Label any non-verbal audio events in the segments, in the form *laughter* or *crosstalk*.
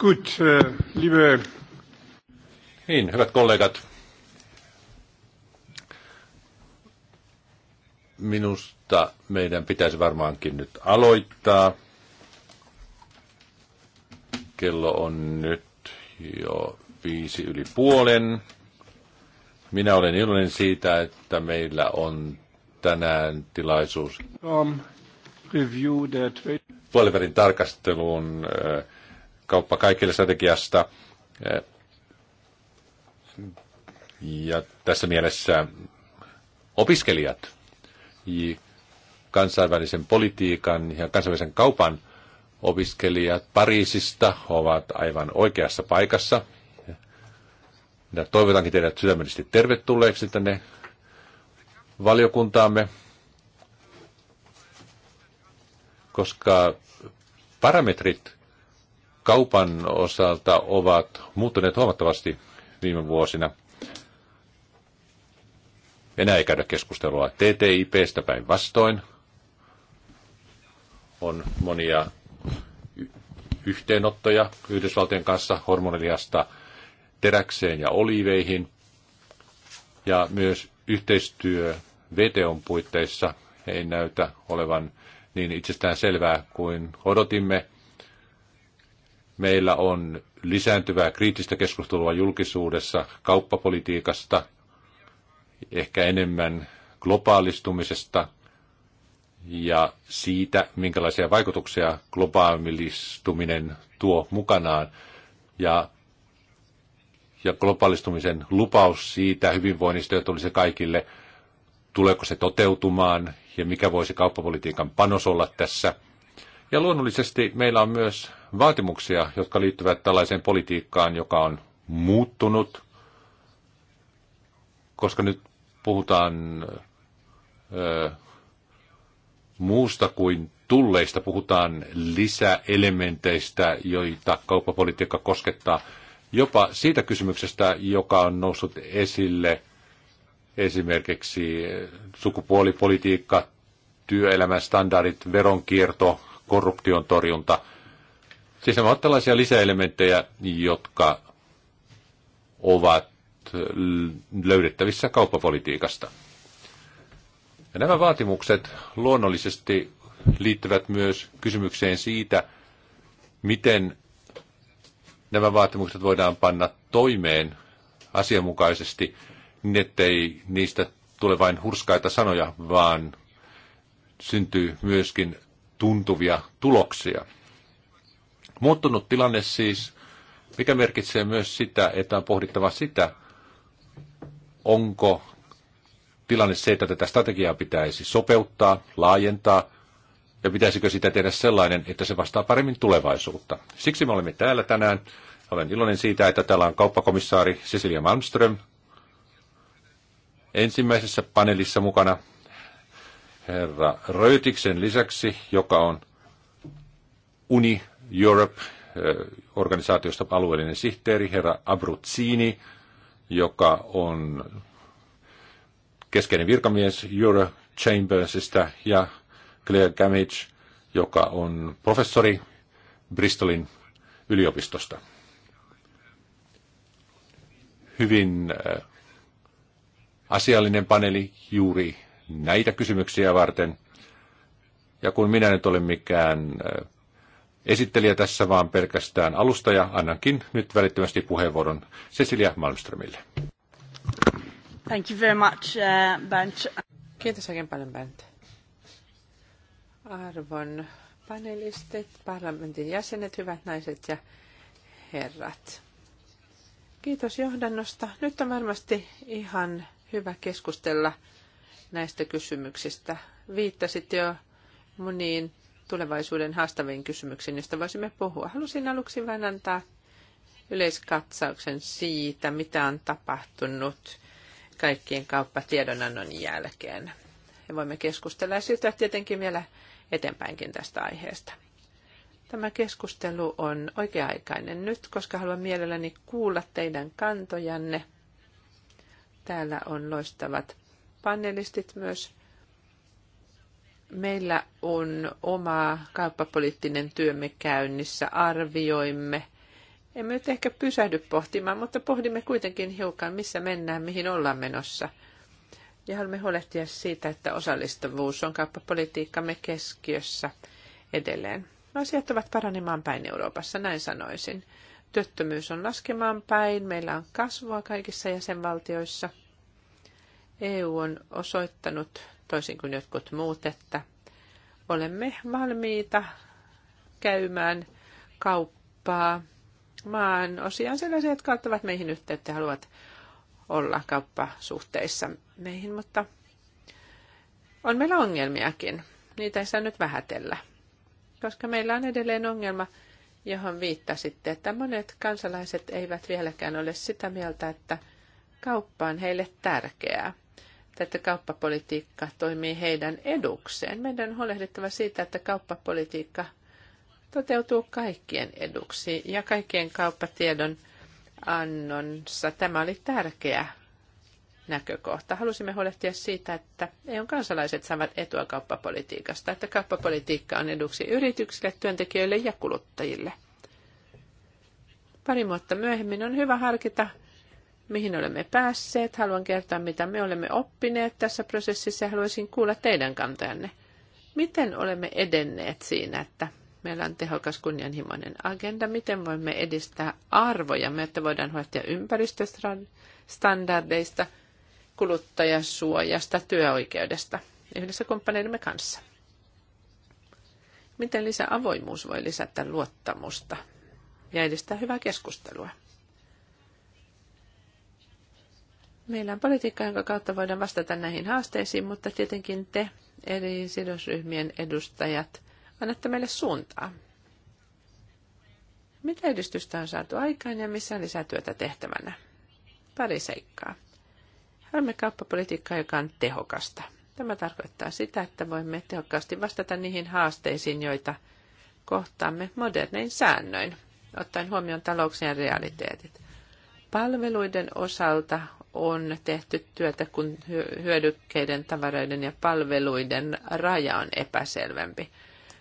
Uh, liebe... Niin, hyvät kollegat. Minusta meidän pitäisi varmaankin nyt aloittaa. Kello on nyt jo viisi yli puolen. Minä olen iloinen siitä, että meillä on tänään tilaisuus. Um, review that puolivälin tarkasteluun kauppa kaikille strategiasta. Ja tässä mielessä opiskelijat kansainvälisen politiikan ja kansainvälisen kaupan opiskelijat Pariisista ovat aivan oikeassa paikassa. Ja toivotankin teidät sydämellisesti tervetulleeksi tänne valiokuntaamme, koska Parametrit kaupan osalta ovat muuttuneet huomattavasti viime vuosina. Enää ei käydä keskustelua TTIPstä päinvastoin. On monia yhteenottoja Yhdysvaltojen kanssa hormoniliasta teräkseen ja oliiveihin. Ja myös yhteistyö VTOn puitteissa ei näytä olevan niin itsestään selvää kuin odotimme. Meillä on lisääntyvää kriittistä keskustelua julkisuudessa kauppapolitiikasta, ehkä enemmän globaalistumisesta ja siitä, minkälaisia vaikutuksia globaalistuminen tuo mukanaan. Ja, ja globaalistumisen lupaus siitä hyvinvoinnista, jota tulisi kaikille, tuleeko se toteutumaan ja mikä voisi kauppapolitiikan panos olla tässä. Ja luonnollisesti meillä on myös vaatimuksia, jotka liittyvät tällaiseen politiikkaan, joka on muuttunut, koska nyt puhutaan ö, muusta kuin tulleista, puhutaan lisäelementeistä, joita kauppapolitiikka koskettaa, jopa siitä kysymyksestä, joka on noussut esille esimerkiksi sukupuolipolitiikka, työelämän standardit, veronkierto, korruption torjunta. Siis nämä ovat tällaisia lisäelementtejä, jotka ovat löydettävissä kauppapolitiikasta. Ja nämä vaatimukset luonnollisesti liittyvät myös kysymykseen siitä, miten nämä vaatimukset voidaan panna toimeen asianmukaisesti – niin ettei niistä tule vain hurskaita sanoja, vaan syntyy myöskin tuntuvia tuloksia. Muuttunut tilanne siis, mikä merkitsee myös sitä, että on pohdittava sitä, onko tilanne se, että tätä strategiaa pitäisi sopeuttaa, laajentaa, ja pitäisikö sitä tehdä sellainen, että se vastaa paremmin tulevaisuutta. Siksi me olemme täällä tänään. Olen iloinen siitä, että täällä on kauppakomissaari Cecilia Malmström, ensimmäisessä paneelissa mukana herra Röytiksen lisäksi, joka on Uni Europe-organisaatiosta eh, alueellinen sihteeri, herra Abruzzini, joka on keskeinen virkamies Euro Chambersista, ja Claire Gamage, joka on professori Bristolin yliopistosta. Hyvin eh, asiallinen paneeli juuri näitä kysymyksiä varten. Ja kun minä nyt olen mikään esittelijä tässä, vaan pelkästään alustaja, annankin nyt välittömästi puheenvuoron Cecilia Malmströmille. Thank you very much, uh, Bernd. Kiitos oikein paljon, Bernd. Arvon panelistit, parlamentin jäsenet, hyvät naiset ja herrat. Kiitos johdannosta. Nyt on varmasti ihan hyvä keskustella näistä kysymyksistä. Viittasit jo moniin tulevaisuuden haastaviin kysymyksiin, joista voisimme puhua. Halusin aluksi vain antaa yleiskatsauksen siitä, mitä on tapahtunut kaikkien kauppatiedonannon jälkeen. Ja voimme keskustella ja siirtyä tietenkin vielä eteenpäinkin tästä aiheesta. Tämä keskustelu on oikea-aikainen nyt, koska haluan mielelläni kuulla teidän kantojanne – Täällä on loistavat panelistit myös. Meillä on oma kauppapoliittinen työmme käynnissä, arvioimme. Emme nyt ehkä pysähdy pohtimaan, mutta pohdimme kuitenkin hiukan, missä mennään, mihin ollaan menossa. Ja haluamme huolehtia siitä, että osallistuvuus on kauppapolitiikkamme keskiössä edelleen. Asiat ovat paranemaan päin Euroopassa, näin sanoisin. Työttömyys on laskemaan päin, meillä on kasvua kaikissa jäsenvaltioissa. EU on osoittanut, toisin kuin jotkut muut, että olemme valmiita käymään kauppaa maan osiaan sellaisia, jotka ottavat meihin yhteyttä ja haluavat olla kauppasuhteissa meihin, mutta on meillä ongelmiakin. Niitä ei saa nyt vähätellä, koska meillä on edelleen ongelma – johon viittasitte, että monet kansalaiset eivät vieläkään ole sitä mieltä, että kauppa on heille tärkeää. Että kauppapolitiikka toimii heidän edukseen. Meidän on huolehdittava siitä, että kauppapolitiikka toteutuu kaikkien eduksi ja kaikkien kauppatiedon annonsa. Tämä oli tärkeä näkökohta. Halusimme huolehtia siitä, että EUn kansalaiset saavat etua kauppapolitiikasta, että kauppapolitiikka on eduksi yrityksille, työntekijöille ja kuluttajille. Pari vuotta myöhemmin on hyvä harkita, mihin olemme päässeet. Haluan kertoa, mitä me olemme oppineet tässä prosessissa ja haluaisin kuulla teidän kantajanne. Miten olemme edenneet siinä, että meillä on tehokas kunnianhimoinen agenda, miten voimme edistää arvoja, että voidaan huolehtia ympäristöstandardeista – kuluttajasuojasta työoikeudesta yhdessä kumppaneidemme kanssa. Miten lisäavoimuus voi lisätä luottamusta ja edistää hyvää keskustelua? Meillä on politiikka, jonka kautta voidaan vastata näihin haasteisiin, mutta tietenkin te, eri sidosryhmien edustajat, annatte meille suuntaa. Mitä edistystä on saatu aikaan ja missä on lisätyötä tehtävänä? Pari seikkaa. Olemme kauppapolitiikkaa, joka on tehokasta. Tämä tarkoittaa sitä, että voimme tehokkaasti vastata niihin haasteisiin, joita kohtaamme modernein säännöin, ottaen huomioon talouksien realiteetit. Palveluiden osalta on tehty työtä, kun hyödykkeiden, tavaroiden ja palveluiden raja on epäselvempi.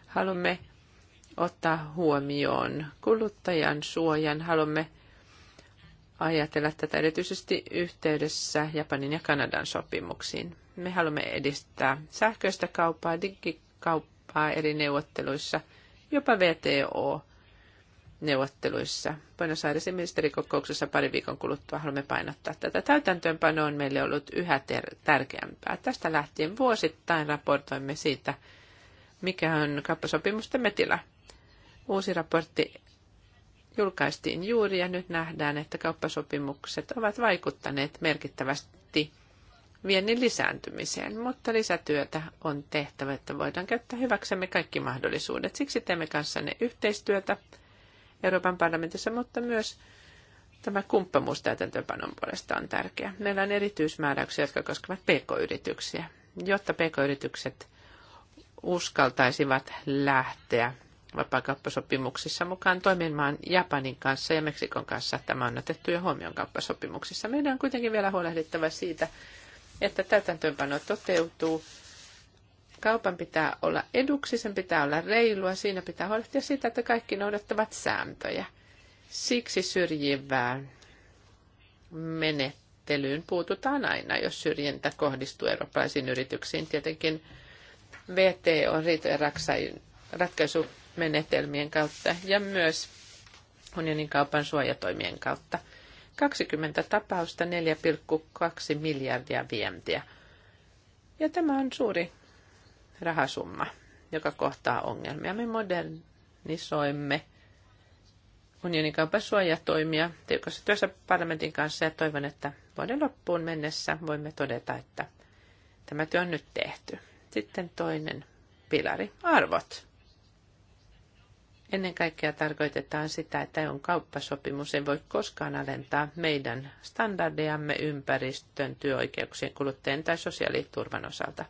Haluamme ottaa huomioon kuluttajan suojan, haluamme ajatella tätä erityisesti yhteydessä Japanin ja Kanadan sopimuksiin. Me haluamme edistää sähköistä kauppaa, digikauppaa eri neuvotteluissa, jopa VTO neuvotteluissa. Buenos Airesin ministerikokouksessa pari viikon kuluttua haluamme painottaa tätä. Täytäntöönpano on meille ollut yhä ter- tärkeämpää. Tästä lähtien vuosittain raportoimme siitä, mikä on kauppasopimustemme tila. Uusi raportti julkaistiin juuri ja nyt nähdään, että kauppasopimukset ovat vaikuttaneet merkittävästi viennin lisääntymiseen, mutta lisätyötä on tehtävä, että voidaan käyttää hyväksemme kaikki mahdollisuudet. Siksi teemme kanssanne yhteistyötä Euroopan parlamentissa, mutta myös tämä kumppamuus täytäntöönpanon puolesta on tärkeä. Meillä on erityismääräyksiä, jotka koskevat pk-yrityksiä, jotta pk-yritykset uskaltaisivat lähteä vapaakauppasopimuksissa mukaan toimimaan Japanin kanssa ja Meksikon kanssa. Tämä on otettu jo huomioon kauppasopimuksissa. Meidän on kuitenkin vielä huolehdittava siitä, että täytäntöönpano toteutuu. Kaupan pitää olla eduksi, sen pitää olla reilua, siinä pitää huolehtia siitä, että kaikki noudattavat sääntöjä. Siksi syrjivään menettelyyn puututaan aina, jos syrjintä kohdistuu eurooppalaisiin yrityksiin. Tietenkin VT on riitojen ratkaisu menetelmien kautta ja myös unionin kaupan suojatoimien kautta. 20 tapausta, 4,2 miljardia vientiä. Ja tämä on suuri rahasumma, joka kohtaa ongelmia. Me modernisoimme unionin kaupan suojatoimia tiukassa työssä parlamentin kanssa ja toivon, että vuoden loppuun mennessä voimme todeta, että tämä työ on nyt tehty. Sitten toinen pilari, arvot. Ennen kaikkea tarkoitetaan sitä, että on e kauppasopimus ei voi koskaan alentaa meidän standardejamme ympäristön, työoikeuksien, kuluttajien tai sosiaaliturvan osalta.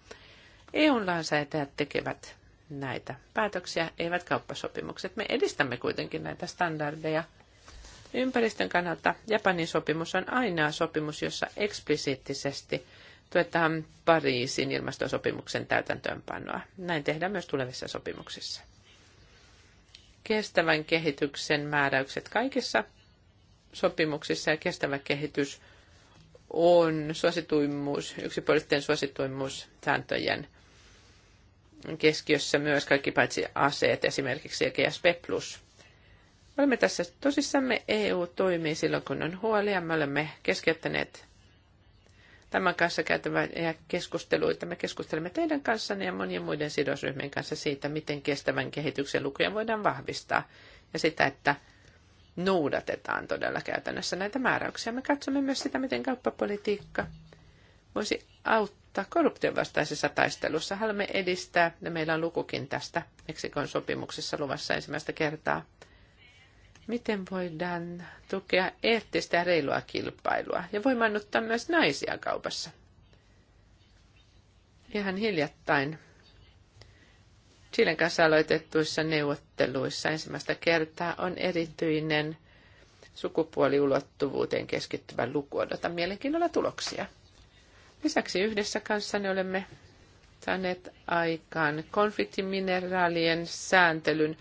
EUn lainsäätäjät tekevät näitä päätöksiä, eivät kauppasopimukset. Me edistämme kuitenkin näitä standardeja. Ympäristön kannalta Japanin sopimus on ainoa sopimus, jossa eksplisiittisesti tuetaan Pariisin ilmastosopimuksen täytäntöönpanoa. Näin tehdään myös tulevissa sopimuksissa kestävän kehityksen määräykset kaikissa sopimuksissa ja kestävä kehitys on suosituimmuus, yksipuolisten suosituimmuussääntöjen keskiössä myös kaikki paitsi aseet, esimerkiksi ja GSP+. Olemme tässä tosissamme. EU toimii silloin, kun on huolia. Me olemme keskeyttäneet tämän kanssa käytävää keskusteluita. Me keskustelemme teidän kanssanne ja monien muiden sidosryhmien kanssa siitä, miten kestävän kehityksen lukuja voidaan vahvistaa ja sitä, että noudatetaan todella käytännössä näitä määräyksiä. Me katsomme myös sitä, miten kauppapolitiikka voisi auttaa korruption vastaisessa taistelussa. Haluamme edistää, ja meillä on lukukin tästä Meksikon sopimuksessa luvassa ensimmäistä kertaa – miten voidaan tukea eettistä ja reilua kilpailua ja voimannuttaa myös naisia kaupassa. Ihan hiljattain Chilen kanssa aloitettuissa neuvotteluissa ensimmäistä kertaa on erityinen sukupuoliulottuvuuteen keskittyvä luku. Odotan mielenkiinnolla tuloksia. Lisäksi yhdessä kanssanne olemme saaneet aikaan konfliktimineraalien sääntelyn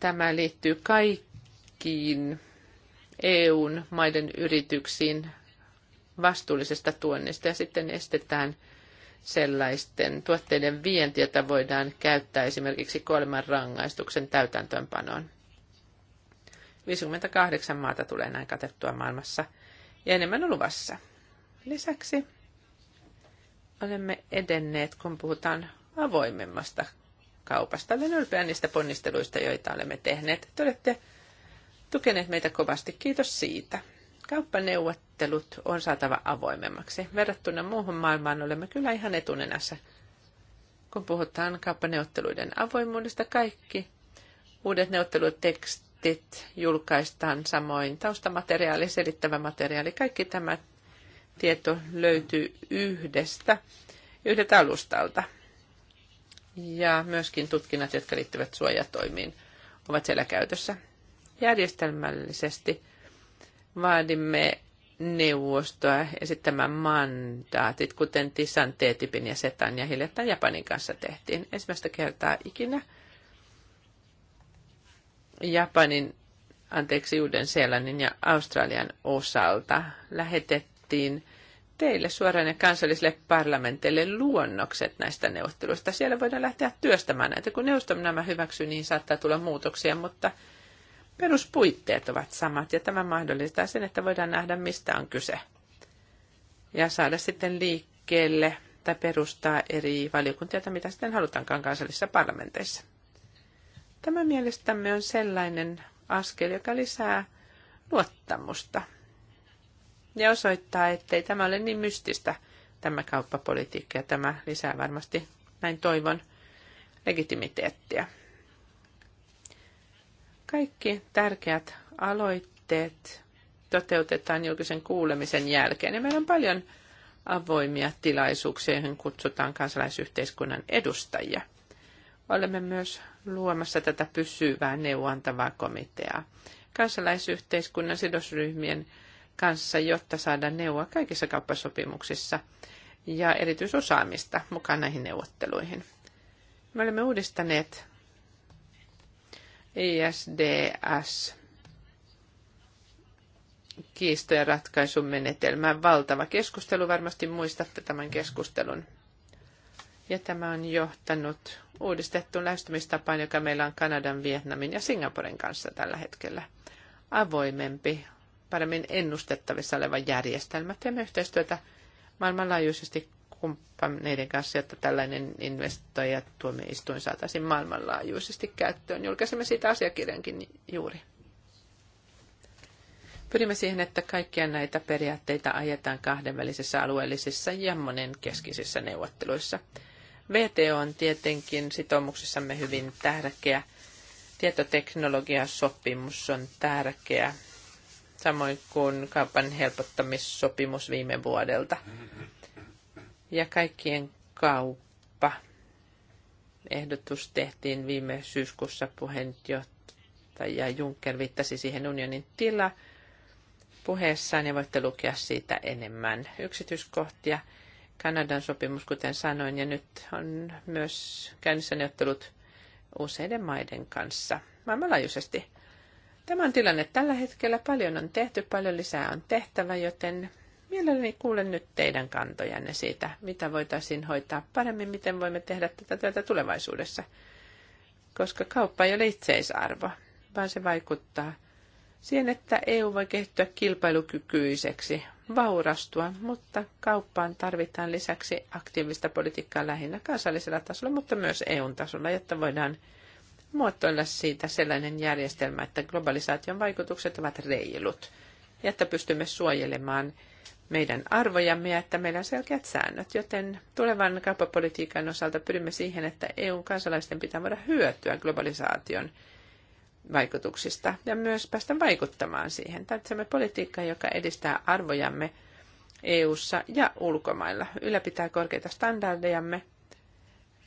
Tämä liittyy kaikkiin EUn maiden yrityksiin vastuullisesta tuonnista ja sitten estetään sellaisten tuotteiden vienti, jota voidaan käyttää esimerkiksi kuoleman rangaistuksen täytäntöönpanoon. 58 maata tulee näin katettua maailmassa ja enemmän on luvassa. Lisäksi olemme edenneet, kun puhutaan avoimemmasta kaupasta. Olen ylpeä niistä ponnisteluista, joita olemme tehneet. Te olette tukeneet meitä kovasti. Kiitos siitä. Kauppaneuvottelut on saatava avoimemmaksi. Verrattuna muuhun maailmaan olemme kyllä ihan etunenässä. Kun puhutaan kauppaneuvotteluiden avoimuudesta, kaikki uudet neuvottelutekstit julkaistaan samoin. Taustamateriaali, selittävä materiaali, kaikki tämä tieto löytyy yhdestä, yhdeltä alustalta ja myöskin tutkinnat, jotka liittyvät suojatoimiin, ovat siellä käytössä. Järjestelmällisesti vaadimme neuvostoa esittämään mandaatit, kuten Tissan, t ja Setan ja hiljattain Japanin kanssa tehtiin. Ensimmäistä kertaa ikinä Japanin, anteeksi Uuden-Seelannin ja Australian osalta lähetettiin teille suoraan ja kansallisille parlamenteille luonnokset näistä neuvotteluista. Siellä voidaan lähteä työstämään näitä. Kun neuvosto nämä hyväksyy, niin saattaa tulla muutoksia, mutta peruspuitteet ovat samat ja tämä mahdollistaa sen, että voidaan nähdä, mistä on kyse. Ja saada sitten liikkeelle tai perustaa eri valiokuntia, tai mitä sitten halutaankaan kansallisissa parlamenteissa. Tämä mielestämme on sellainen askel, joka lisää luottamusta ja osoittaa, ettei tämä ole niin mystistä, tämä kauppapolitiikka, ja tämä lisää varmasti, näin toivon, legitimiteettiä. Kaikki tärkeät aloitteet toteutetaan julkisen kuulemisen jälkeen, ja meillä on paljon avoimia tilaisuuksia, joihin kutsutaan kansalaisyhteiskunnan edustajia. Olemme myös luomassa tätä pysyvää neuvontavaa komiteaa. Kansalaisyhteiskunnan sidosryhmien kanssa, jotta saadaan neuvoa kaikissa kauppasopimuksissa ja erityisosaamista mukaan näihin neuvotteluihin. Me olemme uudistaneet ISDS kiistojen ratkaisun Valtava keskustelu, varmasti muistatte tämän keskustelun. Ja tämä on johtanut uudistettuun lähestymistapaan, joka meillä on Kanadan, Vietnamin ja Singaporen kanssa tällä hetkellä. Avoimempi, paremmin ennustettavissa oleva järjestelmä. Teemme yhteistyötä maailmanlaajuisesti kumppaneiden kanssa, jotta tällainen investoijatuomioistuin saataisiin maailmanlaajuisesti käyttöön. Julkaisemme siitä asiakirjankin juuri. Pyrimme siihen, että kaikkia näitä periaatteita ajetaan kahdenvälisissä alueellisissa ja monenkeskisissä neuvotteluissa. VTO on tietenkin sitoumuksissamme hyvin tärkeä. Tietoteknologiasopimus on tärkeä samoin kuin kaupan helpottamissopimus viime vuodelta. Ja kaikkien kauppa. Ehdotus tehtiin viime syyskuussa puheenjohtaja Juncker viittasi siihen unionin tila puheessaan ja voitte lukea siitä enemmän yksityiskohtia. Kanadan sopimus, kuten sanoin, ja nyt on myös käynnissä neuvottelut useiden maiden kanssa maailmanlaajuisesti. Tämä on tilanne tällä hetkellä. Paljon on tehty, paljon lisää on tehtävä, joten mielelläni kuulen nyt teidän kantojanne siitä, mitä voitaisiin hoitaa paremmin, miten voimme tehdä tätä työtä tulevaisuudessa. Koska kauppa ei ole itseisarvo, vaan se vaikuttaa siihen, että EU voi kehittyä kilpailukykyiseksi, vaurastua, mutta kauppaan tarvitaan lisäksi aktiivista politiikkaa lähinnä kansallisella tasolla, mutta myös EUn tasolla, jotta voidaan muotoilla siitä sellainen järjestelmä, että globalisaation vaikutukset ovat reilut ja että pystymme suojelemaan meidän arvojamme ja että meillä on selkeät säännöt, joten tulevan kauppapolitiikan osalta pyrimme siihen, että EU kansalaisten pitää voida hyötyä globalisaation vaikutuksista ja myös päästä vaikuttamaan siihen. Tarvitsemme politiikkaa, joka edistää arvojamme EU:ssa ja ulkomailla, ylläpitää korkeita standardejamme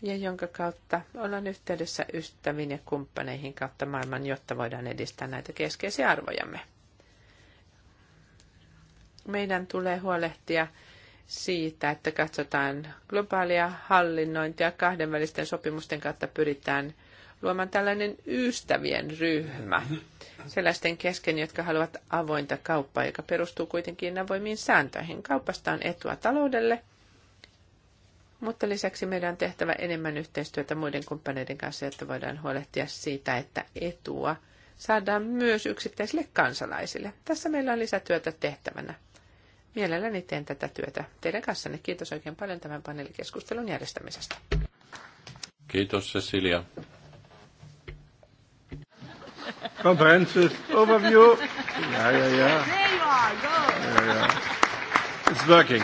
ja jonka kautta ollaan yhteydessä ystäviin ja kumppaneihin kautta maailman, jotta voidaan edistää näitä keskeisiä arvojamme. Meidän tulee huolehtia siitä, että katsotaan globaalia hallinnointia kahdenvälisten sopimusten kautta pyritään luomaan tällainen ystävien ryhmä sellaisten kesken, jotka haluavat avointa kauppaa, joka perustuu kuitenkin avoimiin sääntöihin. Kaupasta on etua taloudelle – mutta lisäksi meidän on tehtävä enemmän yhteistyötä muiden kumppaneiden kanssa, jotta voidaan huolehtia siitä, että etua saadaan myös yksittäisille kansalaisille. Tässä meillä on lisätyötä tehtävänä. Mielelläni teen tätä työtä teidän kanssanne. Kiitos oikein paljon tämän paneelikeskustelun järjestämisestä. Kiitos Cecilia. Comprehensive overview. Yeah, yeah, yeah. There you are, go. Yeah, yeah. It's working.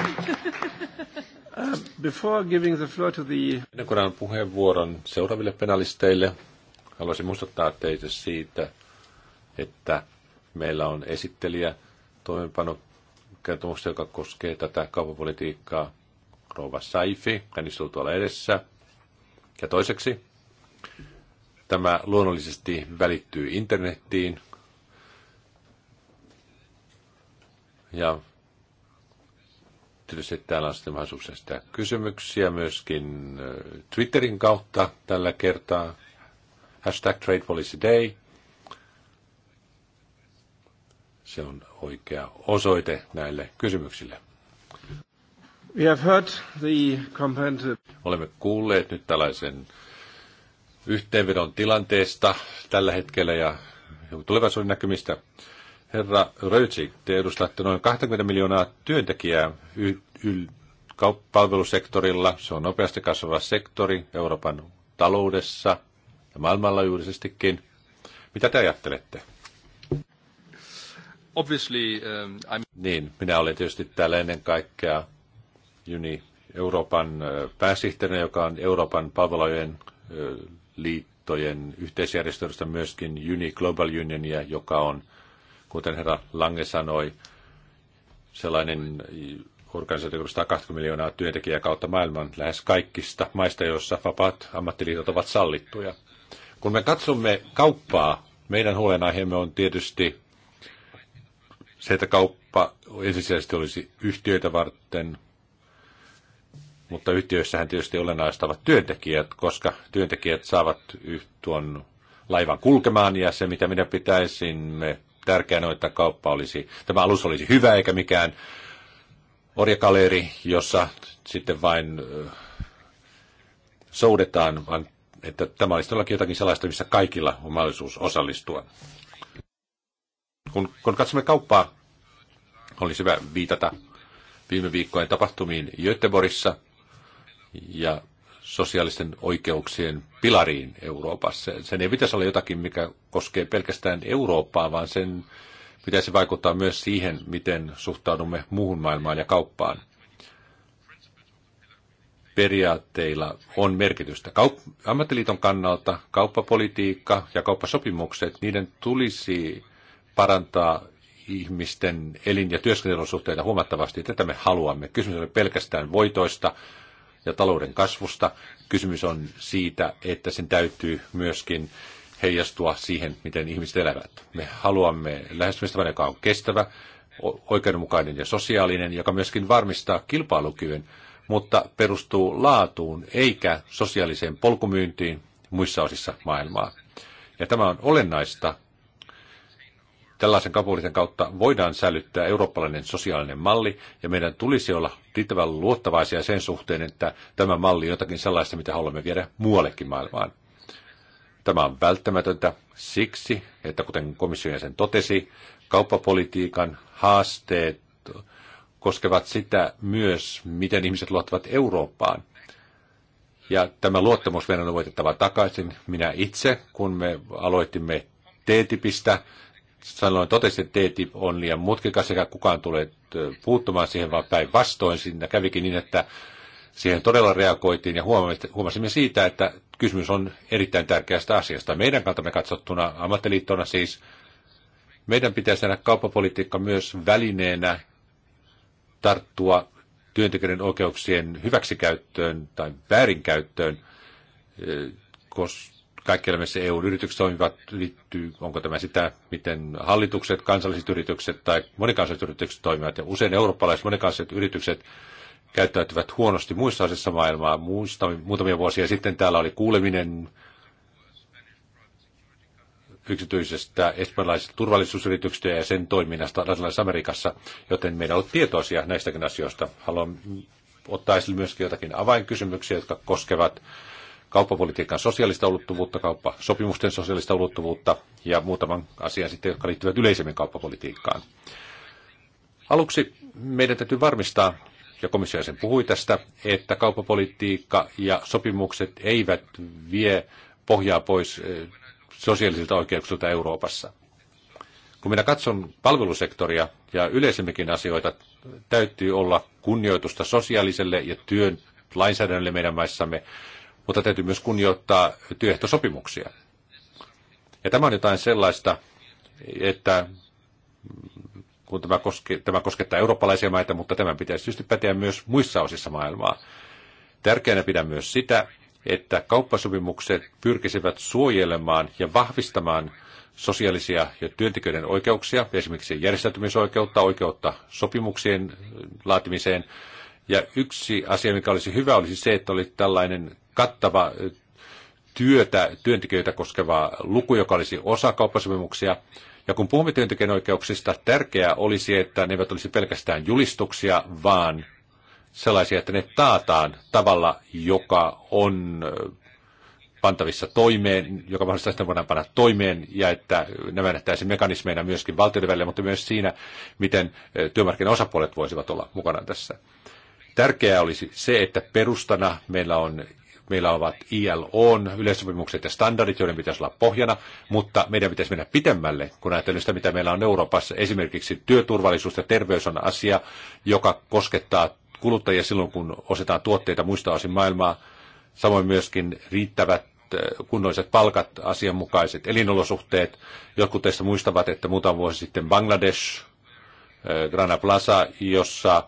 Uh, before giving the floor to the... Ennen kuin annan puheenvuoron seuraaville penalisteille, haluaisin muistuttaa teitä siitä, että meillä on esittelijä toimenpanokertomuksesta, joka koskee tätä kaupapolitiikkaa, Rova Saifi, hän istuu tuolla edessä. Ja toiseksi, tämä luonnollisesti välittyy internettiin. Ja Tietysti täällä on sitten mahdollisuus kysymyksiä myöskin Twitterin kautta tällä kertaa. Hashtag Trade Policy Day. Se on oikea osoite näille kysymyksille. We have heard the Olemme kuulleet nyt tällaisen yhteenvedon tilanteesta tällä hetkellä ja tulevaisuuden näkymistä. Herra Röytsi, te edustatte noin 20 miljoonaa työntekijää y- y- palvelusektorilla. Se on nopeasti kasvava sektori Euroopan taloudessa ja maailmanlaajuisestikin. Mitä te ajattelette? Obviously, um, I'm... Niin, minä olen tietysti täällä ennen kaikkea Juni Euroopan pääsihteerinä, joka on Euroopan palvelujen liittojen yhteisjärjestöstä myöskin Uni Global Unionia, joka on Kuten herra Lange sanoi, sellainen organisaatio 120 miljoonaa työntekijää kautta maailman lähes kaikista maista, joissa vapaat ammattiliitot ovat sallittuja. Kun me katsomme kauppaa, meidän huolenaiheemme on tietysti se, että kauppa ensisijaisesti olisi yhtiöitä varten, mutta yhtiöissähän tietysti olennaista ovat työntekijät, koska työntekijät saavat tuon laivan kulkemaan ja se, mitä minä pitäisin tärkeänä että kauppa olisi, tämä alus olisi hyvä eikä mikään orjakaleeri, jossa sitten vain soudetaan, vaan että tämä olisi todellakin jotakin sellaista, missä kaikilla on mahdollisuus osallistua. Kun, kun katsomme kauppaa, olisi hyvä viitata viime viikkojen tapahtumiin Göteborissa ja sosiaalisten oikeuksien pilariin Euroopassa. Sen ei pitäisi olla jotakin, mikä koskee pelkästään Eurooppaa, vaan sen pitäisi vaikuttaa myös siihen, miten suhtaudumme muuhun maailmaan ja kauppaan. Periaatteilla on merkitystä. Kaup- ammattiliiton kannalta kauppapolitiikka ja kauppasopimukset, niiden tulisi parantaa ihmisten elin- ja työskentelysuhteita huomattavasti. Tätä me haluamme. Kysymys on pelkästään voitoista, ja talouden kasvusta. Kysymys on siitä, että sen täytyy myöskin heijastua siihen, miten ihmiset elävät. Me haluamme lähestymistavan, joka on kestävä, oikeudenmukainen ja sosiaalinen, joka myöskin varmistaa kilpailukyvyn, mutta perustuu laatuun eikä sosiaaliseen polkumyyntiin muissa osissa maailmaa. Ja tämä on olennaista, Tällaisen kapulisen kautta voidaan säilyttää eurooppalainen sosiaalinen malli, ja meidän tulisi olla riittävän luottavaisia sen suhteen, että tämä malli on jotakin sellaista, mitä haluamme viedä muuallekin maailmaan. Tämä on välttämätöntä siksi, että kuten komission jäsen totesi, kauppapolitiikan haasteet koskevat sitä myös, miten ihmiset luottavat Eurooppaan. Ja tämä luottamus meidän on voitettava takaisin. Minä itse, kun me aloitimme TTIPistä, sanoin, totesi, että TTIP on liian mutkikas eikä kukaan tule äh, puuttumaan siihen, vaan päinvastoin siinä kävikin niin, että siihen todella reagoitiin ja huomasimme siitä, että kysymys on erittäin tärkeästä asiasta. Meidän kantamme katsottuna ammattiliittona siis meidän pitäisi nähdä kauppapolitiikka myös välineenä tarttua työntekijöiden oikeuksien hyväksikäyttöön tai väärinkäyttöön, äh, koska kaikkialla missä EU-yritykset toimivat, liittyy, onko tämä sitä, miten hallitukset, kansalliset yritykset tai monikansalliset yritykset toimivat. Ja usein eurooppalaiset monikansalliset yritykset käyttäytyvät huonosti muissa asioissa maailmaa. Muista, muutamia vuosia sitten täällä oli kuuleminen yksityisestä espanjalaisesta turvallisuusyrityksestä ja sen toiminnasta Latinalaisessa Amerikassa, joten meidän on ollut tietoisia näistäkin asioista. Haluan ottaa esille myöskin jotakin avainkysymyksiä, jotka koskevat kauppapolitiikan sosiaalista ulottuvuutta, kauppasopimusten sosiaalista ulottuvuutta ja muutaman asian sitten, jotka liittyvät yleisemmin kauppapolitiikkaan. Aluksi meidän täytyy varmistaa, ja komissio sen puhui tästä, että kauppapolitiikka ja sopimukset eivät vie pohjaa pois eh, sosiaalisilta oikeuksilta Euroopassa. Kun minä katson palvelusektoria ja yleisemminkin asioita, täytyy olla kunnioitusta sosiaaliselle ja työn lainsäädännölle meidän maissamme, mutta täytyy myös kunnioittaa työehtosopimuksia. Ja tämä on jotain sellaista, että kun tämä, koske, tämä koskettaa eurooppalaisia maita, mutta tämä pitäisi tietysti päteä myös muissa osissa maailmaa. Tärkeänä pidän myös sitä, että kauppasopimukset pyrkisivät suojelemaan ja vahvistamaan sosiaalisia ja työntekijöiden oikeuksia, esimerkiksi järjestäytymisoikeutta, oikeutta sopimuksien laatimiseen, ja yksi asia, mikä olisi hyvä, olisi se, että oli tällainen kattava työtä, työntekijöitä koskeva luku, joka olisi osa kauppasopimuksia. Ja kun puhumme työntekijän oikeuksista, tärkeää olisi, että ne eivät olisi pelkästään julistuksia, vaan sellaisia, että ne taataan tavalla, joka on pantavissa toimeen, joka mahdollisesti sitten voidaan panna toimeen, ja että nämä nähtäisiin mekanismeina myöskin valtioiden välillä, mutta myös siinä, miten työmarkkinaosapuolet voisivat olla mukana tässä. Tärkeää olisi se, että perustana meillä on meillä ovat ILOn yleissopimukset ja standardit, joiden pitäisi olla pohjana, mutta meidän pitäisi mennä pitemmälle, kun ajatellaan sitä, mitä meillä on Euroopassa. Esimerkiksi työturvallisuus ja terveys on asia, joka koskettaa kuluttajia silloin, kun osetaan tuotteita muista osin maailmaa. Samoin myöskin riittävät äh, kunnolliset palkat, asianmukaiset elinolosuhteet. Jotkut teistä muistavat, että muutama vuosi sitten Bangladesh, Grana äh, Plaza, jossa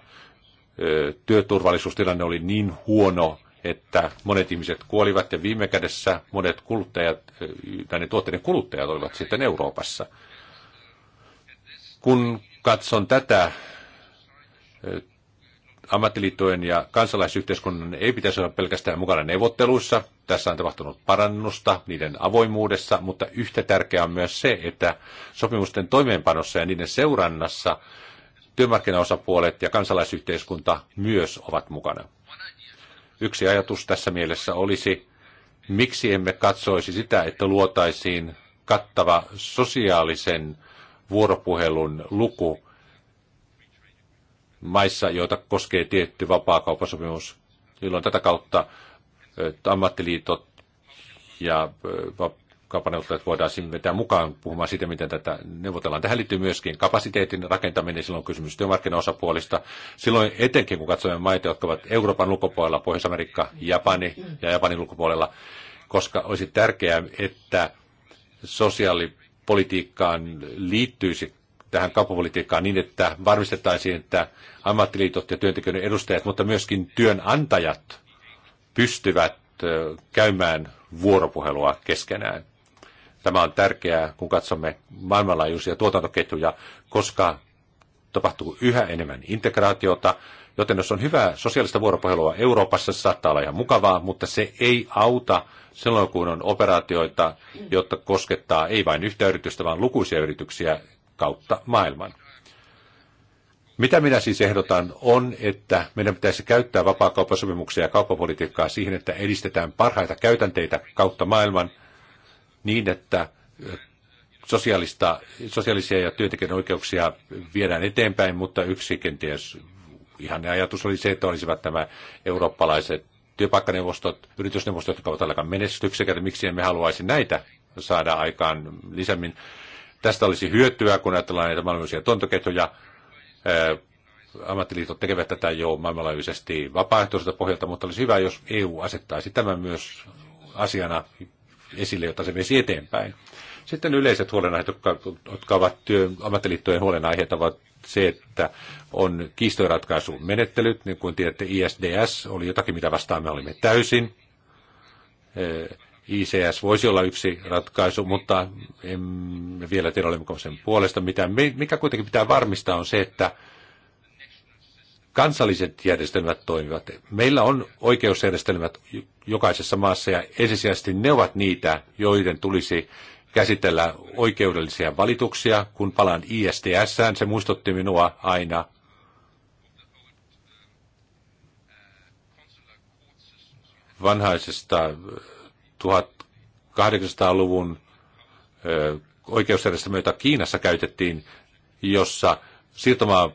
työturvallisuustilanne oli niin huono, että monet ihmiset kuolivat ja viime kädessä monet kuluttajat, ne tuotteiden kuluttajat olivat sitten Euroopassa. Kun katson tätä, ammattiliittojen ja kansalaisyhteiskunnan ei pitäisi olla pelkästään mukana neuvotteluissa. Tässä on tapahtunut parannusta niiden avoimuudessa, mutta yhtä tärkeää on myös se, että sopimusten toimeenpanossa ja niiden seurannassa työmarkkinaosapuolet ja kansalaisyhteiskunta myös ovat mukana. Yksi ajatus tässä mielessä olisi, miksi emme katsoisi sitä, että luotaisiin kattava sosiaalisen vuoropuhelun luku maissa, joita koskee tietty vapaakauppasopimus, jolloin tätä kautta ammattiliitot ja kaupaneuvottelut voidaan vetää mukaan puhumaan siitä, miten tätä neuvotellaan. Tähän liittyy myöskin kapasiteetin rakentaminen, silloin on kysymys työmarkkinaosapuolista. Silloin etenkin, kun katsomme maita, jotka ovat Euroopan ulkopuolella, Pohjois-Amerikka, Japani ja Japanin ulkopuolella, koska olisi tärkeää, että sosiaalipolitiikkaan liittyisi tähän kauppapolitiikkaan niin, että varmistettaisiin, että ammattiliitot ja työntekijöiden edustajat, mutta myöskin työnantajat pystyvät käymään vuoropuhelua keskenään. Tämä on tärkeää, kun katsomme maailmanlaajuisia tuotantoketjuja, koska tapahtuu yhä enemmän integraatiota, joten jos on hyvää sosiaalista vuoropuhelua Euroopassa, se saattaa olla ihan mukavaa, mutta se ei auta silloin, kun on operaatioita, jotta koskettaa ei vain yhtä yritystä, vaan lukuisia yrityksiä kautta maailman. Mitä minä siis ehdotan on, että meidän pitäisi käyttää vapaa-kauppasopimuksia ja kauppapolitiikkaa siihen, että edistetään parhaita käytänteitä kautta maailman – niin, että sosiaalista, sosiaalisia ja työntekijän oikeuksia viedään eteenpäin, mutta yksi kenties ihan ajatus oli se, että olisivat nämä eurooppalaiset työpaikkaneuvostot, yritysneuvostot, jotka ovat aika menestyksekäitä, miksi emme haluaisi näitä saada aikaan lisämmin. Tästä olisi hyötyä, kun ajatellaan näitä maailmanlaajuisia tontoketjuja. Ammattiliitot tekevät tätä jo maailmanlaajuisesti vapaaehtoiselta pohjalta, mutta olisi hyvä, jos EU asettaisi tämän myös asiana esille, jotta se menisi eteenpäin. Sitten yleiset huolenaiheet, jotka, jotka ovat työ, ammattiliittojen huolenaiheet, ovat se, että on menettelyt, niin kuin tiedätte, ISDS oli jotakin, mitä vastaan me olimme täysin. ICS voisi olla yksi ratkaisu, mutta emme vielä tiedä, olemmeko sen puolesta mitään. Mikä kuitenkin pitää varmistaa on se, että kansalliset järjestelmät toimivat. Meillä on oikeusjärjestelmät jokaisessa maassa ja ensisijaisesti ne ovat niitä, joiden tulisi käsitellä oikeudellisia valituksia. Kun palaan ISTS, se muistutti minua aina vanhaisesta 1800-luvun oikeusjärjestelmä, jota Kiinassa käytettiin, jossa siirtomaa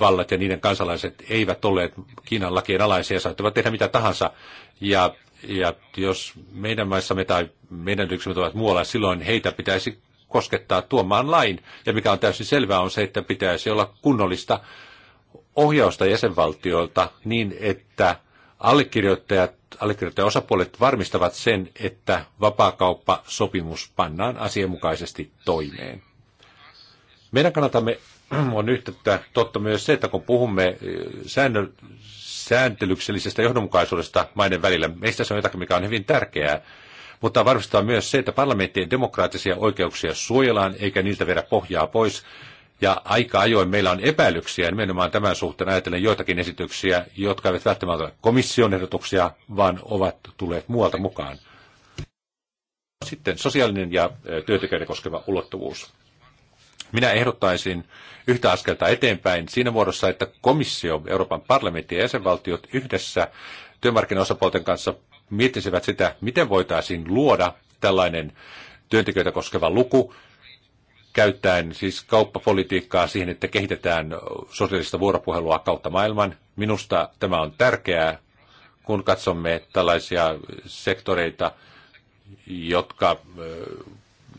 vallat ja niiden kansalaiset eivät olleet Kiinan lakien alaisia ja saattavat tehdä mitä tahansa. Ja, ja jos meidän maissamme tai meidän yksilöt ovat muualla, silloin heitä pitäisi koskettaa tuomaan lain. Ja mikä on täysin selvää on se, että pitäisi olla kunnollista ohjausta jäsenvaltioilta niin, että allekirjoittajat, osapuolet varmistavat sen, että vapaakauppasopimus pannaan asianmukaisesti toimeen. Meidän kannatamme *clears throat* on yhtä totta myös se, että kun puhumme eh, säännö, sääntelyksellisestä johdonmukaisuudesta maiden välillä, meistä se on jotakin, mikä on hyvin tärkeää, mutta varmistetaan myös se, että parlamenttien demokraattisia oikeuksia suojellaan eikä niiltä vedä pohjaa pois. Ja aika ajoin meillä on epäilyksiä nimenomaan tämän suhteen ajatellen joitakin esityksiä, jotka eivät välttämättä ole komission ehdotuksia, vaan ovat tulleet muualta mukaan. Sitten sosiaalinen ja eh, työntekijöiden koskeva ulottuvuus. Minä ehdottaisin yhtä askelta eteenpäin siinä muodossa, että komissio, Euroopan parlamentti ja jäsenvaltiot yhdessä työmarkkinaosapuolten kanssa miettisivät sitä, miten voitaisiin luoda tällainen työntekijöitä koskeva luku, käyttäen siis kauppapolitiikkaa siihen, että kehitetään sosiaalista vuoropuhelua kautta maailman. Minusta tämä on tärkeää, kun katsomme tällaisia sektoreita, jotka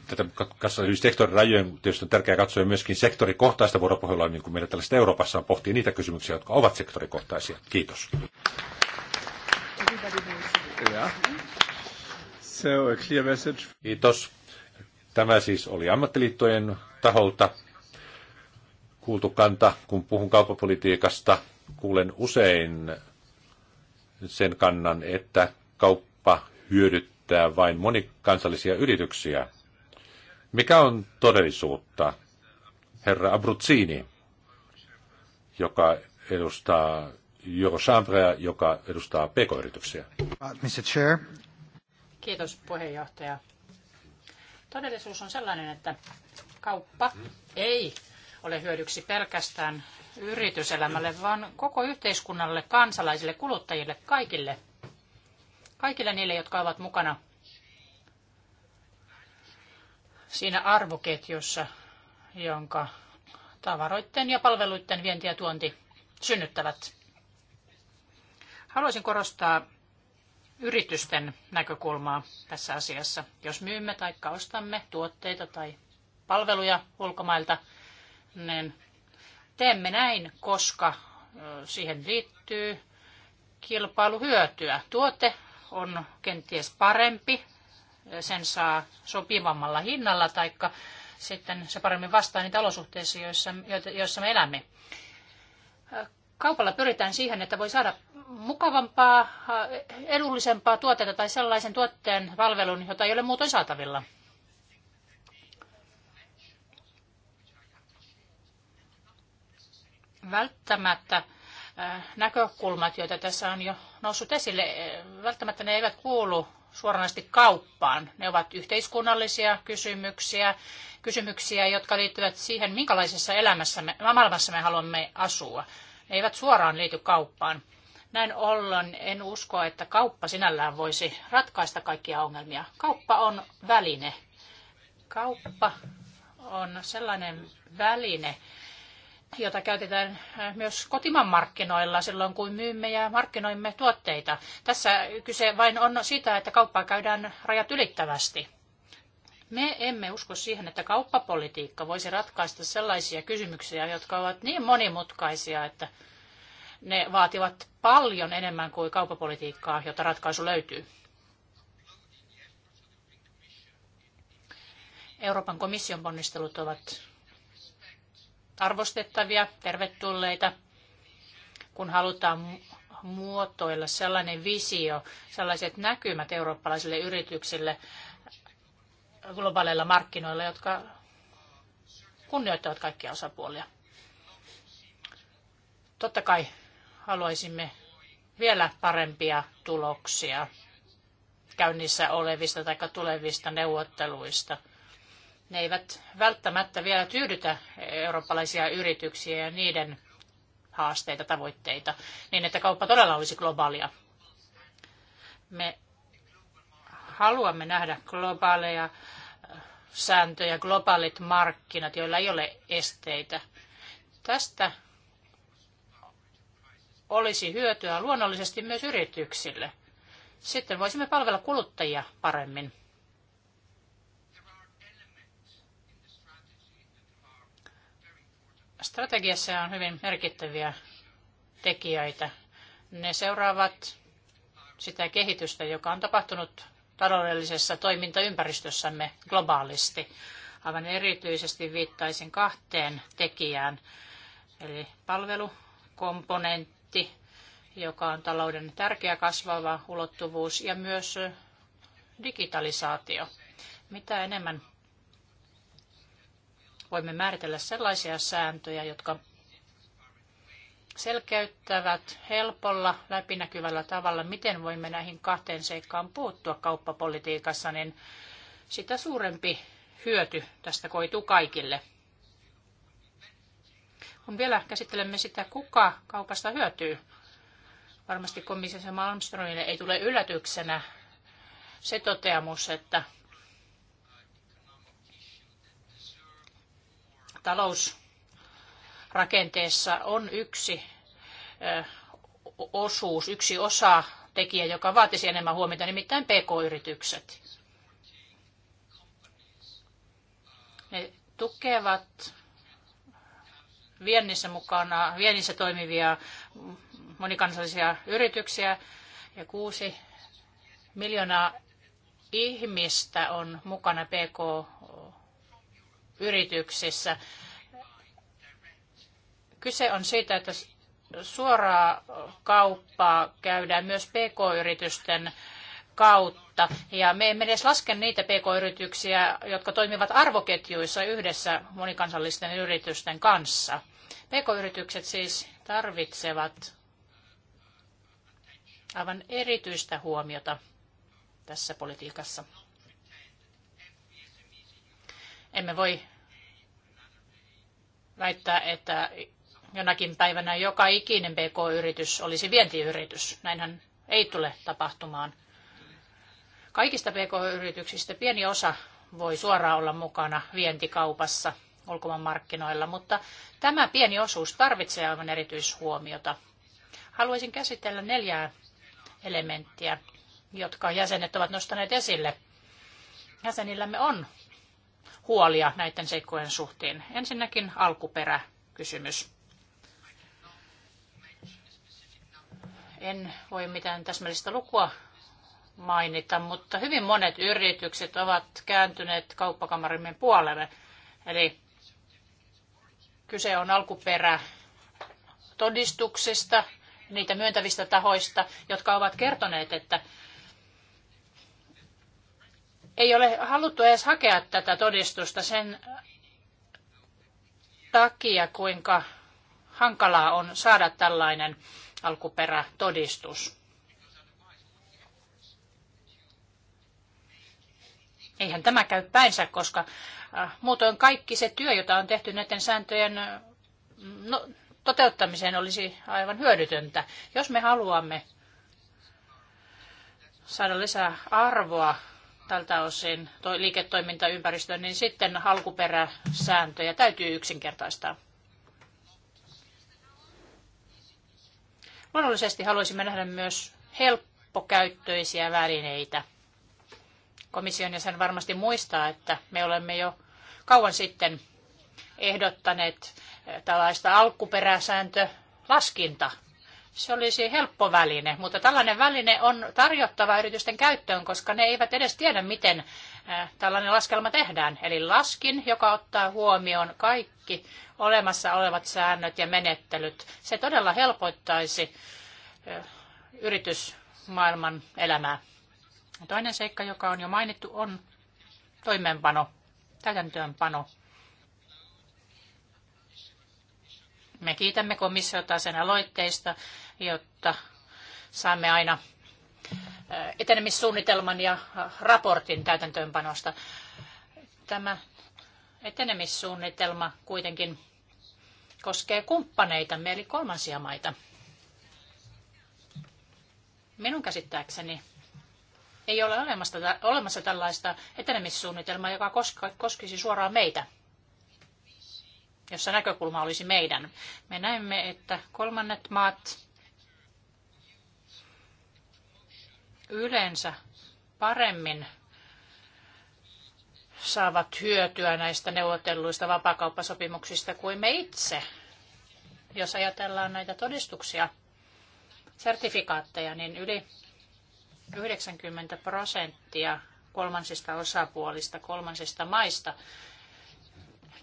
tätä katsoa yli sektorin rajojen, tietysti on tärkeää katsoa myöskin sektorikohtaista vuoropuhelua, niin kuin meillä tällaista Euroopassa on pohtia niitä kysymyksiä, jotka ovat sektorikohtaisia. Kiitos. So, a clear message. Kiitos. Tämä siis oli ammattiliittojen taholta kuultu kanta, kun puhun kauppapolitiikasta. Kuulen usein sen kannan, että kauppa hyödyttää vain monikansallisia yrityksiä. Mikä on todellisuutta? Herra Abruzzini, joka edustaa Joko Chambrea, joka edustaa pk-yrityksiä. Mr. Chair. Kiitos puheenjohtaja. Todellisuus on sellainen, että kauppa ei ole hyödyksi pelkästään yrityselämälle, vaan koko yhteiskunnalle, kansalaisille, kuluttajille, kaikille. Kaikille niille, jotka ovat mukana siinä arvoketjussa, jonka tavaroiden ja palveluiden vienti ja tuonti synnyttävät. Haluaisin korostaa yritysten näkökulmaa tässä asiassa. Jos myymme tai ostamme tuotteita tai palveluja ulkomailta, niin teemme näin, koska siihen liittyy kilpailuhyötyä. Tuote on kenties parempi sen saa sopivammalla hinnalla tai sitten se paremmin vastaa niitä olosuhteita, joissa, joissa me elämme. Kaupalla pyritään siihen, että voi saada mukavampaa, edullisempaa tuotetta tai sellaisen tuotteen palvelun, jota ei ole muutoin saatavilla. Välttämättä äh, näkökulmat, joita tässä on jo noussut esille, äh, välttämättä ne eivät kuulu suoranaisesti kauppaan. Ne ovat yhteiskunnallisia kysymyksiä, kysymyksiä, jotka liittyvät siihen, minkälaisessa elämässä me, maailmassa me haluamme asua. Ne eivät suoraan liity kauppaan. Näin ollen en usko, että kauppa sinällään voisi ratkaista kaikkia ongelmia. Kauppa on väline. Kauppa on sellainen väline, jota käytetään äh, myös kotimaan markkinoilla silloin, kun myymme ja markkinoimme tuotteita. Tässä kyse vain on siitä, että kauppaa käydään rajat ylittävästi. Me emme usko siihen, että kauppapolitiikka voisi ratkaista sellaisia kysymyksiä, jotka ovat niin monimutkaisia, että ne vaativat paljon enemmän kuin kauppapolitiikkaa, jota ratkaisu löytyy. Euroopan komission ponnistelut ovat arvostettavia, tervetulleita, kun halutaan muotoilla sellainen visio, sellaiset näkymät eurooppalaisille yrityksille äh, globaaleilla markkinoilla, jotka kunnioittavat kaikkia osapuolia. Totta kai haluaisimme vielä parempia tuloksia käynnissä olevista tai tulevista neuvotteluista – ne eivät välttämättä vielä tyydytä eurooppalaisia yrityksiä ja niiden haasteita, tavoitteita, niin että kauppa todella olisi globaalia. Me haluamme nähdä globaaleja sääntöjä, globaalit markkinat, joilla ei ole esteitä. Tästä olisi hyötyä luonnollisesti myös yrityksille. Sitten voisimme palvella kuluttajia paremmin. Strategiassa on hyvin merkittäviä tekijöitä. Ne seuraavat sitä kehitystä, joka on tapahtunut taloudellisessa toimintaympäristössämme globaalisti. Aivan erityisesti viittaisin kahteen tekijään, eli palvelukomponentti, joka on talouden tärkeä kasvava ulottuvuus, ja myös digitalisaatio. Mitä enemmän voimme määritellä sellaisia sääntöjä, jotka selkeyttävät helpolla, läpinäkyvällä tavalla, miten voimme näihin kahteen seikkaan puuttua kauppapolitiikassa, niin sitä suurempi hyöty tästä koituu kaikille. Kun vielä käsittelemme sitä, kuka kaupasta hyötyy, varmasti komissio Malmströmille ei tule yllätyksenä se toteamus, että talousrakenteessa on yksi osuus, yksi osa tekijä, joka vaatisi enemmän huomiota, nimittäin pk-yritykset. Ne tukevat viennissä mukana, viennissä toimivia monikansallisia yrityksiä ja kuusi miljoonaa ihmistä on mukana pk yrityksissä. Kyse on siitä, että suoraa kauppaa käydään myös pk-yritysten kautta. Ja me emme edes laske niitä pk-yrityksiä, jotka toimivat arvoketjuissa yhdessä monikansallisten yritysten kanssa. Pk-yritykset siis tarvitsevat aivan erityistä huomiota tässä politiikassa. Emme voi väittää, että jonakin päivänä joka ikinen PK-yritys olisi vientiyritys. Näinhän ei tule tapahtumaan. Kaikista PK-yrityksistä pieni osa voi suoraan olla mukana vientikaupassa ulkomaan markkinoilla, mutta tämä pieni osuus tarvitsee aivan erityishuomiota. Haluaisin käsitellä neljää elementtiä, jotka jäsenet ovat nostaneet esille. Jäsenillämme on huolia näiden seikkojen suhteen. Ensinnäkin alkuperäkysymys. En voi mitään täsmällistä lukua mainita, mutta hyvin monet yritykset ovat kääntyneet kauppakamarimme puolelle. Eli kyse on alkuperä todistuksista, niitä myöntävistä tahoista, jotka ovat kertoneet, että ei ole haluttu edes hakea tätä todistusta sen takia, kuinka hankalaa on saada tällainen alkuperätodistus. Eihän tämä käy päinsä, koska äh, muutoin kaikki se työ, jota on tehty näiden sääntöjen mm, no, toteuttamiseen, olisi aivan hyödytöntä. Jos me haluamme saada lisää arvoa tältä osin toi liiketoimintaympäristö, niin sitten alkuperäsääntöjä täytyy yksinkertaistaa. Luonnollisesti haluaisimme nähdä myös helppokäyttöisiä välineitä. Komission jäsen varmasti muistaa, että me olemme jo kauan sitten ehdottaneet tällaista alkuperäsääntö laskinta se olisi helppo väline, mutta tällainen väline on tarjottava yritysten käyttöön, koska ne eivät edes tiedä, miten äh, tällainen laskelma tehdään. Eli laskin, joka ottaa huomioon kaikki olemassa olevat säännöt ja menettelyt. Se todella helpoittaisi äh, yritysmaailman elämää. Toinen seikka, joka on jo mainittu, on toimeenpano, täytäntöönpano. Me kiitämme komissiota sen aloitteista jotta saamme aina eh, etenemissuunnitelman ja eh, raportin täytäntöönpanosta. Tämä etenemissuunnitelma kuitenkin koskee kumppaneita, eli kolmansia maita. Minun käsittääkseni ei ole olemassa, olemassa tällaista etenemissuunnitelmaa, joka koska, koskisi suoraan meitä, jossa näkökulma olisi meidän. Me näemme, että kolmannet maat yleensä paremmin saavat hyötyä näistä neuvotelluista vapakauppasopimuksista kuin me itse. Jos ajatellaan näitä todistuksia, sertifikaatteja, niin yli 90 prosenttia kolmansista osapuolista, kolmansista maista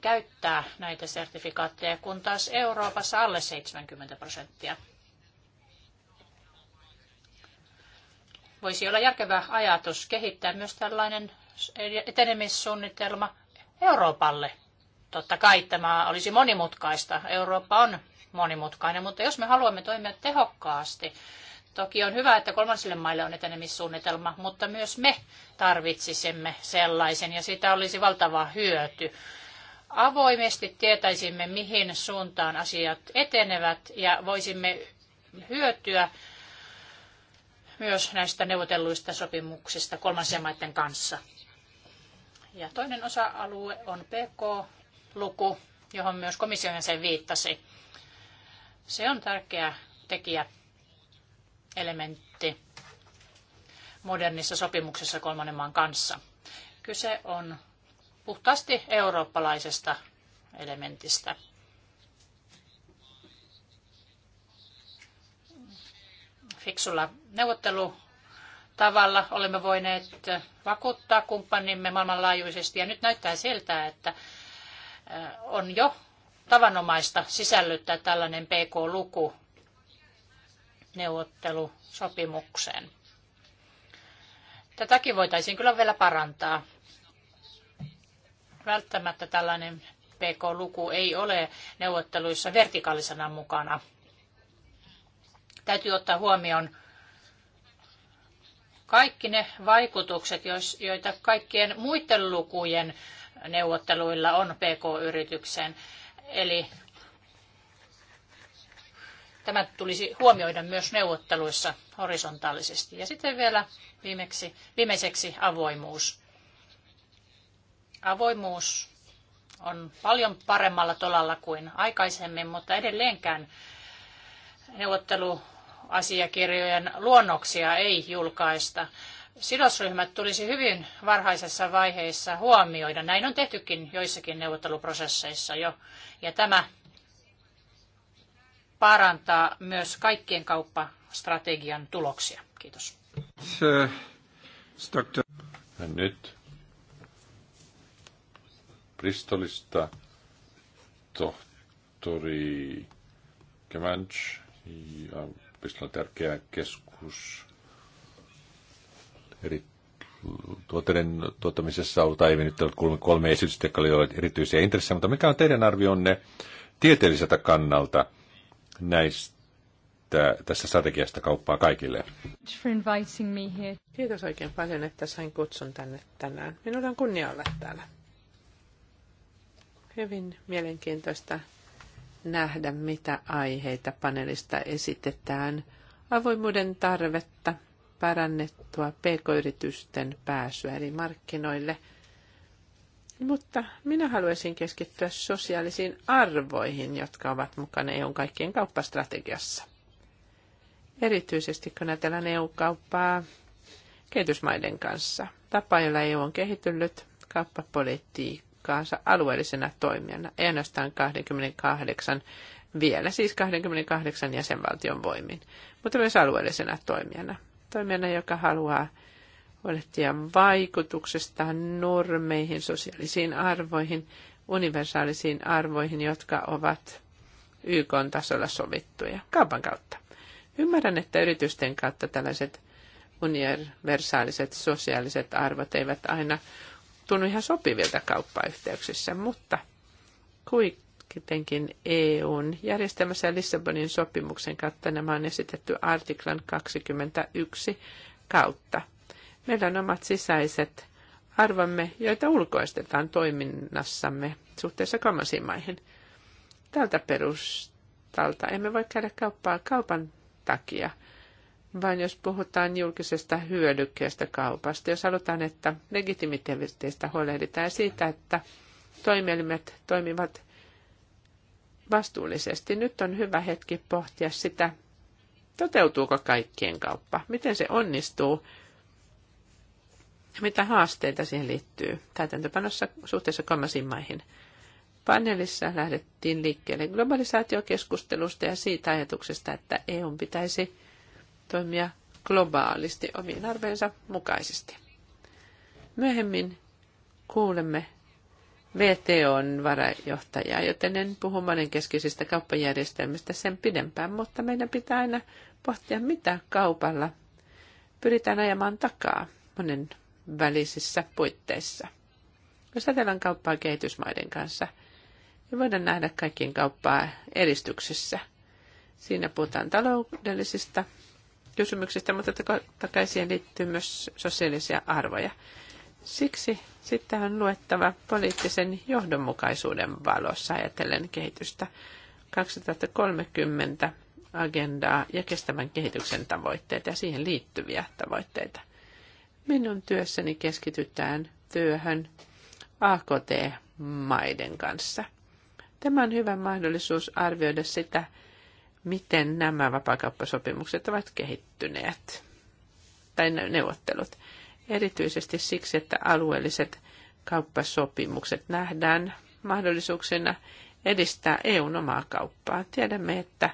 käyttää näitä sertifikaatteja, kun taas Euroopassa alle 70 prosenttia. voisi olla järkevä ajatus kehittää myös tällainen etenemissuunnitelma Euroopalle. Totta kai tämä olisi monimutkaista. Eurooppa on monimutkainen, mutta jos me haluamme toimia tehokkaasti, toki on hyvä, että kolmansille maille on etenemissuunnitelma, mutta myös me tarvitsisimme sellaisen ja siitä olisi valtava hyöty. Avoimesti tietäisimme, mihin suuntaan asiat etenevät ja voisimme hyötyä myös näistä neuvotelluista sopimuksista kolmansien maiden kanssa. Ja toinen osa-alue on PK-luku, johon myös komission sen viittasi. Se on tärkeä tekijä, elementti modernissa sopimuksessa kolmannen maan kanssa. Kyse on puhtaasti eurooppalaisesta elementistä. fiksulla neuvottelutavalla olemme voineet vakuuttaa kumppanimme maailmanlaajuisesti. Ja nyt näyttää siltä, että äh, on jo tavanomaista sisällyttää tällainen PK-luku neuvottelusopimukseen. Tätäkin voitaisiin kyllä vielä parantaa. Välttämättä tällainen PK-luku ei ole neuvotteluissa vertikaalisena mukana täytyy ottaa huomioon kaikki ne vaikutukset, joita kaikkien muiden lukujen neuvotteluilla on PK-yritykseen. Eli tämä tulisi huomioida myös neuvotteluissa horisontaalisesti. Ja sitten vielä viimeksi, viimeiseksi avoimuus. Avoimuus on paljon paremmalla tolalla kuin aikaisemmin, mutta edelleenkään neuvottelu asiakirjojen luonnoksia ei julkaista. Sidosryhmät tulisi hyvin varhaisessa vaiheessa huomioida. Näin on tehtykin joissakin neuvotteluprosesseissa jo. Ja tämä parantaa myös kaikkien kauppastrategian tuloksia. Kiitos. Ja nyt Bristolista tohtori Kemanch, yliopisto on tärkeä keskus eri tuotteiden tuottamisessa ollut aiemmin nyt kolme, kolme esitystä, jotka olivat erityisiä intressejä, mutta mikä on teidän arvionne tieteelliseltä kannalta näistä tässä strategiasta kauppaa kaikille? Kiitos oikein paljon, että sain kutsun tänne tänään. Minulla on kunnia olla täällä. Hyvin mielenkiintoista nähdä, mitä aiheita panelista esitetään, avoimuuden tarvetta, parannettua pk-yritysten pääsyä eri markkinoille. Mutta minä haluaisin keskittyä sosiaalisiin arvoihin, jotka ovat mukana EUn kaikkien kauppastrategiassa. Erityisesti kun ajatellaan EU-kauppaa kehitysmaiden kanssa. Tapa, jolla EU on kehittynyt, kauppapolitiikka paikkaansa alueellisena toimijana, ei ainoastaan 28 vielä, siis 28 jäsenvaltion voimin, mutta myös alueellisena toimijana. Toimijana, joka haluaa huolehtia vaikutuksesta normeihin, sosiaalisiin arvoihin, universaalisiin arvoihin, jotka ovat YK-tasolla sovittuja kaupan kautta. Ymmärrän, että yritysten kautta tällaiset universaaliset sosiaaliset arvot eivät aina tunnu ihan sopivilta kauppayhteyksissä, mutta kuitenkin EUn järjestelmässä Lissabonin sopimuksen kautta nämä on esitetty artiklan 21 kautta. Meillä on omat sisäiset arvomme, joita ulkoistetaan toiminnassamme suhteessa kolmansiin maihin. Tältä perustalta emme voi käydä kauppaa kaupan takia – vaan jos puhutaan julkisesta hyödykkeestä kaupasta, jos halutaan, että legitimiteetistä huolehditaan siitä, että toimielimet toimivat vastuullisesti. Nyt on hyvä hetki pohtia sitä, toteutuuko kaikkien kauppa, miten se onnistuu, mitä haasteita siihen liittyy täytäntöpanossa suhteessa kolmasiin maihin. Panelissa lähdettiin liikkeelle globalisaatiokeskustelusta ja siitä ajatuksesta, että EU pitäisi toimia globaalisti omien arveensa mukaisesti. Myöhemmin kuulemme VTOn varajohtajaa, joten en puhu monenkeskisistä kauppajärjestelmistä sen pidempään, mutta meidän pitää aina pohtia, mitä kaupalla pyritään ajamaan takaa monen välisissä puitteissa. Jos ajatellaan kauppaa kehitysmaiden kanssa, niin voidaan nähdä kaikkien kauppaa eristyksessä. Siinä puhutaan taloudellisista kysymyksistä, mutta totta kai siihen liittyy myös sosiaalisia arvoja. Siksi sitten on luettava poliittisen johdonmukaisuuden valossa ajatellen kehitystä 2030 agendaa ja kestävän kehityksen tavoitteita ja siihen liittyviä tavoitteita. Minun työssäni keskitytään työhön AKT-maiden kanssa. Tämä on hyvä mahdollisuus arvioida sitä, miten nämä vapaakauppasopimukset ovat kehittyneet, tai neuvottelut. Erityisesti siksi, että alueelliset kauppasopimukset nähdään mahdollisuuksena edistää EUn omaa kauppaa. Tiedämme, että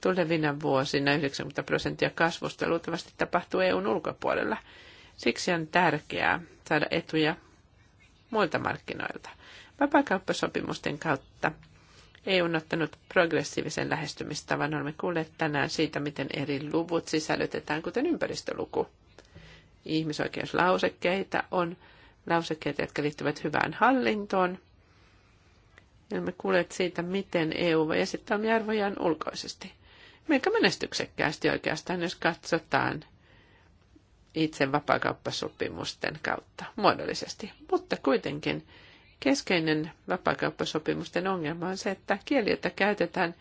tulevina vuosina 90 prosenttia kasvusta luultavasti tapahtuu EUn ulkopuolella. Siksi on tärkeää saada etuja muilta markkinoilta. Vapaakauppasopimusten kautta EU on ottanut progressiivisen lähestymistavan. Olemme kuulleet tänään siitä, miten eri luvut sisällytetään, kuten ympäristöluku. Ihmisoikeuslausekkeita on lausekkeita, jotka liittyvät hyvään hallintoon. Olemme kuulleet siitä, miten EU voi esittää omia arvojaan ulkoisesti. Melko menestyksekkäästi oikeastaan, jos katsotaan itse vapaakauppasopimusten kautta muodollisesti. Mutta kuitenkin Keskeinen vapaakauppasopimusten ongelma on se, että kieli, jota käytetään,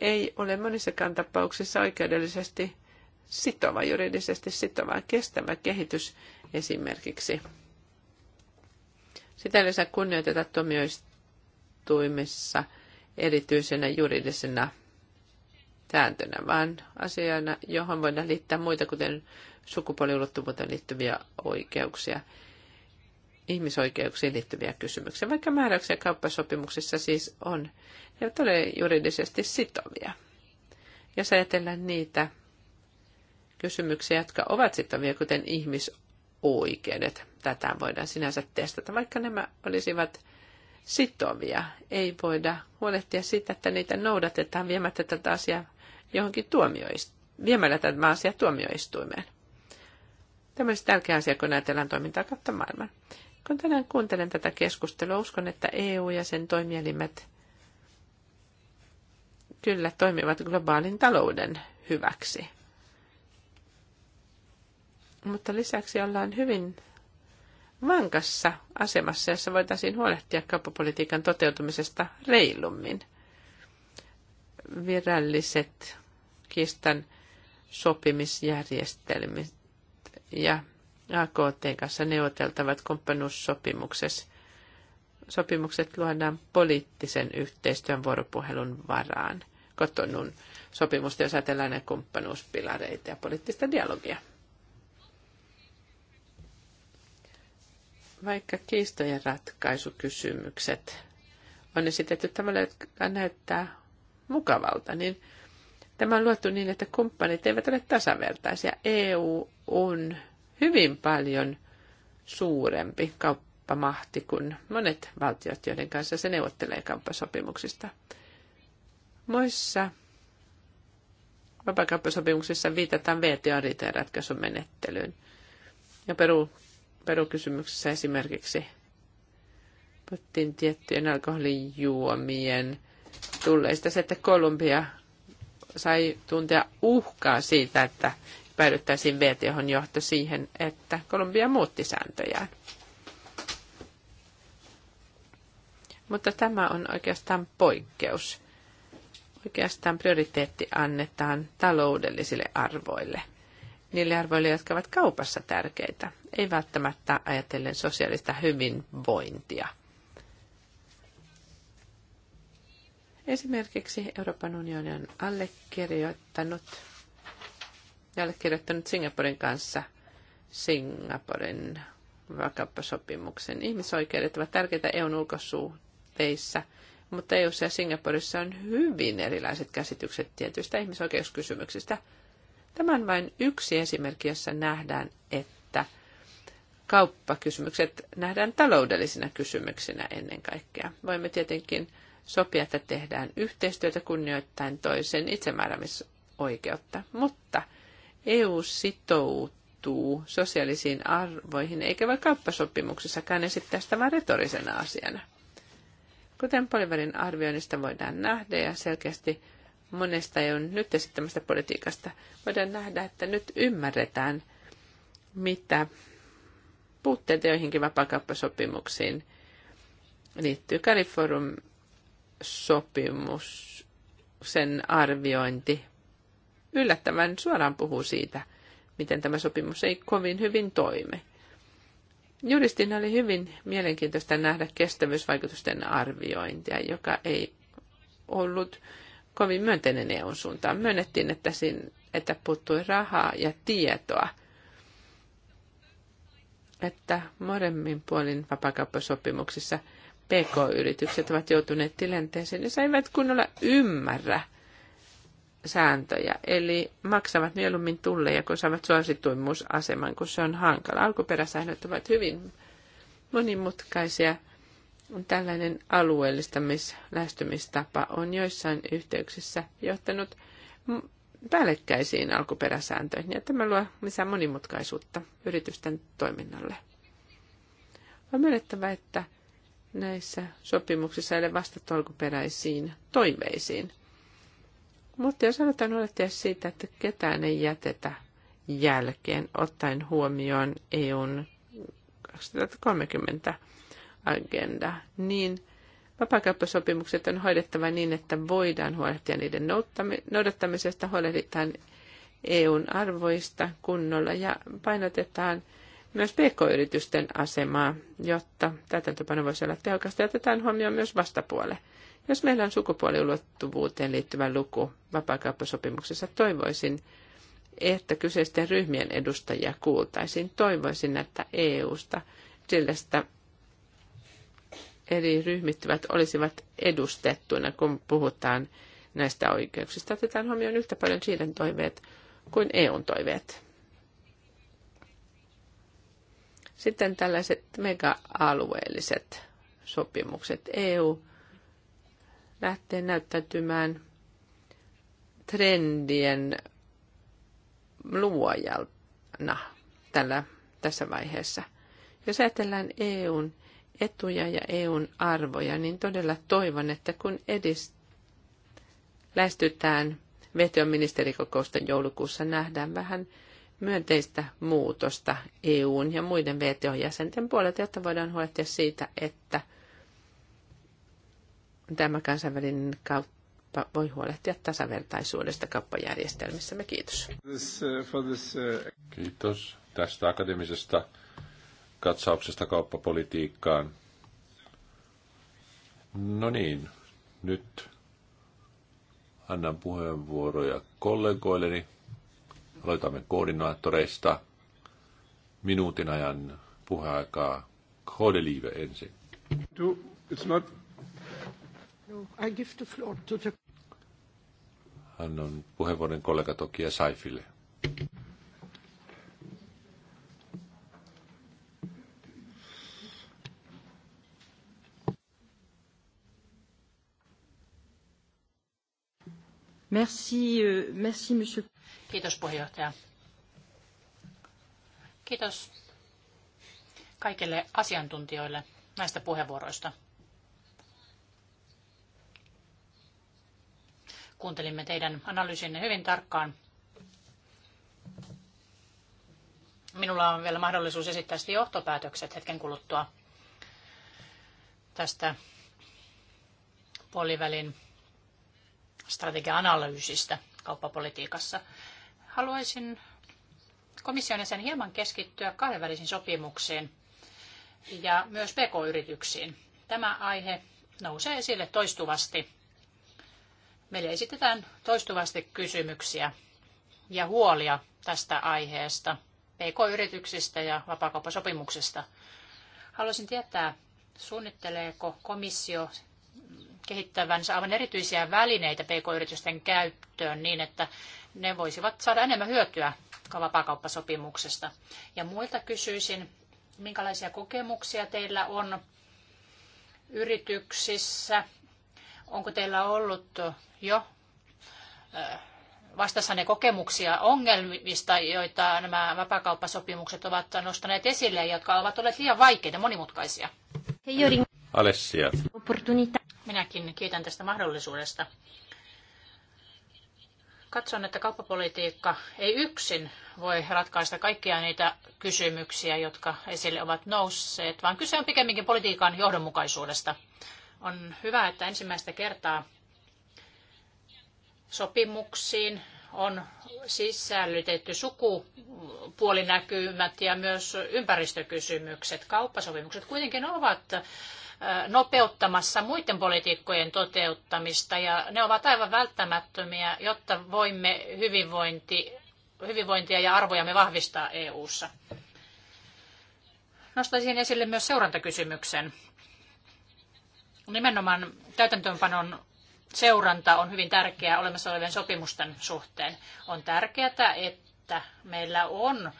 ei ole monissakaan tapauksissa oikeudellisesti sitova, juridisesti sitova, kestävä kehitys esimerkiksi. Sitä ei saa kunnioiteta tuomioistuimessa erityisenä juridisena sääntönä, vaan asiana, johon voidaan liittää muita, kuten sukupuoliulottuvuuteen liittyviä oikeuksia ihmisoikeuksiin liittyviä kysymyksiä, vaikka määräyksiä kauppasopimuksissa siis on, ne eivät ole juridisesti sitovia. Jos ajatellaan niitä kysymyksiä, jotka ovat sitovia, kuten ihmisoikeudet, tätä voidaan sinänsä testata, vaikka nämä olisivat sitovia. Ei voida huolehtia siitä, että niitä noudatetaan viemättä tätä asiaa johonkin tuomioistuimeen, viemällä tämä asia tuomioistuimeen. Tämä olisi tärkeä asia, kun ajatellaan toimintaa kautta maailman. Kun tänään kuuntelen tätä keskustelua, uskon, että EU ja sen toimielimet kyllä toimivat globaalin talouden hyväksi. Mutta lisäksi ollaan hyvin vankassa asemassa, jossa voitaisiin huolehtia kauppapolitiikan toteutumisesta reilummin. Viralliset kistan sopimisjärjestelmät ja AKT kanssa neuvoteltavat kumppanuussopimukset luodaan poliittisen yhteistyön vuoropuhelun varaan kotonun sopimusta, jos ajatellaan näitä kumppanuuspilareita ja poliittista dialogia. Vaikka kiistojen ratkaisukysymykset on esitetty tavalla, jotka näyttää mukavalta, niin tämä on luotu niin, että kumppanit eivät ole tasavertaisia. EU on hyvin paljon suurempi kauppamahti kuin monet valtiot, joiden kanssa se neuvottelee kauppasopimuksista. Muissa vapakauppasopimuksissa viitataan VTO-riiteen ratkaisun menettelyyn. Ja peru, perukysymyksessä esimerkiksi puhuttiin tiettyjen alkoholijuomien tulleista se, että Kolumbia sai tuntea uhkaa siitä, että päädyttäisiin VTOhon johto siihen, että Kolumbia muutti sääntöjään. Mutta tämä on oikeastaan poikkeus. Oikeastaan prioriteetti annetaan taloudellisille arvoille. Niille arvoille, jotka ovat kaupassa tärkeitä, ei välttämättä ajatellen sosiaalista hyvinvointia. Esimerkiksi Euroopan unioni on allekirjoittanut ja allekirjoittanut Singaporen kanssa Singaporen vakauppasopimuksen. Ihmisoikeudet ovat tärkeitä EUn ulkosuhteissa, mutta EU ja Singaporessa on hyvin erilaiset käsitykset tietyistä ihmisoikeuskysymyksistä. Tämä on vain yksi esimerkki, jossa nähdään, että kauppakysymykset nähdään taloudellisina kysymyksinä ennen kaikkea. Voimme tietenkin sopia, että tehdään yhteistyötä kunnioittain toisen itsemääräämisoikeutta, mutta – EU sitoutuu sosiaalisiin arvoihin, eikä vain kauppasopimuksissakaan esittää sitä vain retorisena asiana. Kuten Polivarin arvioinnista voidaan nähdä ja selkeästi monesta jo nyt esittämästä politiikasta, voidaan nähdä, että nyt ymmärretään, mitä puutteita joihinkin vapaakauppasopimuksiin liittyy. Kaliforum sopimus, sen arviointi yllättävän suoraan puhuu siitä, miten tämä sopimus ei kovin hyvin toimi. Juristin oli hyvin mielenkiintoista nähdä kestävyysvaikutusten arviointia, joka ei ollut kovin myönteinen EUn suuntaan. Myönnettiin, että, siinä, että puuttui rahaa ja tietoa, että molemmin puolin vapakauppasopimuksissa PK-yritykset ovat joutuneet tilanteeseen ja niin eivät kunnolla ymmärrä – sääntöjä, eli maksavat mieluummin tulleja, kun saavat suosituimmuusaseman, kun se on hankala. Alkuperäsäännöt ovat hyvin monimutkaisia. Tällainen alueellistamislähestymistapa on joissain yhteyksissä johtanut päällekkäisiin alkuperäsääntöihin, ja tämä luo lisää monimutkaisuutta yritysten toiminnalle. On myönnettävä, että näissä sopimuksissa ei ole vastattu alkuperäisiin toiveisiin – mutta jos halutaan huolehtia siitä, että ketään ei jätetä jälkeen, ottaen huomioon EUn 2030 agenda, niin vapaakauppasopimukset on hoidettava niin, että voidaan huolehtia niiden noudattamisesta, huolehditaan EUn arvoista kunnolla ja painotetaan myös pk-yritysten asemaa, jotta täytäntöpano voisi olla tehokasta ja otetaan huomioon myös vastapuolelle. Jos meillä on sukupuoliulottuvuuteen liittyvä luku vapaakauppasopimuksessa, toivoisin, että kyseisten ryhmien edustajia kuultaisiin. Toivoisin, että EU-sta sillästä eri ryhmittyvät olisivat edustettuina, kun puhutaan näistä oikeuksista. Otetaan huomioon yhtä paljon Chilen toiveet kuin EUn toiveet. Sitten tällaiset mega-alueelliset sopimukset. EU lähtee näyttäytymään trendien luojana tällä, tässä vaiheessa. Jos ajatellaan EUn etuja ja EUn arvoja, niin todella toivon, että kun edist- lähestytään VTOn ministerikokousta joulukuussa, nähdään vähän myönteistä muutosta EUn ja muiden VTO-jäsenten puolelta, jotta voidaan huolehtia siitä, että tämä kansainvälinen kauppa voi huolehtia tasavertaisuudesta kauppajärjestelmissämme. Kiitos. Uh, uh, Kiitos tästä akademisesta katsauksesta kauppapolitiikkaan. No niin, nyt annan puheenvuoroja kollegoilleni. Aloitamme koordinaattoreista. Minuutin ajan puheaikaa. Kodeliive ensin. It's not No, I give the floor to the... Annan puheenvuoron kollega Tokia Saifille. Merci, euh, merci, monsieur. Kiitos puheenjohtaja. Kiitos kaikille asiantuntijoille näistä puheenvuoroista. Kuuntelimme teidän analyysinne hyvin tarkkaan. Minulla on vielä mahdollisuus esittää sitten johtopäätökset hetken kuluttua tästä puolivälin strategia-analyysistä kauppapolitiikassa. Haluaisin komission sen hieman keskittyä kahdenvälisiin sopimuksiin ja myös pk-yrityksiin. Tämä aihe nousee esille toistuvasti Meille esitetään toistuvasti kysymyksiä ja huolia tästä aiheesta, PK-yrityksistä ja vapaakauppasopimuksesta. Haluaisin tietää, suunnitteleeko komissio kehittävänsä aivan erityisiä välineitä PK-yritysten käyttöön niin, että ne voisivat saada enemmän hyötyä vapaakauppasopimuksesta. Ja muilta kysyisin, minkälaisia kokemuksia teillä on yrityksissä, Onko teillä ollut jo äh, vastassanne kokemuksia ongelmista, joita nämä vapakauppasopimukset ovat nostaneet esille, jotka ovat olleet liian vaikeita, monimutkaisia? Hei Jori. Alessia. Minäkin kiitän tästä mahdollisuudesta. Katson, että kauppapolitiikka ei yksin voi ratkaista kaikkia niitä kysymyksiä, jotka esille ovat nousseet, vaan kyse on pikemminkin politiikan johdonmukaisuudesta. On hyvä, että ensimmäistä kertaa sopimuksiin on sisällytetty sukupuolinäkymät ja myös ympäristökysymykset. Kauppasopimukset kuitenkin ovat nopeuttamassa muiden politiikkojen toteuttamista ja ne ovat aivan välttämättömiä, jotta voimme hyvinvointi, hyvinvointia ja arvojamme vahvistaa EU:ssa. Nostaisin esille myös seurantakysymyksen. Nimenomaan täytäntöönpanon seuranta on hyvin tärkeää olemassa olevien sopimusten suhteen. On tärkeää, että meillä on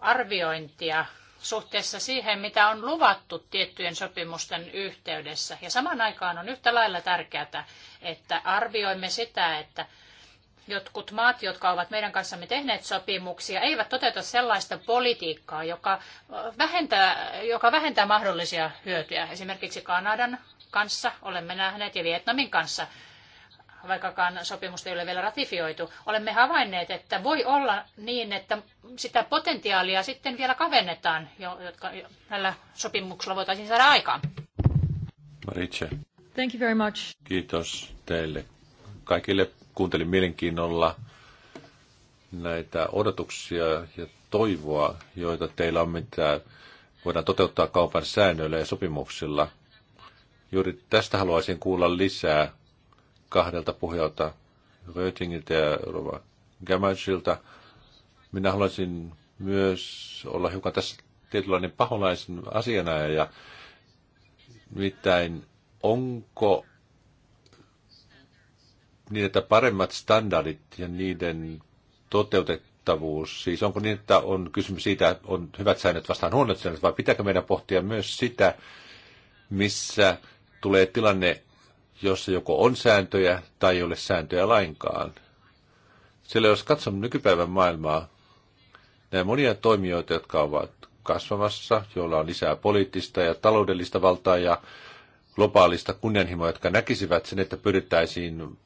arviointia suhteessa siihen, mitä on luvattu tiettyjen sopimusten yhteydessä. Ja samaan aikaan on yhtä lailla tärkeää, että arvioimme sitä, että jotkut maat, jotka ovat meidän kanssamme tehneet sopimuksia, eivät toteuta sellaista politiikkaa, joka vähentää, joka vähentää mahdollisia hyötyjä. Esimerkiksi Kanadan kanssa olemme nähneet ja Vietnamin kanssa, vaikkakaan sopimusta ei ole vielä ratifioitu, olemme havainneet, että voi olla niin, että sitä potentiaalia sitten vielä kavennetaan, jotka näillä sopimuksella voitaisiin saada aikaan. Maritse. Thank you very much. Kiitos teille kaikille kuuntelin mielenkiinnolla näitä odotuksia ja toivoa, joita teillä on, mitä voidaan toteuttaa kaupan säännöillä ja sopimuksilla. Juuri tästä haluaisin kuulla lisää kahdelta puhelta, Röttingiltä ja Rova Gamagilta. Minä haluaisin myös olla hiukan tässä tietynlainen paholaisen ja mitään onko niin, että paremmat standardit ja niiden toteutettavuus, siis onko niin, että on kysymys siitä, että on hyvät säännöt vastaan huonot säännöt, vai pitääkö meidän pohtia myös sitä, missä tulee tilanne, jossa joko on sääntöjä tai ei ole sääntöjä lainkaan. Sillä jos katsomme nykypäivän maailmaa, nämä monia toimijoita, jotka ovat kasvamassa, joilla on lisää poliittista ja taloudellista valtaa ja globaalista kunnianhimoa, jotka näkisivät sen, että pyrittäisiin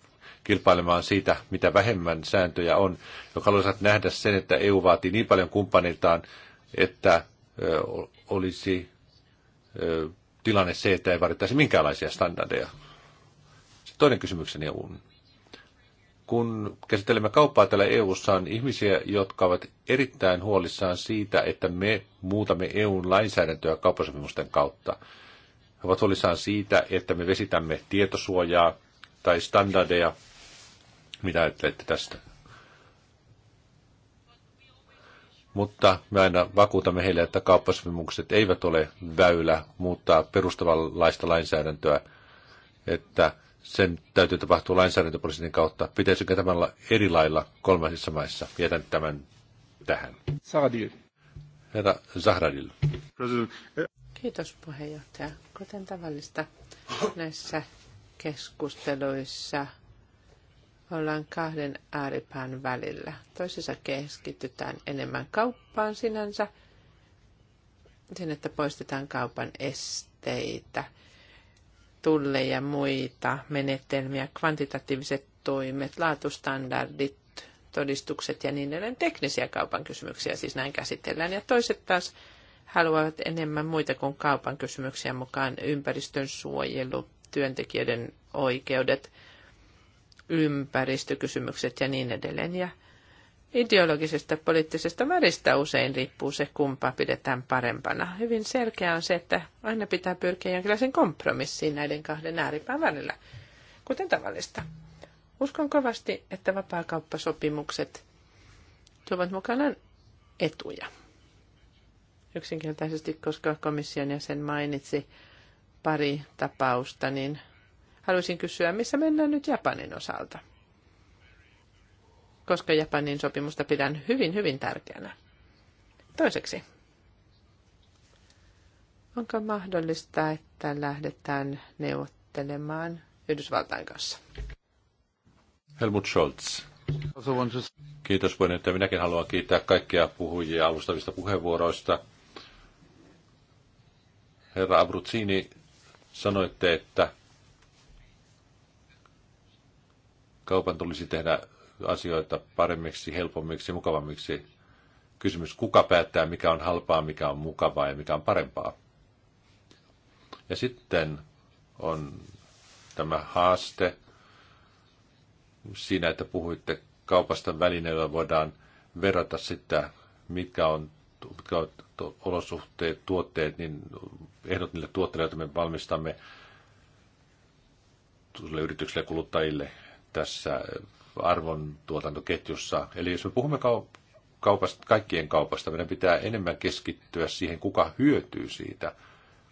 kilpailemaan siitä, mitä vähemmän sääntöjä on, jos haluaisit nähdä sen, että EU vaatii niin paljon kumppaniltaan, että olisi tilanne se, että ei vaadittaisi minkäänlaisia standardeja. Se toinen kysymykseni on, kun käsittelemme kauppaa täällä EU:ssa on ihmisiä, jotka ovat erittäin huolissaan siitä, että me muutamme EUn lainsäädäntöä kauppasopimusten kautta. He ovat huolissaan siitä, että me vesitämme tietosuojaa tai standardeja mitä ajattelette tästä? Mutta me aina vakuutamme heille, että kauppasopimukset eivät ole väylä muuttaa perustavanlaista lainsäädäntöä, että sen täytyy tapahtua lainsäädäntöprosessin kautta. Pitäisikö tämä olla eri lailla kolmansissa maissa? Jätän tämän tähän. Saadil. Herra Zahradil. Eh- Kiitos puheenjohtaja. Kuten tavallista näissä keskusteluissa ollaan kahden ääripään välillä. Toisessa keskitytään enemmän kauppaan sinänsä, sen, että poistetaan kaupan esteitä, tulleja muita menetelmiä, kvantitatiiviset toimet, laatustandardit, todistukset ja niin edelleen teknisiä kaupan kysymyksiä, siis näin käsitellään. Ja toiset taas haluavat enemmän muita kuin kaupan kysymyksiä mukaan ympäristön suojelu, työntekijöiden oikeudet – ympäristökysymykset ja niin edelleen. Ja ideologisesta poliittisesta väristä usein riippuu se, kumpa pidetään parempana. Hyvin selkeää on se, että aina pitää pyrkiä jonkinlaisen kompromissiin näiden kahden ääripään välillä, kuten tavallista. Uskon kovasti, että vapaakauppasopimukset tuovat mukanaan etuja. Yksinkertaisesti, koska komission jäsen mainitsi pari tapausta, niin haluaisin kysyä, missä mennään nyt Japanin osalta? Koska Japanin sopimusta pidän hyvin, hyvin tärkeänä. Toiseksi, onko mahdollista, että lähdetään neuvottelemaan Yhdysvaltain kanssa? Helmut Scholz. Kiitos puheenjohtaja. Minäkin haluan kiittää kaikkia puhujia alustavista puheenvuoroista. Herra Abruzzini, sanoitte, että Kaupan tulisi tehdä asioita paremmiksi, helpommiksi, mukavammiksi. Kysymys, kuka päättää, mikä on halpaa, mikä on mukavaa ja mikä on parempaa. Ja sitten on tämä haaste siinä, että puhuitte kaupasta välineillä, voidaan verrata sitä, mitkä on, mitkä on olosuhteet, tuotteet, niin ehdot niille tuotteille, joita me valmistamme yrityksille ja kuluttajille tässä arvon tuotantoketjussa. Eli jos me puhumme kaupasta, kaikkien kaupasta, meidän pitää enemmän keskittyä siihen, kuka hyötyy siitä,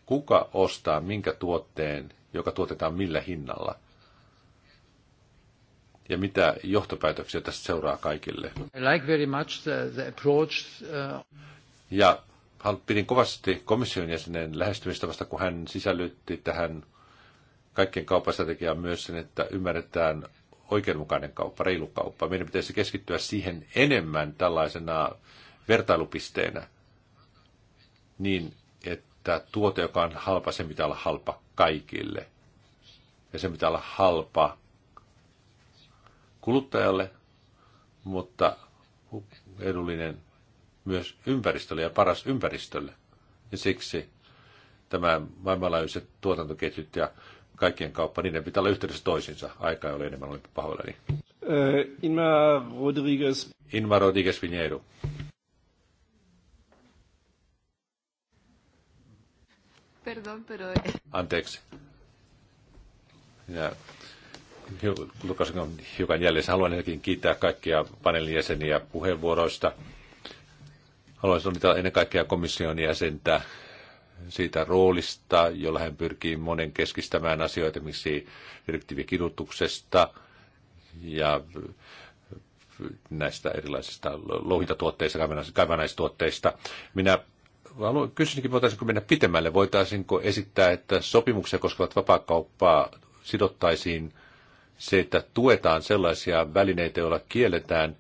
kuka ostaa minkä tuotteen, joka tuotetaan millä hinnalla. Ja mitä johtopäätöksiä tästä seuraa kaikille. I like very much the, the approach, uh... Ja pidin kovasti komission jäsenen lähestymistavasta, kun hän sisällytti tähän kaikkien kaupastrategiaan myös sen, että ymmärretään oikeudenmukainen kauppa, reilu kauppa. Meidän pitäisi keskittyä siihen enemmän tällaisena vertailupisteenä niin, että tuote, joka on halpa, se pitää olla halpa kaikille. Ja se pitää olla halpa kuluttajalle, mutta edullinen myös ympäristölle ja paras ympäristölle. Ja siksi tämä maailmanlaajuiset tuotantoketjut ja kaikkien kauppa, niiden pitää olla yhteydessä toisiinsa. Aika ei ole enemmän, olin pahoillani. Äh, Inma Rodriguez. Inma Rodriguez Viñedo. Perdón, pero... Eh, Anteeksi. Minä lukasin hiukan jäljessä. Haluan ensinnäkin kiittää kaikkia paneelin jäseniä puheenvuoroista. Haluaisin onnitella ennen kaikkea komission jäsentä siitä roolista, jolla hän pyrkii monen keskistämään asioita, esimerkiksi direktiivikidutuksesta ja näistä erilaisista louhintatuotteista, kaivannaistuotteista. Minä haluan kysyäkin, voitaisiinko mennä pitemmälle, voitaisiinko esittää, että sopimuksia koskevat vapaakauppaa sidottaisiin se, että tuetaan sellaisia välineitä, joilla kielletään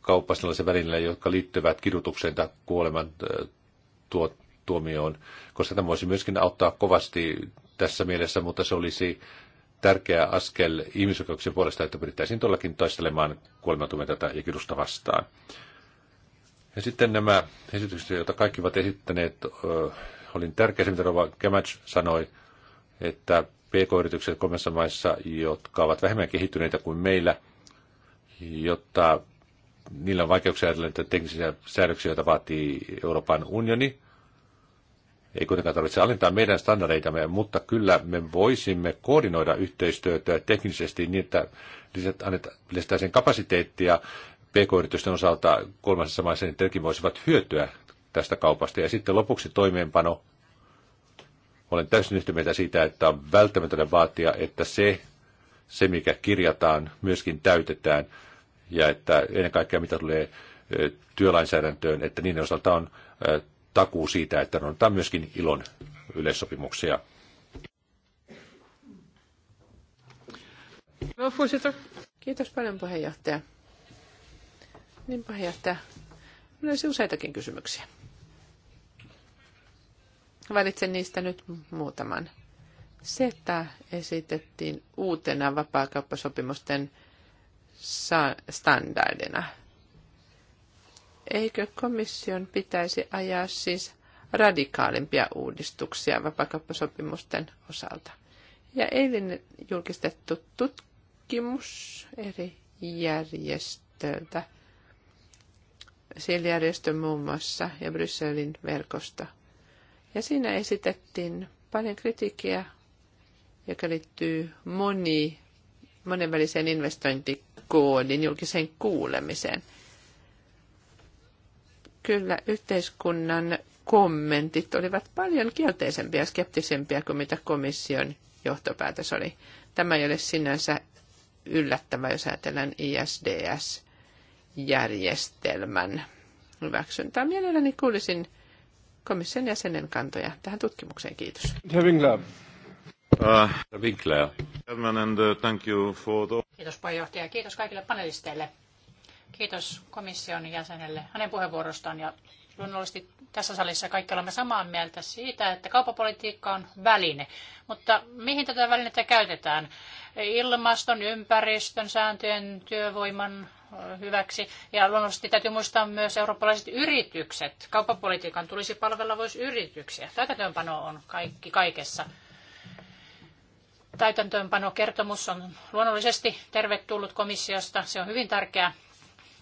kauppa sellaisia välineitä, jotka liittyvät kidutukseen tai kuoleman äh, tuot, tuomioon, koska tämä voisi myöskin auttaa kovasti tässä mielessä, mutta se olisi tärkeä askel ihmisoikeuksien puolesta, että pyrittäisiin todellakin taistelemaan kuolemantuomioita tätä ja kidusta vastaan. Ja sitten nämä esitykset, joita kaikki ovat esittäneet, olin tärkeä mitä Rova Gamage sanoi, että PK-yritykset kolmessa maissa, jotka ovat vähemmän kehittyneitä kuin meillä, jotta niillä on vaikeuksia ajatella teknisiä säädöksiä, joita vaatii Euroopan unioni – ei kuitenkaan tarvitse alentaa meidän standardeitamme, mutta kyllä me voisimme koordinoida yhteistyötä teknisesti niin, että lisätään sen kapasiteettia pk-yritysten osalta kolmansissa maissa, niin tekin voisivat hyötyä tästä kaupasta. Ja sitten lopuksi toimeenpano. Olen täysin yhtä mieltä siitä, että on välttämätöntä vaatia, että se, se mikä kirjataan, myöskin täytetään. Ja että ennen kaikkea mitä tulee työlainsäädäntöön, että niiden osalta on takuu siitä, että noudatetaan myöskin ilon yleissopimuksia. Kiitos paljon puheenjohtaja. Niin puheenjohtaja, olisi useitakin kysymyksiä. Valitsen niistä nyt muutaman. Se, että esitettiin uutena vapaakauppasopimusten standardina. Eikö komission pitäisi ajaa siis radikaalimpia uudistuksia vapakauppasopimusten osalta? Ja eilen julkistettu tutkimus eri järjestöltä, siellä järjestö muun muassa ja Brysselin verkosto. Ja siinä esitettiin paljon kritiikkiä, joka liittyy moni, monenväliseen investointikoodin julkiseen kuulemiseen – kyllä yhteiskunnan kommentit olivat paljon kielteisempiä ja skeptisempiä kuin mitä komission johtopäätös oli. Tämä ei ole sinänsä yllättävä, jos ajatellaan ISDS-järjestelmän hyväksyntää. Mielelläni kuulisin komission jäsenen kantoja tähän tutkimukseen. Kiitos. Winkler. Kiitos puheenjohtaja. Kiitos kaikille panelisteille Kiitos komission jäsenelle hänen puheenvuorostaan ja luonnollisesti tässä salissa kaikki olemme samaa mieltä siitä, että kauppapolitiikka on väline. Mutta mihin tätä välinettä käytetään? Ilmaston, ympäristön, sääntöjen, työvoiman hyväksi. Ja luonnollisesti täytyy muistaa myös eurooppalaiset yritykset. Kauppapolitiikan tulisi palvella myös yrityksiä. Täytäntöönpano on kaikki kaikessa. Täytäntöönpanokertomus on luonnollisesti tervetullut komissiosta. Se on hyvin tärkeä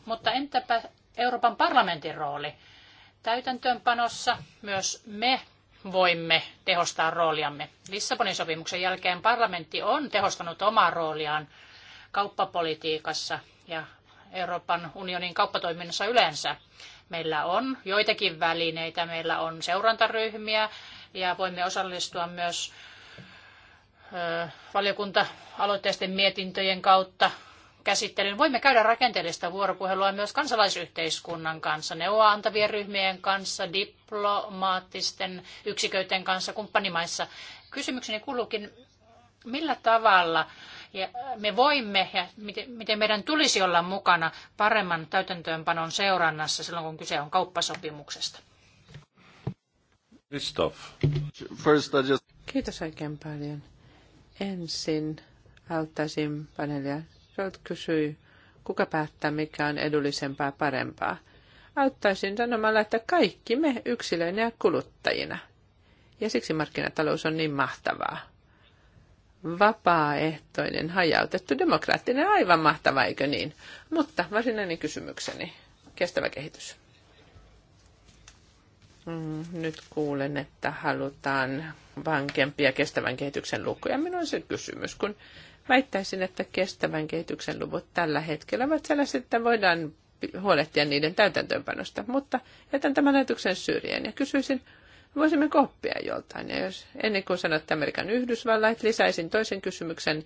mutta entäpä Euroopan parlamentin rooli? Täytäntöönpanossa myös me voimme tehostaa rooliamme. Lissabonin sopimuksen jälkeen parlamentti on tehostanut omaa rooliaan kauppapolitiikassa ja Euroopan unionin kauppatoiminnassa yleensä. Meillä on joitakin välineitä, meillä on seurantaryhmiä ja voimme osallistua myös valiokunta-aloitteisten mietintöjen kautta käsittelyyn. Voimme käydä rakenteellista vuoropuhelua myös kansalaisyhteiskunnan kanssa, neuvoa antavien ryhmien kanssa, diplomaattisten yksiköiden kanssa kumppanimaissa. Kysymykseni kuuluukin, millä tavalla ja me voimme ja miten meidän tulisi olla mukana paremman täytäntöönpanon seurannassa silloin, kun kyse on kauppasopimuksesta? First just... Kiitos oikein paljon. Ensin auttaisin panelia. Rod kysyi, kuka päättää, mikä on edullisempaa parempaa. Auttaisin sanomalla, että kaikki me yksilöinä ja kuluttajina. Ja siksi markkinatalous on niin mahtavaa. Vapaaehtoinen, hajautettu, demokraattinen, aivan mahtava, eikö niin? Mutta varsinainen kysymykseni, kestävä kehitys. Mm, nyt kuulen, että halutaan vankempia kestävän kehityksen lukuja. Minun on se kysymys, kun Väittäisin, että kestävän kehityksen luvut tällä hetkellä ovat sellaiset, että voidaan huolehtia niiden täytäntöönpanosta, mutta jätän tämän ajatuksen syrjään ja kysyisin, voisimme oppia joltain. Ja jos ennen kuin sanot Amerikan Yhdysvallat, lisäisin toisen kysymyksen,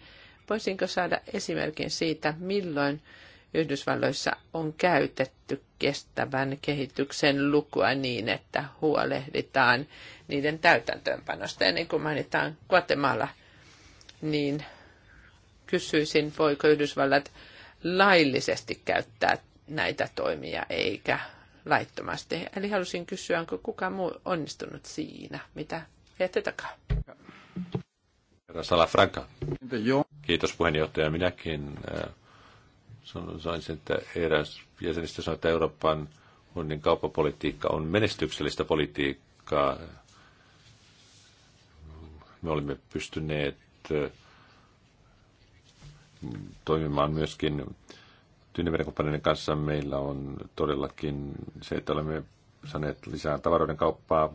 voisinko saada esimerkin siitä, milloin Yhdysvalloissa on käytetty kestävän kehityksen lukua niin, että huolehditaan niiden täytäntöönpanosta. Ennen kuin mainitaan Guatemala, niin kysyisin, voiko Yhdysvallat laillisesti käyttää näitä toimia eikä laittomasti. Eli halusin kysyä, onko kuka muu onnistunut siinä, mitä viette takaa? Herra Salafranca. Kiitos puheenjohtaja. Minäkin äh, sanoin, että eräs jäsenistä sanoi, että Euroopan unionin kauppapolitiikka on menestyksellistä politiikkaa. Me olimme pystyneet äh, toimimaan myöskin Tyyneveden kanssa. Meillä on todellakin se, että olemme saaneet lisää tavaroiden kauppaa,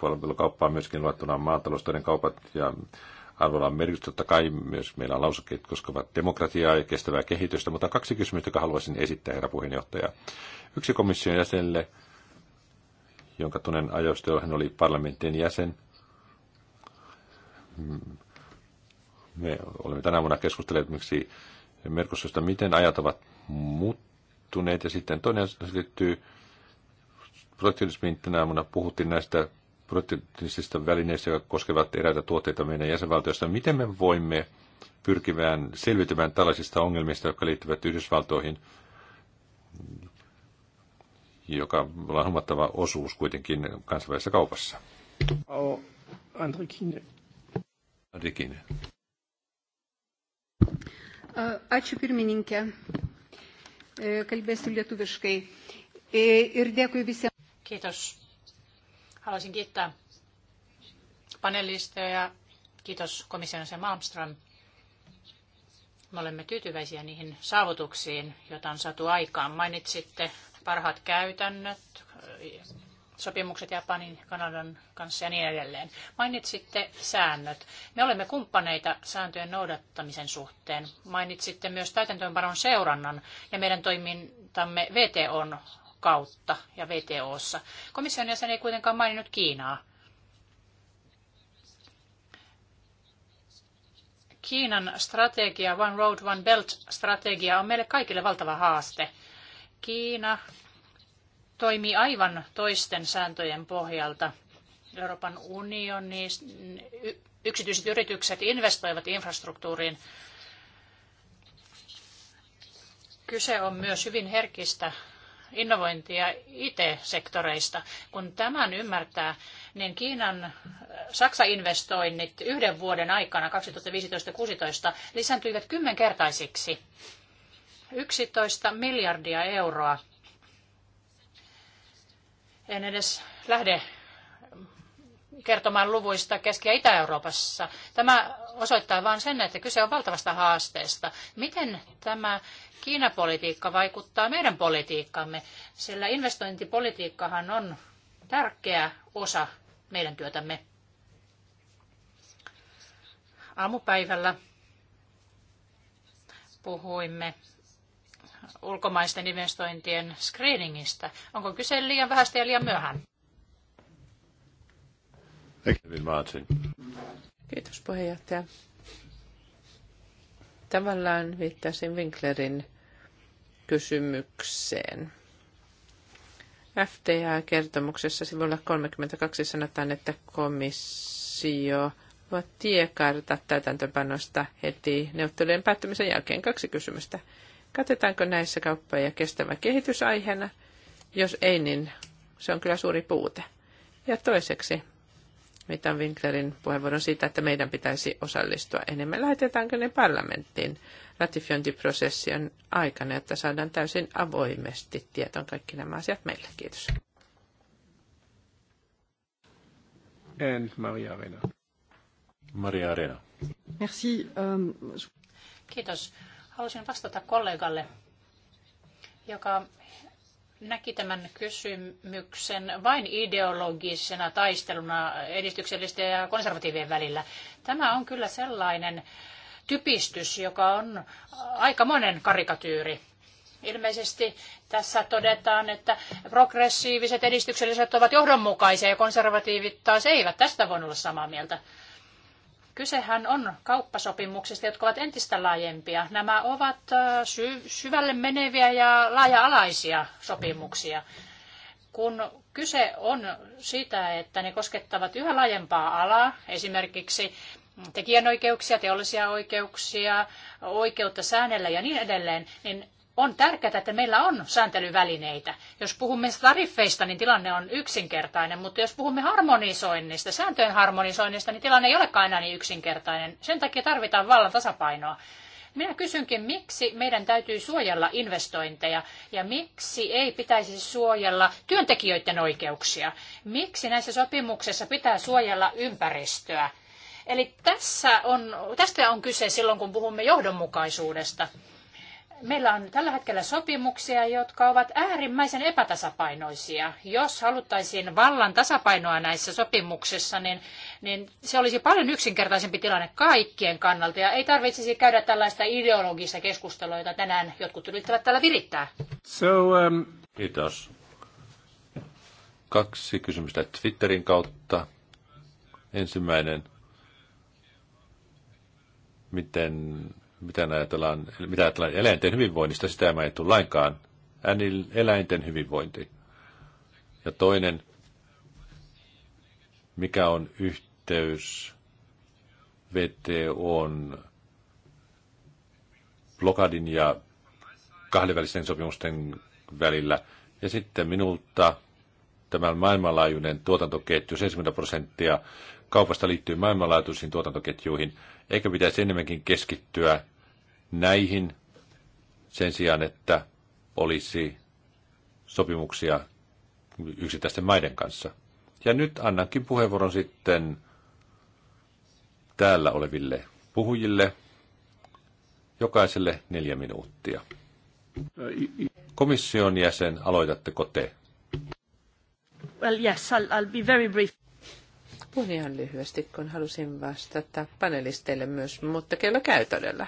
palvelukauppaa myöskin luettuna maataloustoiden kaupat ja arvolla on merkitystä. Totta kai myös meillä on lausakkeet koskevat demokratiaa ja kestävää kehitystä, mutta kaksi kysymystä, jotka haluaisin esittää, herra puheenjohtaja. Yksi komission jäsenelle, jonka tunnen ajoista, hän oli parlamentin jäsen, me olemme tänä vuonna keskustelleet miksi Merkosusta, miten ajat ovat muuttuneet. Ja sitten toinen asia liittyy protektionismiin. Tänä vuonna puhuttiin näistä protektionistisista välineistä, jotka koskevat eräitä tuotteita meidän jäsenvaltioista. Miten me voimme pyrkivään selvitymään tällaisista ongelmista, jotka liittyvät Yhdysvaltoihin, joka on huomattava osuus kuitenkin kansainvälisessä kaupassa. Andri Kine. Andri Kine. Ačiū e, Kalbėsiu lietuviškai. E, ir dėkui visiems. Kiitos. Haluaisin kiittää panelisteja ja kiitos komission jäsen Malmström. Me olemme tyytyväisiä niihin saavutuksiin, joita on saatu aikaan. Mainitsitte parhaat käytännöt, sopimukset Japanin, Kanadan kanssa ja niin edelleen. Mainitsitte säännöt. Me olemme kumppaneita sääntöjen noudattamisen suhteen. Mainitsitte myös täytäntöönpanon seurannan ja meidän toimintamme VTOn kautta ja VTOssa. Komission jäsen ei kuitenkaan maininnut Kiinaa. Kiinan strategia, One Road, One Belt strategia on meille kaikille valtava haaste. Kiina toimii aivan toisten sääntöjen pohjalta. Euroopan unioni, yksityiset yritykset investoivat infrastruktuuriin. Kyse on myös hyvin herkistä innovointia IT-sektoreista. Kun tämän ymmärtää, niin Kiinan Saksa-investoinnit yhden vuoden aikana 2015-2016 lisääntyivät kymmenkertaisiksi. 11 miljardia euroa en edes lähde kertomaan luvuista Keski- ja Itä-Euroopassa. Tämä osoittaa vain sen, että kyse on valtavasta haasteesta. Miten tämä Kiinapolitiikka vaikuttaa meidän politiikkamme, sillä investointipolitiikkahan on tärkeä osa meidän työtämme. Aamupäivällä puhuimme ulkomaisten investointien screeningistä? Onko kyse liian vähästä ja liian myöhään? Kiitos puheenjohtaja. Tavallaan viittasin Winklerin kysymykseen. fta kertomuksessa sivulla 32 sanotaan, että komissio voi tiekartat täytäntöpanosta heti neuvottelujen päättymisen jälkeen. Kaksi kysymystä katsotaanko näissä kauppoja kestävä kehitys aiheena? Jos ei, niin se on kyllä suuri puute. Ja toiseksi, mitä Winklerin puheenvuoron siitä, että meidän pitäisi osallistua enemmän. Lähetetäänkö ne parlamenttiin ratifiointiprosession aikana, että saadaan täysin avoimesti tietoon kaikki nämä asiat meille. Kiitos. En Maria Arena. Maria Arena. Merci. Um... Kiitos. Haluaisin vastata kollegalle, joka näki tämän kysymyksen vain ideologisena taisteluna edistyksellisten ja konservatiivien välillä. Tämä on kyllä sellainen typistys, joka on aika monen karikatyyri. Ilmeisesti tässä todetaan, että progressiiviset edistykselliset ovat johdonmukaisia ja konservatiivit taas eivät. Tästä voin olla samaa mieltä. Kysehän on kauppasopimuksista, jotka ovat entistä laajempia. Nämä ovat sy- syvälle meneviä ja laaja-alaisia sopimuksia. Kun kyse on siitä, että ne koskettavat yhä laajempaa alaa, esimerkiksi tekijänoikeuksia, teollisia oikeuksia, oikeutta säännellä ja niin edelleen, niin on tärkeää, että meillä on sääntelyvälineitä. Jos puhumme tariffeista, niin tilanne on yksinkertainen, mutta jos puhumme harmonisoinnista, sääntöjen harmonisoinnista, niin tilanne ei olekaan enää niin yksinkertainen. Sen takia tarvitaan vallan tasapainoa. Minä kysynkin, miksi meidän täytyy suojella investointeja ja miksi ei pitäisi suojella työntekijöiden oikeuksia? Miksi näissä sopimuksissa pitää suojella ympäristöä? Eli tässä on, tästä on kyse silloin, kun puhumme johdonmukaisuudesta meillä on tällä hetkellä sopimuksia, jotka ovat äärimmäisen epätasapainoisia. Jos haluttaisiin vallan tasapainoa näissä sopimuksissa, niin, niin se olisi paljon yksinkertaisempi tilanne kaikkien kannalta. Ja ei tarvitsisi käydä tällaista ideologista keskustelua, jota tänään jotkut yrittävät täällä virittää. So, um... Kiitos. Kaksi kysymystä Twitterin kautta. Ensimmäinen, miten mitä ajatellaan, mitä ajatellaan eläinten hyvinvoinnista, sitä ei mainittu lainkaan. Eläinten hyvinvointi. Ja toinen, mikä on yhteys VTOn blokadin ja kahdenvälisten sopimusten välillä. Ja sitten minulta tämä maailmanlaajuinen tuotantoketju, 70 prosenttia kaupasta liittyy maailmanlaajuisiin tuotantoketjuihin, eikä pitäisi enemmänkin keskittyä näihin sen sijaan, että olisi sopimuksia yksittäisten maiden kanssa. Ja nyt annankin puheenvuoron sitten täällä oleville puhujille, jokaiselle neljä minuuttia. Komission jäsen, aloitatteko te? Well, yes, I'll, I'll be very brief. Puhun ihan lyhyesti, kun halusin vastata panelisteille myös, mutta kello käy todella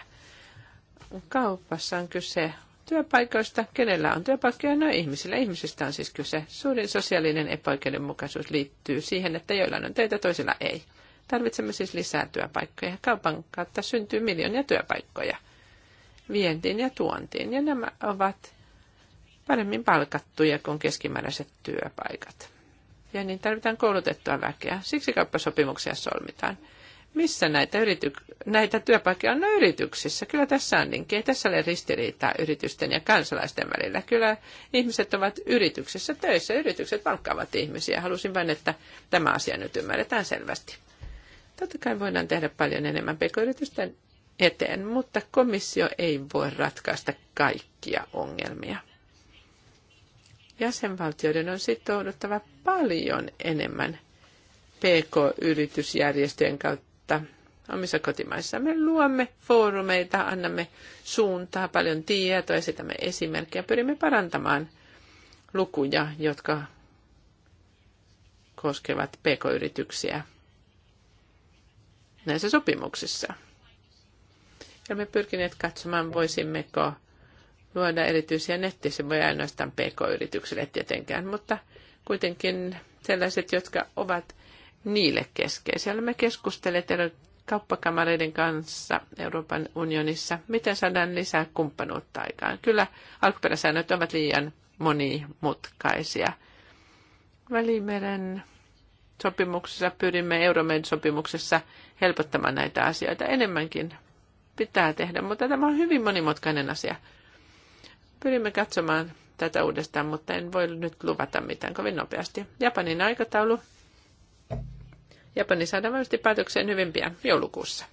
kaupassa on kyse työpaikoista. Kenellä on työpaikkoja? No ihmisillä. Ihmisistä on siis kyse. Suurin sosiaalinen epäoikeudenmukaisuus liittyy siihen, että joillain on töitä, toisilla ei. Tarvitsemme siis lisää työpaikkoja. Kaupan kautta syntyy miljoonia työpaikkoja vientiin ja tuontiin. Ja nämä ovat paremmin palkattuja kuin keskimääräiset työpaikat. Ja niin tarvitaan koulutettua väkeä. Siksi kauppasopimuksia solmitaan missä näitä, yrity- näitä työpaikkoja on no, yrityksissä. Kyllä tässä on linkki. Ei tässä ole ristiriitaa yritysten ja kansalaisten välillä. Kyllä ihmiset ovat yrityksessä töissä. Yritykset palkkaavat ihmisiä. Halusin vain, että tämä asia nyt ymmärretään selvästi. Totta kai voidaan tehdä paljon enemmän pk-yritysten eteen, mutta komissio ei voi ratkaista kaikkia ongelmia. Jäsenvaltioiden on sitouduttava paljon enemmän pk-yritysjärjestöjen kautta muutosta omissa kotimaissa. Me luomme foorumeita, annamme suuntaa, paljon tietoa, esitämme esimerkkejä, pyrimme parantamaan lukuja, jotka koskevat pk-yrityksiä näissä sopimuksissa. Olemme pyrkineet katsomaan, voisimmeko luoda erityisiä nettisivuja ainoastaan pk-yrityksille tietenkään, mutta kuitenkin sellaiset, jotka ovat niille keskeisiä. me keskustelemme kauppakamareiden kanssa Euroopan unionissa, miten saadaan lisää kumppanuutta aikaan. Kyllä alkuperäsäännöt ovat liian monimutkaisia. Välimeren sopimuksessa pyrimme Euroopan sopimuksessa helpottamaan näitä asioita enemmänkin pitää tehdä, mutta tämä on hyvin monimutkainen asia. Pyrimme katsomaan tätä uudestaan, mutta en voi nyt luvata mitään kovin nopeasti. Japanin aikataulu Japani saadaan varmasti päätökseen hyvin pian joulukuussa.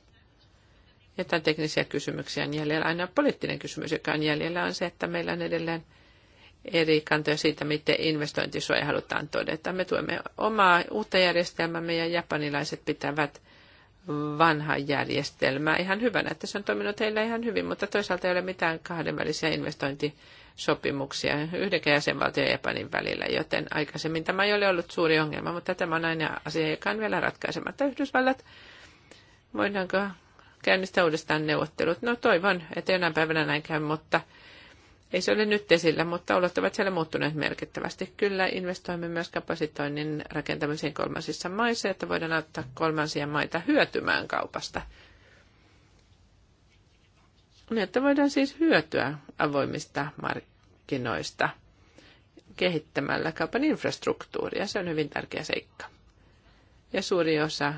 Jotain teknisiä kysymyksiä on jäljellä. Aina poliittinen kysymys, joka on jäljellä, on se, että meillä on edelleen eri kantoja siitä, miten investointisuoja halutaan todeta. Me tuemme omaa uutta järjestelmämme ja japanilaiset pitävät – vanha järjestelmä. ihan hyvänä, että se on toiminut heillä ihan hyvin, mutta toisaalta ei ole mitään kahdenvälisiä investointisopimuksia yhdenkään jäsenvaltion ja Japanin välillä, joten aikaisemmin tämä ei ole ollut suuri ongelma, mutta tämä on aina asia, joka on vielä ratkaisematta. Yhdysvallat, voidaanko käynnistää uudestaan neuvottelut? No toivon, että jonain päivänä näin käy, mutta ei se ole nyt esillä, mutta olot ovat siellä muuttuneet merkittävästi. Kyllä investoimme myös kapasitoinnin rakentamiseen kolmansissa maissa, että voidaan auttaa kolmansia maita hyötymään kaupasta. Niin, että voidaan siis hyötyä avoimista markkinoista kehittämällä kaupan infrastruktuuria. Se on hyvin tärkeä seikka. Ja suuri osa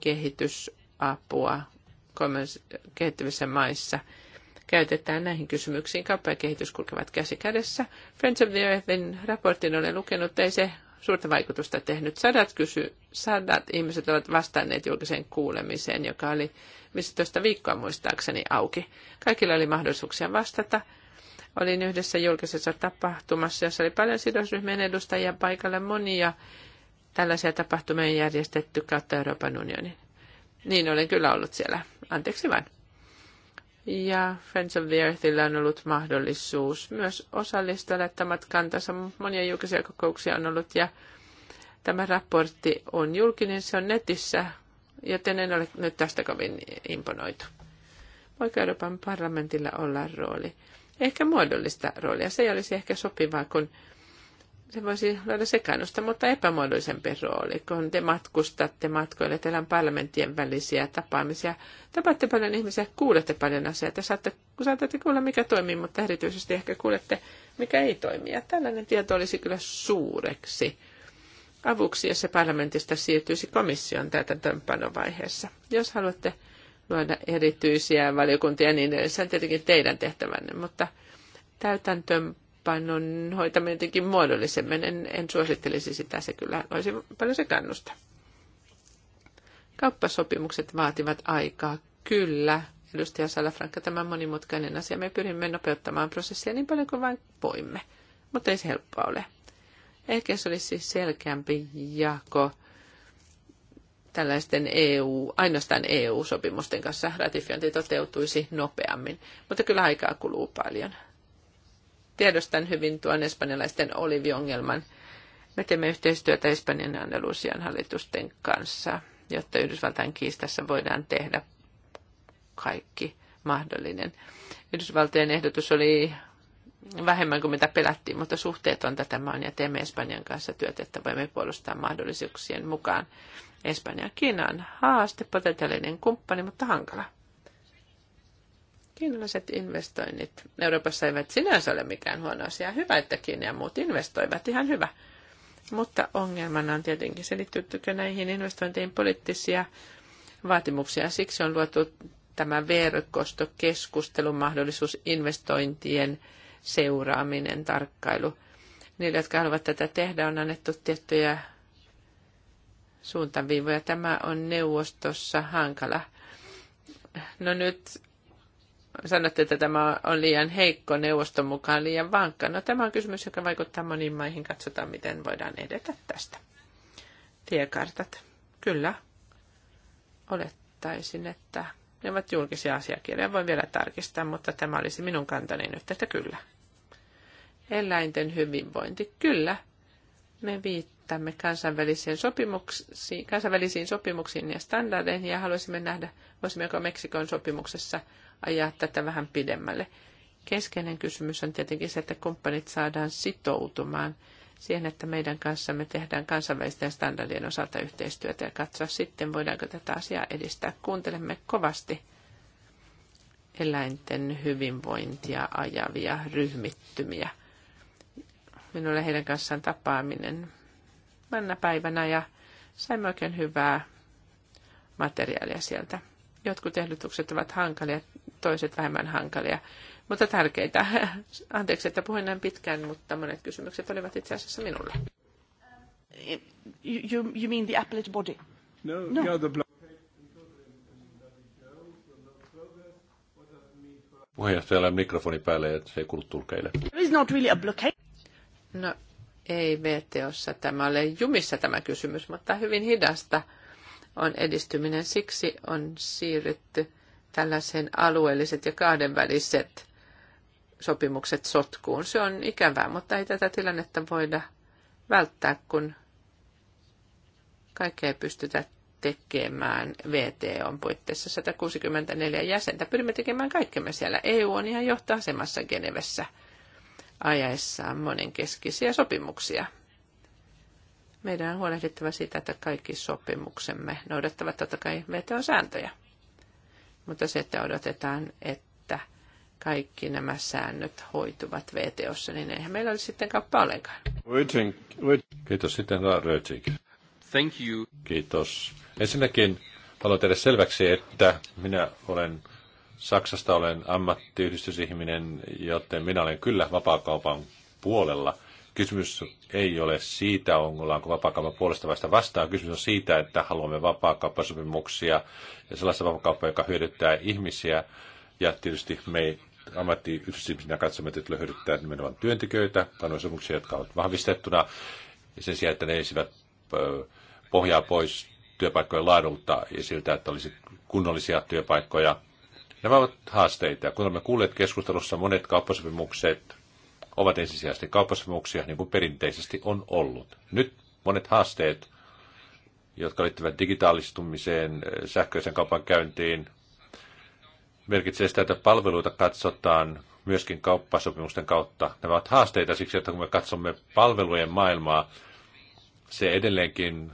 kehitysapua kehittyvissä maissa – käytetään näihin kysymyksiin. Kauppa ja kehitys kulkevat käsi kädessä. Friends of the Earthin raportin olen lukenut, ei se suurta vaikutusta tehnyt. Sadat, kysy, sadat ihmiset ovat vastanneet julkiseen kuulemiseen, joka oli 15 viikkoa muistaakseni auki. Kaikilla oli mahdollisuuksia vastata. Olin yhdessä julkisessa tapahtumassa, jossa oli paljon sidosryhmien edustajia paikalla. Monia tällaisia tapahtumia järjestetty kautta Euroopan unionin. Niin olen kyllä ollut siellä. Anteeksi vain. Ja Friends of the Earthillä on ollut mahdollisuus myös osallistua laittamat tässä Monia julkisia kokouksia on ollut ja tämä raportti on julkinen, se on netissä, joten en ole nyt tästä kovin imponoitu. Voiko Euroopan parlamentilla olla rooli? Ehkä muodollista roolia. Se ei olisi ehkä sopivaa, kun se voisi olla sekannusta, mutta epämuodollisempi rooli, kun te matkustatte matkoille, teillä on parlamenttien välisiä tapaamisia. Tapaatte paljon ihmisiä, kuulette paljon asioita, saatte, saatatte kuulla mikä toimii, mutta erityisesti ehkä kuulette mikä ei toimi. Ja tällainen tieto olisi kyllä suureksi avuksi, jos se parlamentista siirtyisi komission täytäntöönpanovaiheessa. Jos haluatte luoda erityisiä valiokuntia, niin se on tietenkin teidän tehtävänne, mutta täytäntöön toimeenpanon hoitaminen jotenkin muodollisemmin. En, en suosittelisi sitä, se kyllä olisi paljon se kannusta. Kauppasopimukset vaativat aikaa, kyllä. Edustaja Salafranka, tämä monimutkainen asia. Me pyrimme nopeuttamaan prosessia niin paljon kuin vain voimme, mutta ei se helppoa ole. Ehkä se olisi siis selkeämpi jako tällaisten EU, ainoastaan EU-sopimusten kanssa ratifiointi toteutuisi nopeammin, mutta kyllä aikaa kuluu paljon. Tiedostan hyvin tuon espanjalaisten oliviongelman. Me teemme yhteistyötä Espanjan ja Andalusian hallitusten kanssa, jotta Yhdysvaltain kiistassa voidaan tehdä kaikki mahdollinen. Yhdysvaltojen ehdotus oli vähemmän kuin mitä pelättiin, mutta on tätä maan ja teemme Espanjan kanssa työtä, että voimme puolustaa mahdollisuuksien mukaan. Espanja ja Kiina on haaste, potentiaalinen kumppani, mutta hankala. Kiinalaiset investoinnit Euroopassa eivät sinänsä ole mikään huono asia. Hyvä, että Kiina ja muut investoivat. Ihan hyvä. Mutta ongelmana on tietenkin selittyykö näihin investointeihin poliittisia vaatimuksia. Siksi on luotu tämä verkostokeskustelun mahdollisuus investointien seuraaminen, tarkkailu. Niille, jotka haluavat tätä tehdä, on annettu tiettyjä suuntaviivoja. Tämä on neuvostossa hankala. No nyt sanotte, että tämä on liian heikko, neuvoston mukaan liian vankka. No tämä on kysymys, joka vaikuttaa moniin maihin. Katsotaan, miten voidaan edetä tästä. Tiekartat. Kyllä. Olettaisin, että ne ovat julkisia asiakirjoja. Voin vielä tarkistaa, mutta tämä olisi minun kantani nyt, että kyllä. Eläinten hyvinvointi. Kyllä. Me viittamme kansainvälisiin sopimuksiin, kansainvälisiin sopimuksiin ja standardeihin ja haluaisimme nähdä, voisimmeko Meksikon sopimuksessa ajaa tätä vähän pidemmälle. Keskeinen kysymys on tietenkin se, että kumppanit saadaan sitoutumaan siihen, että meidän kanssamme tehdään kansainvälisten standardien osalta yhteistyötä ja katsoa sitten, voidaanko tätä asiaa edistää. Kuuntelemme kovasti eläinten hyvinvointia ajavia ryhmittymiä – minulle heidän kanssaan tapaaminen mennä päivänä ja saimme oikein hyvää materiaalia sieltä. Jotkut ehdotukset ovat hankalia, toiset vähemmän hankalia, mutta tärkeitä. *laughs* Anteeksi, että puhuin näin pitkään, mutta monet kysymykset olivat itse asiassa minulle. You, you mean the appellate body? No, no. other block. Puheenjohtajalla on mikrofoni päälle ja se ei kuulu tulkeille. There is not really a blockade. No ei VTOssa tämä ole jumissa tämä kysymys, mutta hyvin hidasta on edistyminen. Siksi on siirrytty tällaisen alueelliset ja kahdenväliset sopimukset sotkuun. Se on ikävää, mutta ei tätä tilannetta voida välttää, kun kaikkea ei pystytä tekemään VTOn puitteissa 164 jäsentä. Pyrimme tekemään kaikkemme siellä. EU on ihan johtoasemassa Genevessä – ajaessaan monenkeskisiä sopimuksia. Meidän on huolehdittava siitä, että kaikki sopimuksemme noudattavat totta kai on sääntöjä Mutta se, että odotetaan, että kaikki nämä säännöt hoituvat VTOssa, niin eihän meillä olisi sitten kauppa ollenkaan. Kiitos sitten Rötsik. Thank you. Kiitos. Ensinnäkin haluan tehdä selväksi, että minä olen Saksasta olen ammattiyhdistysihminen, joten minä olen kyllä vapaakaupan puolella. Kysymys ei ole siitä, ollaanko vapaakaupan puolesta sitä vastaan. Kysymys on siitä, että haluamme vapaakauppasopimuksia ja sellaista vapaakauppaa, joka hyödyttää ihmisiä. Ja tietysti me ammattiyhdistysihmisinä katsomme, että hyödyttää nimenomaan työntekijöitä, panosopimuksia, jotka ovat vahvistettuna. Ja sen sijaan, että ne eivät pohjaa pois työpaikkojen laadulta ja siltä, että olisi kunnollisia työpaikkoja – Nämä ovat haasteita. Kun olemme kuulleet keskustelussa, monet kauppasopimukset ovat ensisijaisesti kauppasopimuksia, niin kuin perinteisesti on ollut. Nyt monet haasteet, jotka liittyvät digitaalistumiseen, sähköisen kaupan käyntiin, merkitsee sitä, että palveluita katsotaan myöskin kauppasopimusten kautta. Nämä ovat haasteita siksi, että kun me katsomme palvelujen maailmaa, se edelleenkin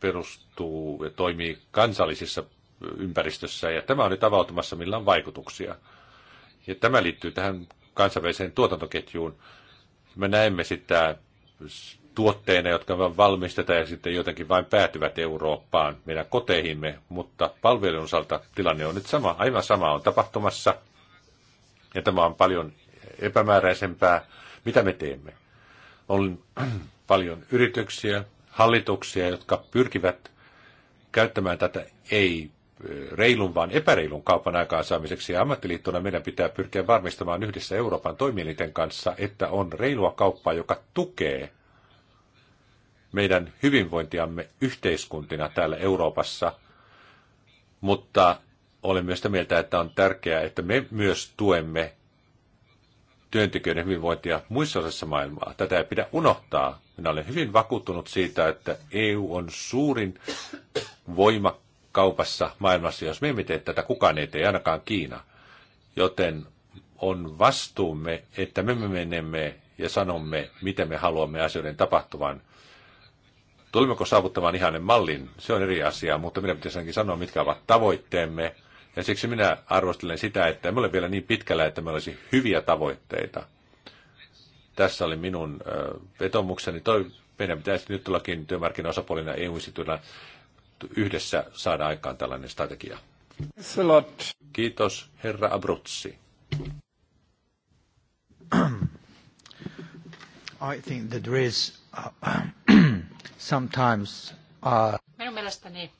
perustuu ja toimii kansallisissa ympäristössä, ja tämä on nyt avautumassa, millä on vaikutuksia. Ja tämä liittyy tähän kansainväliseen tuotantoketjuun. Me näemme sitä tuotteina, jotka vain valmistetaan ja sitten jotenkin vain päätyvät Eurooppaan, meidän koteihimme, mutta palvelujen osalta tilanne on nyt sama, aivan sama on tapahtumassa, ja tämä on paljon epämääräisempää, mitä me teemme. On *clears throat* paljon yrityksiä, hallituksia, jotka pyrkivät käyttämään tätä ei reilun, vaan epäreilun kaupan aikaansaamiseksi. Ja ammattiliittona meidän pitää pyrkiä varmistamaan yhdessä Euroopan toimielinten kanssa, että on reilua kauppaa, joka tukee meidän hyvinvointiamme yhteiskuntina täällä Euroopassa. Mutta olen myös sitä mieltä, että on tärkeää, että me myös tuemme työntekijöiden hyvinvointia muissa osissa maailmaa. Tätä ei pidä unohtaa. Minä olen hyvin vakuuttunut siitä, että EU on suurin voima kaupassa maailmassa. Jos me emme tee tätä, kukaan ei tee, ainakaan Kiina. Joten on vastuumme, että me menemme ja sanomme, miten me haluamme asioiden tapahtuvan. Tulemmeko saavuttamaan ihanen mallin, se on eri asia, mutta minä pitäisi ainakin sanoa, mitkä ovat tavoitteemme. Ja siksi minä arvostelen sitä, että emme ole vielä niin pitkällä, että meillä olisi hyviä tavoitteita. Tässä oli minun vetomukseni. Toi, meidän pitäisi nyt tullakin työmarkkinaosapuolina EU-instituutilla yhdessä saada aikaan tällainen strategia. Kiitos, herra Abruzzi. I think that there is uh, *clears throat* sometimes uh... Minun mielestäni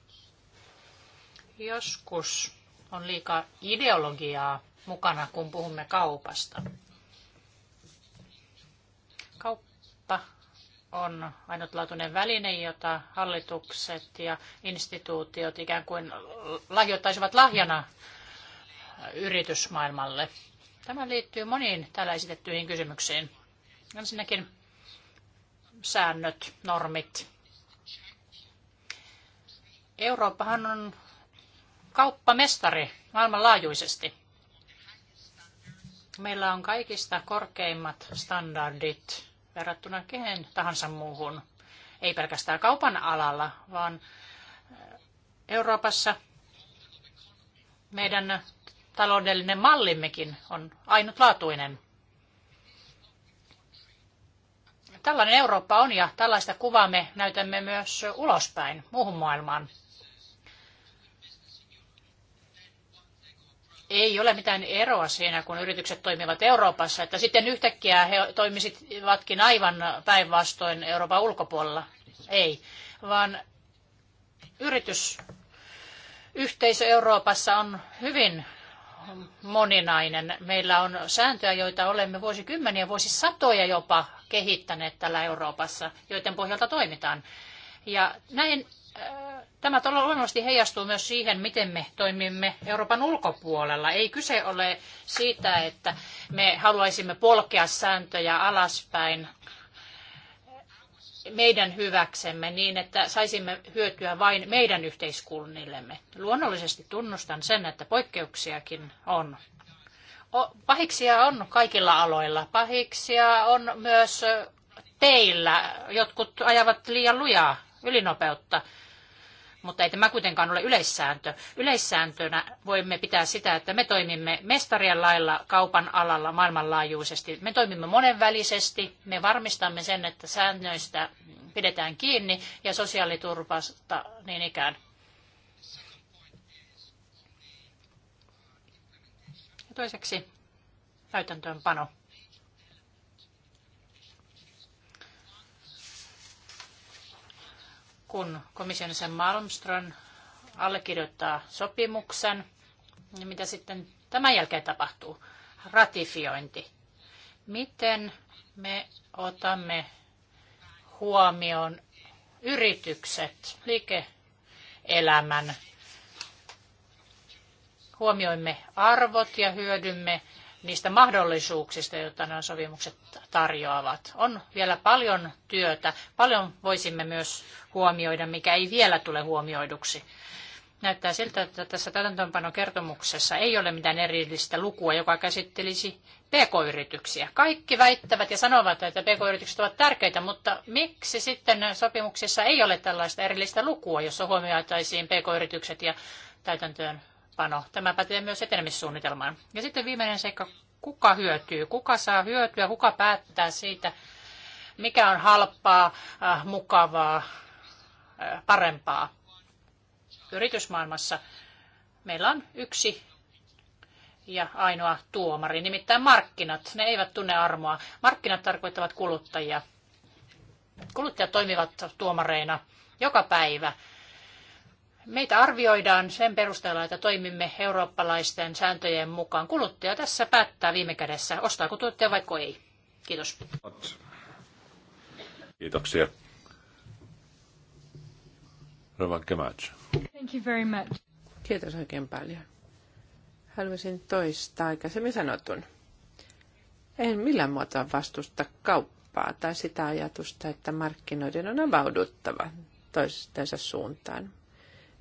joskus on liikaa ideologiaa mukana, kun puhumme kaupasta. on ainutlaatuinen väline, jota hallitukset ja instituutiot ikään kuin lahjoittaisivat lahjana yritysmaailmalle. Tämä liittyy moniin täällä esitettyihin kysymyksiin. Ensinnäkin säännöt, normit. Eurooppahan on kauppamestari maailmanlaajuisesti. Meillä on kaikista korkeimmat standardit verrattuna kehen tahansa muuhun. Ei pelkästään kaupan alalla, vaan eh, Euroopassa meidän taloudellinen mallimmekin on ainutlaatuinen. Tällainen Eurooppa on ja tällaista kuvaa me näytämme myös ulospäin, muuhun maailmaan. ei ole mitään eroa siinä, kun yritykset toimivat Euroopassa, että sitten yhtäkkiä he toimisivatkin aivan päinvastoin Euroopan ulkopuolella. Ei, vaan yritys, yhteisö Euroopassa on hyvin moninainen. Meillä on sääntöjä, joita olemme vuosikymmeniä, vuosisatoja jopa kehittäneet täällä Euroopassa, joiden pohjalta toimitaan. Ja näin äh, Tämä todella luonnollisesti heijastuu myös siihen, miten me toimimme Euroopan ulkopuolella. Ei kyse ole siitä, että me haluaisimme polkea sääntöjä alaspäin meidän hyväksemme niin, että saisimme hyötyä vain meidän yhteiskunnillemme. Luonnollisesti tunnustan sen, että poikkeuksiakin on. Pahiksia on kaikilla aloilla. Pahiksia on myös teillä. Jotkut ajavat liian lujaa ylinopeutta mutta ei tämä kuitenkaan ole yleissääntö. Yleissääntönä voimme pitää sitä, että me toimimme mestarien lailla kaupan alalla maailmanlaajuisesti. Me toimimme monenvälisesti, me varmistamme sen, että säännöistä pidetään kiinni ja sosiaaliturvasta niin ikään. Ja toiseksi täytäntöönpano. kun komission sen Malmström allekirjoittaa sopimuksen, niin mitä sitten tämän jälkeen tapahtuu? Ratifiointi. Miten me otamme huomioon yritykset, liike-elämän. Huomioimme arvot ja hyödymme niistä mahdollisuuksista, joita nämä sopimukset tarjoavat. On vielä paljon työtä, paljon voisimme myös huomioida, mikä ei vielä tule huomioiduksi. Näyttää siltä, että tässä täytäntöönpanokertomuksessa ei ole mitään erillistä lukua, joka käsittelisi pk-yrityksiä. Kaikki väittävät ja sanovat, että pk-yritykset ovat tärkeitä, mutta miksi sitten sopimuksissa ei ole tällaista erillistä lukua, jossa huomioitaisiin pk-yritykset ja täytäntöön pano Tämä pätee myös etenemissuunnitelmaan. Ja sitten viimeinen seikka, kuka hyötyy, kuka saa hyötyä, kuka päättää siitä, mikä on halpaa, äh, mukavaa, äh, parempaa. Yritysmaailmassa meillä on yksi ja ainoa tuomari, nimittäin markkinat. Ne eivät tunne armoa. Markkinat tarkoittavat kuluttajia. Kuluttajat toimivat tuomareina joka päivä Meitä arvioidaan sen perusteella, että toimimme eurooppalaisten sääntöjen mukaan. Kuluttaja tässä päättää viime kädessä, ostaako tuottaja vai ei. Kiitos. Kiitoksia. Thank you very much. Kiitos oikein paljon. Haluaisin toistaa aikaisemmin sanotun. En millään muotoa vastusta kauppaa tai sitä ajatusta, että markkinoiden on avauduttava toistensa suuntaan.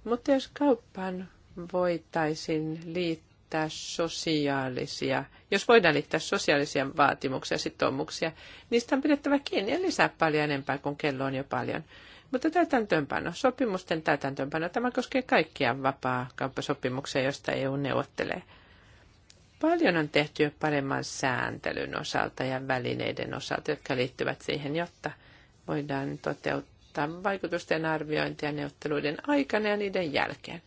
Mutta jos kauppaan voitaisiin liittää sosiaalisia, jos voidaan liittää sosiaalisia vaatimuksia ja sitoumuksia, niistä on pidettävä kiinni ja lisää paljon enempää, kun kello on jo paljon. Mutta täytäntöönpano, sopimusten täytäntöönpano, tämä koskee kaikkia vapaa kauppasopimuksia, joista EU neuvottelee. Paljon on tehty jo paremman sääntelyn osalta ja välineiden osalta, jotka liittyvät siihen, jotta voidaan toteuttaa tarvitaan vaikutusten arviointia neuvotteluiden aikana ja niiden jälkeen.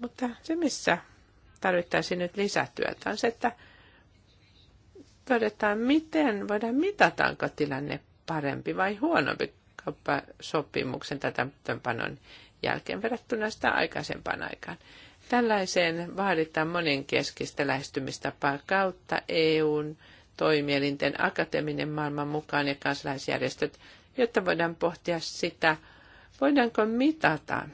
Mutta se, missä tarvittaisiin nyt lisätyötä, on se, että todetaan, miten voidaan mitataanko tilanne parempi vai huonompi kauppasopimuksen täytäntöönpanon jälkeen verrattuna sitä aikaisempaan aikaan. Tällaiseen vaaditaan monenkeskistä lähestymistapaa kautta EUn toimielinten akateeminen maailman mukaan ja kansalaisjärjestöt jotta voidaan pohtia sitä, voidaanko mitata,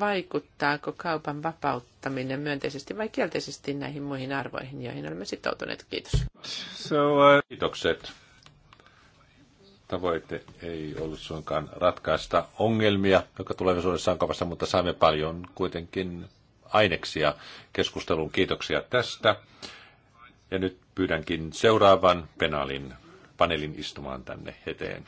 vaikuttaako kaupan vapauttaminen myönteisesti vai kielteisesti näihin muihin arvoihin, joihin olemme sitoutuneet. Kiitos. So, uh... Kiitokset. Tavoite ei ollut suinkaan ratkaista ongelmia, jotka tulevaisuudessa on kaupassa, mutta saimme paljon kuitenkin aineksia keskusteluun. Kiitoksia tästä. Ja nyt pyydänkin seuraavan penaalin paneelin istumaan tänne eteen.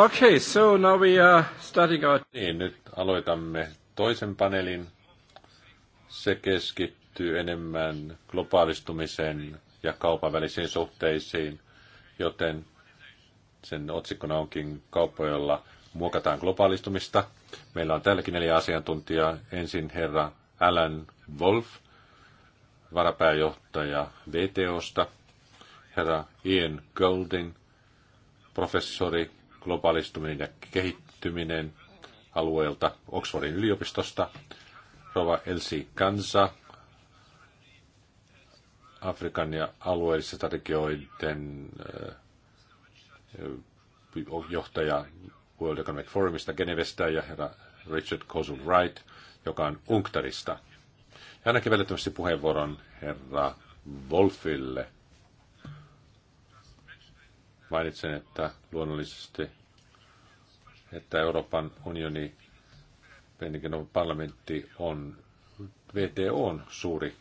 Okay, so now we are starting our... Niin, nyt aloitamme toisen paneelin. Se keskittyy enemmän globaalistumisen ja kaupan välisiin suhteisiin, joten sen otsikkona onkin kauppoilla muokataan globaalistumista. Meillä on täälläkin neljä asiantuntijaa. Ensin herra Alan Wolf, varapääjohtaja VTOsta, herra Ian Golding, professori globaalistuminen ja kehittyminen alueelta Oxfordin yliopistosta. Rova Elsi Kansa, Afrikan ja alueellisten strategioiden äh, johtaja World Economic Forumista Genevestä ja herra Richard Cosul Wright, joka on Unktarista. Ja ainakin välittömästi puheenvuoron herra Wolfille – Mainitsen, että luonnollisesti, että Euroopan unioni, Pennikin parlamentti on VTOn suuri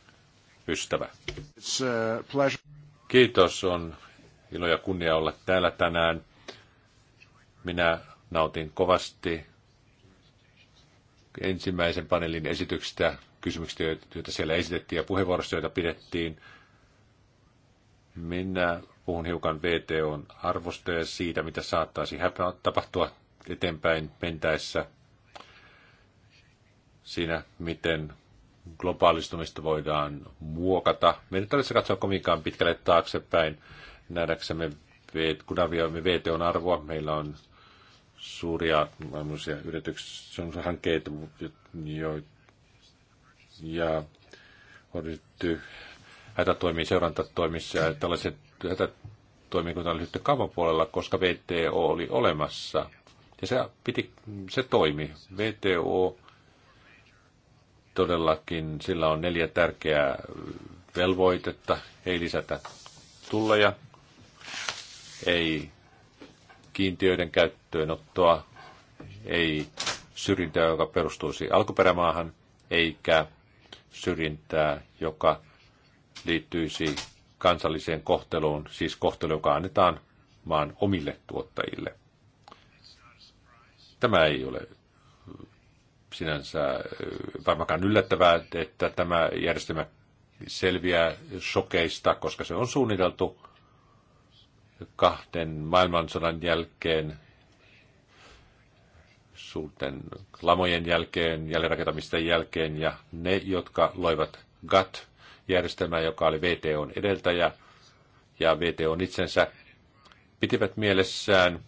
ystävä. Uh, Kiitos, on ilo ja kunnia olla täällä tänään. Minä nautin kovasti ensimmäisen paneelin esityksestä, kysymyksistä, joita siellä esitettiin ja puheenvuorosta, joita pidettiin. Minä puhun hiukan VTOn arvosta ja siitä, mitä saattaisi tapahtua eteenpäin mentäessä siinä, miten globaalistumista voidaan muokata. Meidän tarvitsee katsoa kovinkaan pitkälle taaksepäin nähdäksemme, kun arvioimme VTOn arvoa. Meillä on suuria yrityksiä, hankkeita, jo, ja on ryhdytty hätätoimiin, seurantatoimissa ja tällaiset hätätoimikunta oli sitten kaupan puolella, koska VTO oli olemassa. Ja se, piti, se toimi. VTO todellakin, sillä on neljä tärkeää velvoitetta. Ei lisätä tulleja, ei kiintiöiden käyttöönottoa, ei syrjintää, joka perustuisi alkuperämaahan, eikä syrjintää, joka liittyisi kansalliseen kohteluun, siis kohtelu, joka annetaan maan omille tuottajille. Tämä ei ole sinänsä äh, varmaankaan yllättävää, että tämä järjestelmä selviää sokeista, koska se on suunniteltu kahden maailmansodan jälkeen, suurten lamojen jälkeen, jälleenrakentamisten jälkeen, ja ne, jotka loivat GATT, järjestelmää, joka oli VTOn edeltäjä ja VTOn itsensä, pitivät mielessään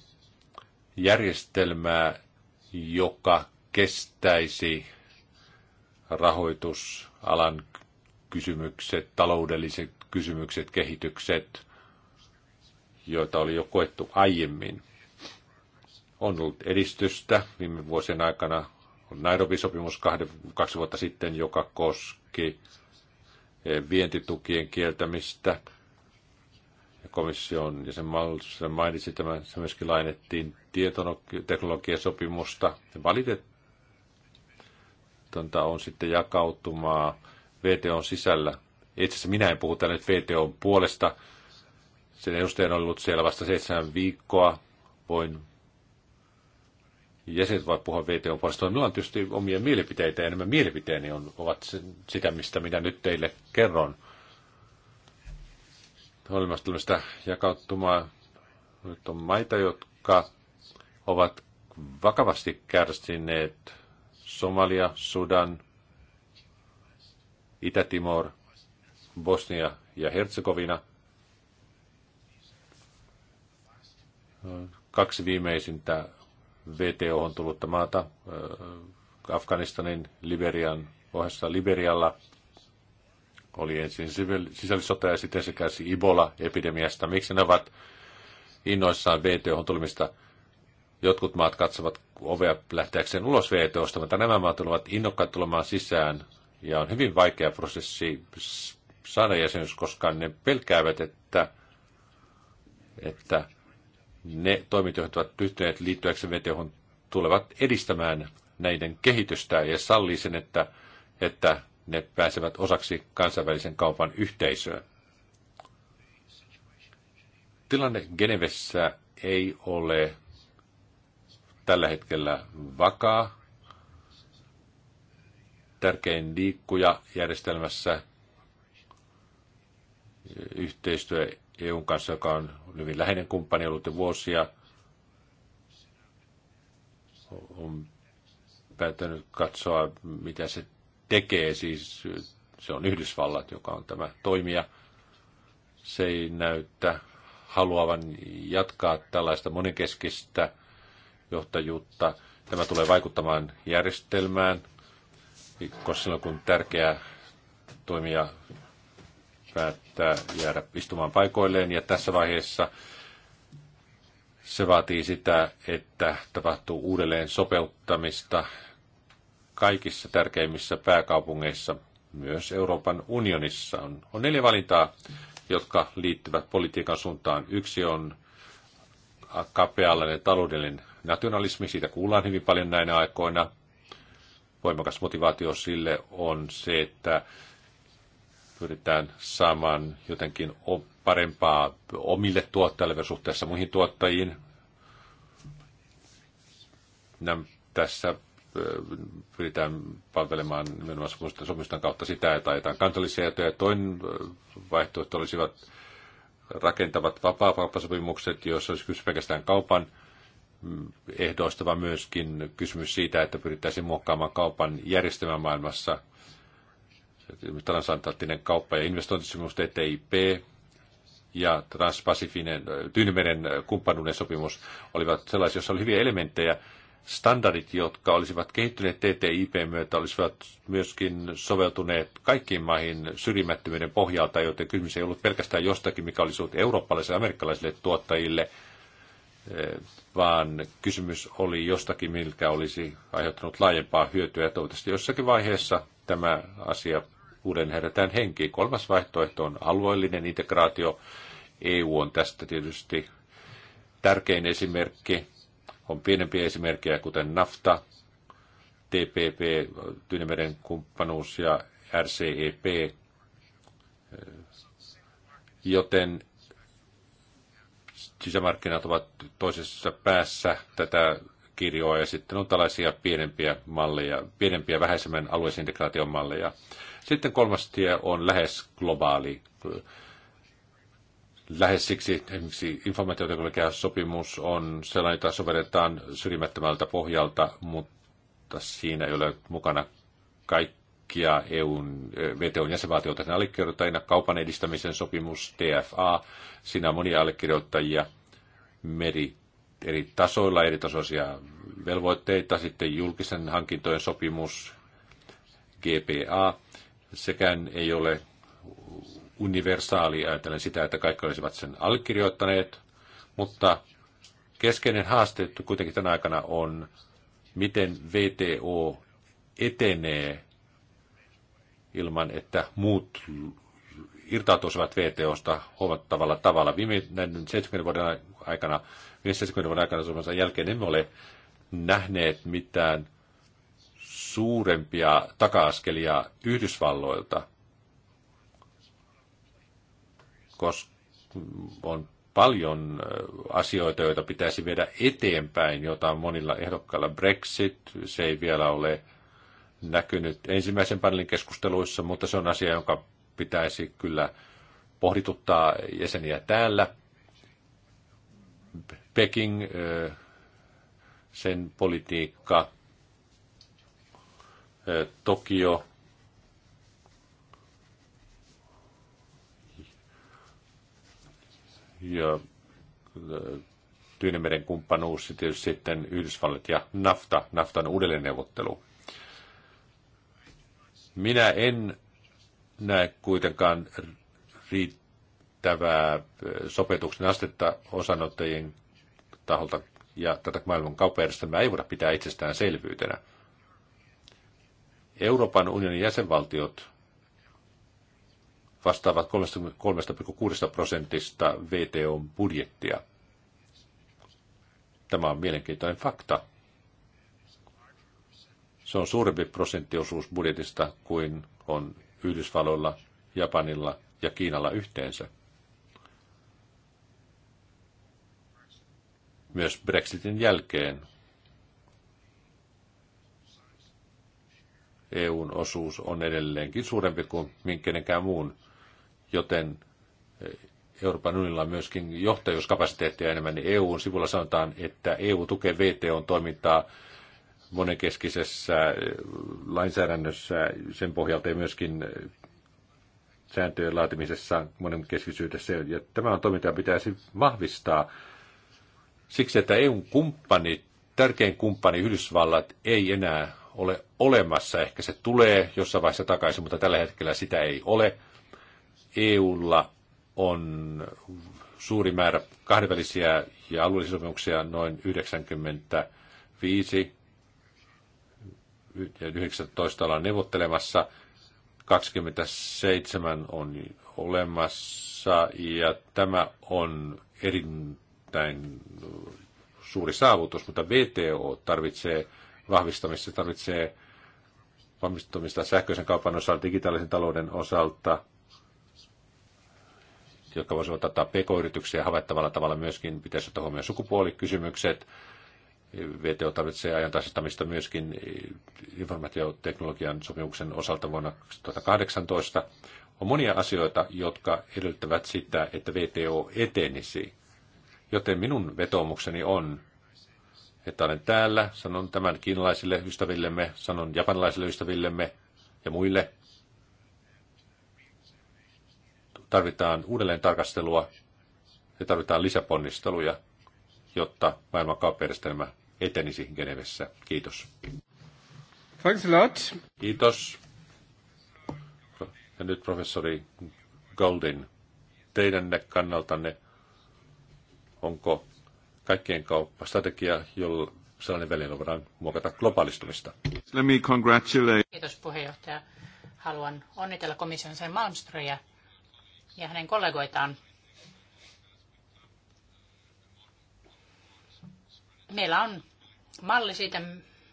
järjestelmää, joka kestäisi rahoitusalan kysymykset, taloudelliset kysymykset, kehitykset, joita oli jo koettu aiemmin. On ollut edistystä viime vuosien aikana. Nairobi-sopimus kaksi vuotta sitten, joka koski Eh, vientitukien kieltämistä. Ja komission ja sen mainitsi tämä, se myöskin lainettiin tietoteknologiasopimusta. valitettavasti on sitten jakautumaa VTOn sisällä. Itse asiassa minä en puhu tänne VTOn puolesta. Sen edustajan on ollut siellä vasta seitsemän viikkoa. Voin jäsenet voi puhua VTOn puolesta. Minulla on tietysti omia mielipiteitä ja nämä mielipiteeni on, ovat sitä, mistä minä nyt teille kerron. Olemassa tällaista jakautumaa. Nyt on maita, jotka ovat vakavasti kärsineet Somalia, Sudan, Itä-Timor, Bosnia ja Herzegovina. Kaksi viimeisintä VTO on tullutta maata Afganistanin, Liberian, ohessa Liberialla oli ensin sisällissota ja sitten se kärsi Ibola-epidemiasta. Miksi ne ovat innoissaan VTOhon tulemista? Jotkut maat katsovat ovea lähteäkseen ulos VTOsta, mutta nämä maat tulevat innokkaat tulemaan sisään. Ja on hyvin vaikea prosessi saada jäsenyys, koska ne pelkäävät, että, että ne toimit, joihin ovat pystyneet liittyäksi VTOhon, tulevat edistämään näiden kehitystä ja sallii sen, että, että ne pääsevät osaksi kansainvälisen kaupan yhteisöä. Tilanne Genevessä ei ole tällä hetkellä vakaa. Tärkein liikkuja järjestelmässä yhteistyö EUn kanssa, joka on hyvin läheinen kumppani ollut jo vuosia, on päättänyt katsoa, mitä se tekee. Siis se on Yhdysvallat, joka on tämä toimija. Se ei näytä haluavan jatkaa tällaista monikeskistä johtajuutta. Tämä tulee vaikuttamaan järjestelmään, koska silloin kun tärkeä toimija päättää jäädä istumaan paikoilleen. Ja tässä vaiheessa se vaatii sitä, että tapahtuu uudelleen sopeuttamista kaikissa tärkeimmissä pääkaupungeissa, myös Euroopan unionissa. On, on neljä valintaa, jotka liittyvät politiikan suuntaan. Yksi on kapeallinen taloudellinen nationalismi, siitä kuullaan hyvin paljon näinä aikoina. Voimakas motivaatio sille on se, että pyritään saamaan jotenkin parempaa omille tuottajille suhteessa muihin tuottajiin. Tässä pyritään palvelemaan nimenomaan sopimusten kautta sitä, että ajetaan kansallisia etuja. Toinen vaihtoehto olisivat rakentavat vapaa-kauppasopimukset, joissa olisi kysymys pelkästään kaupan mm, ehdoista, vaan myöskin kysymys siitä, että pyrittäisiin muokkaamaan kaupan järjestelmän maailmassa transatlanttinen kauppa- ja investointisopimus TTIP ja transpasifinen äh, Tyynimeren äh, kumppanuuden sopimus olivat sellaisia, joissa oli hyviä elementtejä. Standardit, jotka olisivat kehittyneet TTIP myötä, olisivat myöskin soveltuneet kaikkiin maihin syrjimättömyyden pohjalta, joten kysymys ei ollut pelkästään jostakin, mikä olisi ollut eurooppalaisille ja amerikkalaisille tuottajille, eh, vaan kysymys oli jostakin, mikä olisi aiheuttanut laajempaa hyötyä. Ja toivottavasti jossakin vaiheessa tämä asia uuden herätään henkiin. Kolmas vaihtoehto on alueellinen integraatio. EU on tästä tietysti tärkein esimerkki. On pienempiä esimerkkejä, kuten NAFTA, TPP, Tyynemeren kumppanuus ja RCEP. Joten sisämarkkinat ovat toisessa päässä tätä kirjoa ja sitten on tällaisia pienempiä malleja, pienempiä vähäisemmän alueisintegraation malleja. Sitten kolmas tie on lähes globaali. Lähes siksi esimerkiksi informaatioteknologian sopimus on sellainen, jota sovelletaan syrjimättömältä pohjalta, mutta siinä ei ole mukana kaikkia EUn, VTOn e jäsenvaltioita sen allekirjoittajina. Kaupan edistämisen sopimus, TFA, siinä on monia allekirjoittajia, meri, eri tasoilla, eri tasoisia velvoitteita, sitten julkisen hankintojen sopimus, GPA, sekään ei ole universaali ajatellen sitä, että kaikki olisivat sen allekirjoittaneet, mutta keskeinen haaste kuitenkin tänä aikana on, miten VTO etenee ilman, että muut irtautuisivat VTOsta huomattavalla tavalla. Viime näiden 70 vuoden aikana 50 aikana Suomessa jälkeen emme ole nähneet mitään suurempia taka-askelia Yhdysvalloilta, koska on paljon asioita, joita pitäisi viedä eteenpäin, jota on monilla ehdokkailla Brexit, se ei vielä ole näkynyt ensimmäisen panelin keskusteluissa, mutta se on asia, jonka pitäisi kyllä pohdituttaa jäseniä täällä. Peking, sen politiikka, Tokio, ja Tyynemeren kumppanuus ja tietysti sitten Yhdysvallat ja NAFTA, NAFTAn uudelleenneuvottelu. Minä en näe kuitenkaan riittävää sopetuksen astetta osanottajien taholta, ja tätä maailman kauppajärjestelmää ei voida pitää itsestäänselvyytenä. Euroopan unionin jäsenvaltiot vastaavat 3,6 prosentista VTOn budjettia. Tämä on mielenkiintoinen fakta. Se on suurempi prosenttiosuus budjetista kuin on Yhdysvalloilla, Japanilla ja Kiinalla yhteensä. myös Brexitin jälkeen. EUn osuus on edelleenkin suurempi kuin minkäänkään muun, joten eh, Euroopan unionilla on myöskin johtajuuskapasiteettia enemmän, niin EUn sivulla sanotaan, että EU tukee VTOn toimintaa monenkeskisessä eh, lainsäädännössä sen pohjalta ja myöskin eh, sääntöjen laatimisessa monenkeskisyydessä. Ja tämä on toiminta, pitäisi vahvistaa Siksi, että EUn kumppani, tärkein kumppani Yhdysvallat ei enää ole olemassa. Ehkä se tulee jossain vaiheessa takaisin, mutta tällä hetkellä sitä ei ole. EUlla on suuri määrä kahdenvälisiä ja alueellisia sopimuksia, noin 95 ja 19 ollaan neuvottelemassa, 27 on olemassa ja tämä on erin erittäin äh, suuri saavutus, mutta VTO tarvitsee vahvistamista, se tarvitsee vahvistamista sähköisen kaupan osalta, digitaalisen talouden osalta, jotka voisivat ottaa pk-yrityksiä havaittavalla tavalla myöskin, pitäisi ottaa huomioon sukupuolikysymykset. VTO tarvitsee ajantasistamista myöskin äh, informaatioteknologian sopimuksen osalta vuonna 2018. On monia asioita, jotka edellyttävät sitä, että VTO etenisi – Joten minun vetoomukseni on, että olen täällä, sanon tämän kiinalaisille ystävillemme, sanon japanilaisille ystävillemme ja muille. Tarvitaan uudelleen tarkastelua ja tarvitaan lisäponnisteluja, jotta maailman kauppajärjestelmä etenisi Genevessä. Kiitos. Thanks a lot. Kiitos. Ja nyt professori Goldin, teidän kannaltanne onko kaikkien strategia, jolla sellainen väline voidaan muokata globaalistumista. Let me congratulate. Kiitos puheenjohtaja. Haluan onnitella komission sen Malmströjä ja hänen kollegoitaan. Meillä on malli siitä,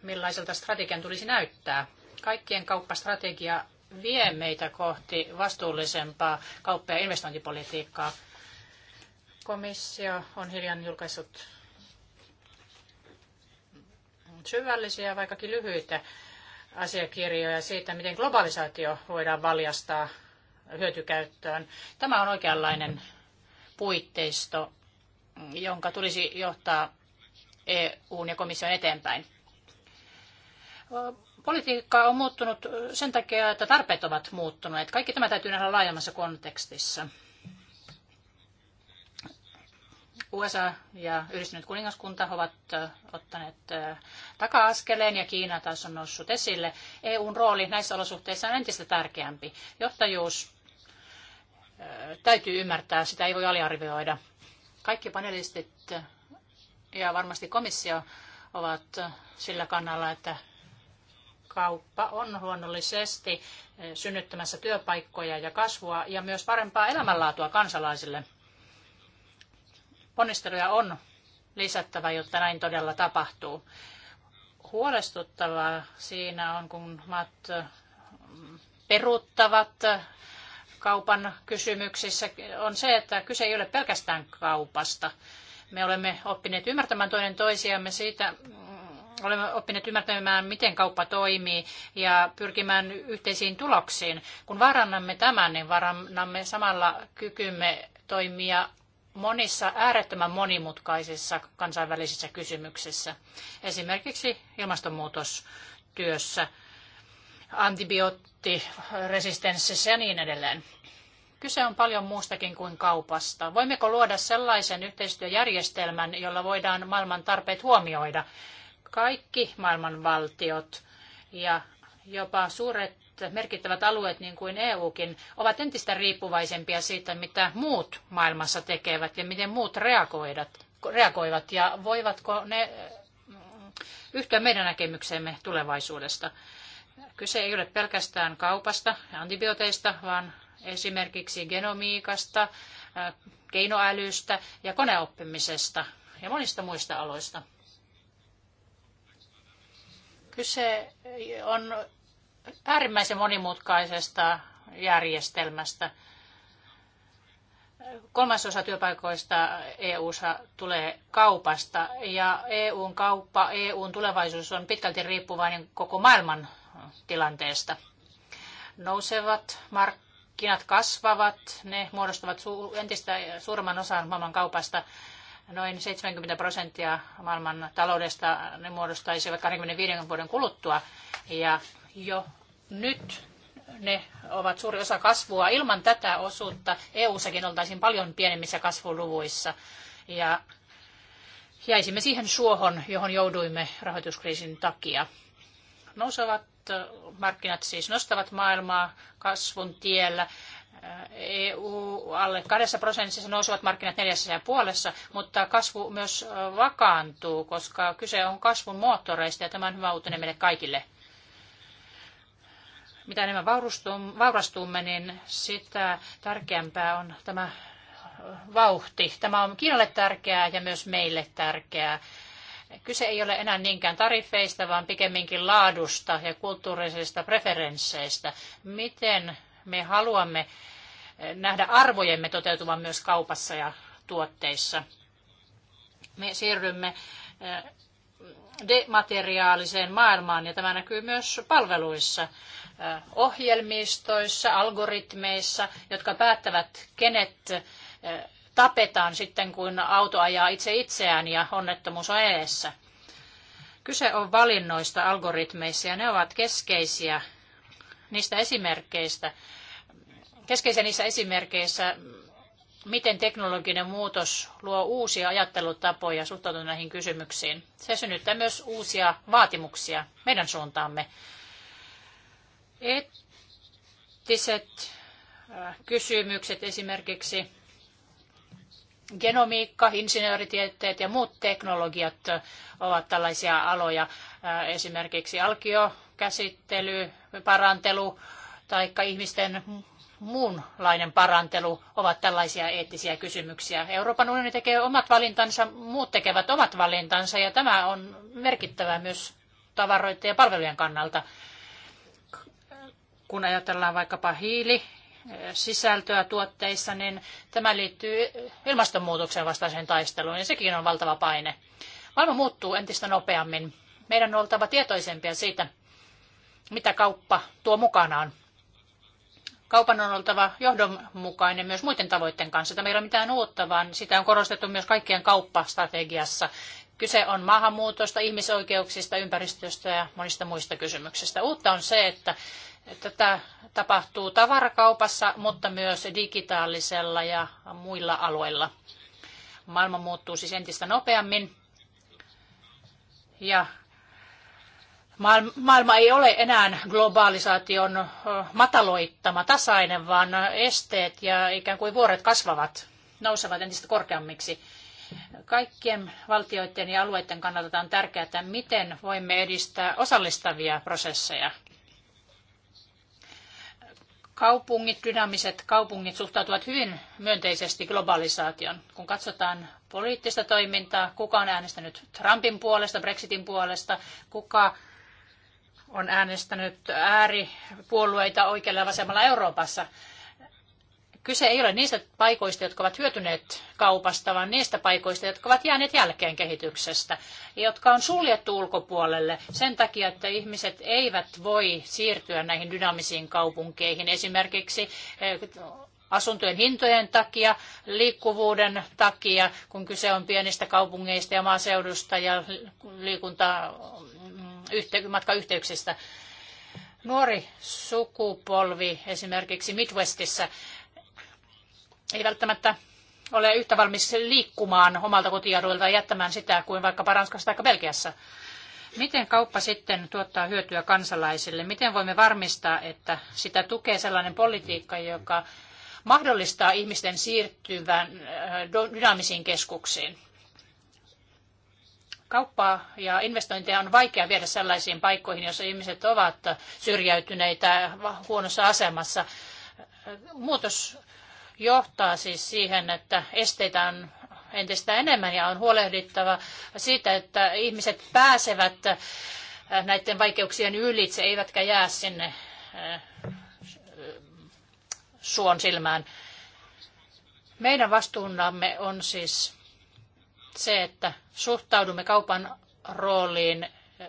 millaiselta strategian tulisi näyttää. Kaikkien kauppastrategia vie meitä kohti vastuullisempaa kauppa- ja investointipolitiikkaa – komissio on hiljan julkaissut syvällisiä, vaikkakin lyhyitä asiakirjoja siitä, miten globalisaatio voidaan valjastaa hyötykäyttöön. Tämä on oikeanlainen puitteisto, jonka tulisi johtaa EUn ja komission eteenpäin. Politiikka on muuttunut sen takia, että tarpeet ovat muuttuneet. Kaikki tämä täytyy nähdä laajemmassa kontekstissa. USA ja yhdistynyt kuningaskunta ovat äh, ottaneet äh, taka-askeleen ja Kiina taas on noussut esille. EUn rooli näissä olosuhteissa on entistä tärkeämpi. Johtajuus äh, täytyy ymmärtää, sitä ei voi aliarvioida. Kaikki panelistit ja varmasti komissio ovat sillä kannalla, että kauppa on luonnollisesti synnyttämässä työpaikkoja ja kasvua ja myös parempaa elämänlaatua kansalaisille – Ponnisteluja on lisättävä, jotta näin todella tapahtuu. Huolestuttavaa siinä on, kun maat mm, peruuttavat kaupan kysymyksissä, on se, että kyse ei ole pelkästään kaupasta. Me olemme oppineet ymmärtämään toinen toisiamme siitä, mm, olemme oppineet ymmärtämään, miten kauppa toimii ja pyrkimään yhteisiin tuloksiin. Kun varannamme tämän, niin varannamme samalla kykymme toimia monissa äärettömän monimutkaisissa kansainvälisissä kysymyksissä, esimerkiksi ilmastonmuutostyössä, antibioottiresistenssissä ja niin edelleen. Kyse on paljon muustakin kuin kaupasta. Voimmeko luoda sellaisen yhteistyöjärjestelmän, jolla voidaan maailman tarpeet huomioida? Kaikki maailman valtiot ja jopa suuret merkittävät alueet, niin kuin EUkin, ovat entistä riippuvaisempia siitä, mitä muut maailmassa tekevät ja miten muut reagoivat ja voivatko ne mm, yhtyä meidän näkemykseemme tulevaisuudesta. Kyse ei ole pelkästään kaupasta ja antibiooteista, vaan esimerkiksi genomiikasta, äh, keinoälystä ja koneoppimisesta ja monista muista aloista. Kyse on äärimmäisen monimutkaisesta järjestelmästä. Kolmasosa työpaikoista EU-ssa tulee kaupasta ja EUn kauppa, EUn tulevaisuus on pitkälti riippuvainen koko maailman tilanteesta. Nousevat markkinat kasvavat, ne muodostavat entistä suuremman osan maailman kaupasta noin 70 prosenttia maailman taloudesta ne muodostaisivat 25 vuoden kuluttua. Ja jo nyt ne ovat suuri osa kasvua. Ilman tätä osuutta EU-sakin oltaisiin paljon pienemmissä kasvuluvuissa. Ja jäisimme siihen suohon, johon jouduimme rahoituskriisin takia. Nousevat markkinat siis nostavat maailmaa kasvun tiellä. EU alle kahdessa prosentissa nousevat markkinat neljässä ja puolessa, mutta kasvu myös vakaantuu, koska kyse on kasvun moottoreista ja tämä on hyvä uutinen meille kaikille. Mitä enemmän vaurastumme, niin sitä tärkeämpää on tämä äh, vauhti. Tämä on Kiinalle tärkeää ja myös meille tärkeää. Kyse ei ole enää niinkään tarifeista, vaan pikemminkin laadusta ja kulttuurisista preferensseistä. Miten me haluamme äh, nähdä arvojemme toteutuvan myös kaupassa ja tuotteissa. Me siirrymme äh, demateriaaliseen maailmaan ja tämä näkyy myös palveluissa ohjelmistoissa, algoritmeissa, jotka päättävät, kenet tapetaan sitten, kun auto ajaa itse itseään ja onnettomuus on edessä. Kyse on valinnoista algoritmeissa ja ne ovat keskeisiä niistä esimerkkeistä, keskeisiä niissä esimerkkeissä, miten teknologinen muutos luo uusia ajattelutapoja suhtautua näihin kysymyksiin. Se synnyttää myös uusia vaatimuksia meidän suuntaamme. Eettiset äh, kysymykset esimerkiksi genomiikka, insinööritieteet ja muut teknologiat ovat tällaisia aloja. Äh, esimerkiksi alkiokäsittely, parantelu tai ihmisten muunlainen parantelu ovat tällaisia eettisiä kysymyksiä. Euroopan unioni tekee omat valintansa, muut tekevät omat valintansa ja tämä on merkittävää myös tavaroiden ja palvelujen kannalta kun ajatellaan vaikkapa hiili, sisältöä tuotteissa, niin tämä liittyy ilmastonmuutoksen vastaiseen taisteluun ja sekin on valtava paine. Maailma muuttuu entistä nopeammin. Meidän on oltava tietoisempia siitä, mitä kauppa tuo mukanaan. Kaupan on oltava johdonmukainen myös muiden tavoitteen kanssa. Tämä ei ole mitään uutta, vaan sitä on korostettu myös kaikkien kauppastrategiassa. Kyse on maahanmuutosta, ihmisoikeuksista, ympäristöstä ja monista muista kysymyksistä. Uutta on se, että Tätä tapahtuu tavarakaupassa, mutta myös digitaalisella ja muilla aloilla. Maailma muuttuu siis entistä nopeammin ja maailma ei ole enää globaalisaation mataloittama tasainen, vaan esteet ja ikään kuin vuoret kasvavat, nousevat entistä korkeammiksi. Kaikkien valtioiden ja alueiden kannalta on tärkeää, miten voimme edistää osallistavia prosesseja. Kaupungit, dynaamiset kaupungit suhtautuvat hyvin myönteisesti globalisaation. Kun katsotaan poliittista toimintaa, kuka on äänestänyt Trumpin puolesta, Brexitin puolesta, kuka on äänestänyt ääripuolueita oikealla ja vasemmalla Euroopassa, Kyse ei ole niistä paikoista, jotka ovat hyötyneet kaupasta, vaan niistä paikoista, jotka ovat jääneet jälkeen kehityksestä, jotka on suljettu ulkopuolelle sen takia, että ihmiset eivät voi siirtyä näihin dynaamisiin kaupunkeihin. Esimerkiksi eh, asuntojen hintojen takia, liikkuvuuden takia, kun kyse on pienistä kaupungeista ja maaseudusta ja liikunta, mm, matkayhteyksistä. Nuori sukupolvi esimerkiksi Midwestissä ei välttämättä ole yhtä valmis liikkumaan omalta kotialueelta ja jättämään sitä kuin vaikkapa Ranskassa tai Belgiassa. Miten kauppa sitten tuottaa hyötyä kansalaisille? Miten voimme varmistaa, että sitä tukee sellainen politiikka, joka mahdollistaa ihmisten siirtyvän äh, dynaamisiin keskuksiin? Kauppaa ja investointeja on vaikea viedä sellaisiin paikkoihin, joissa ihmiset ovat syrjäytyneitä huonossa asemassa. Äh, muutos johtaa siis siihen, että esteitä on entistä enemmän ja on huolehdittava siitä, että ihmiset pääsevät äh, näiden vaikeuksien ylitse, eivätkä jää sinne äh, suon silmään. Meidän vastuunamme on siis se, että suhtaudumme kaupan rooliin äh,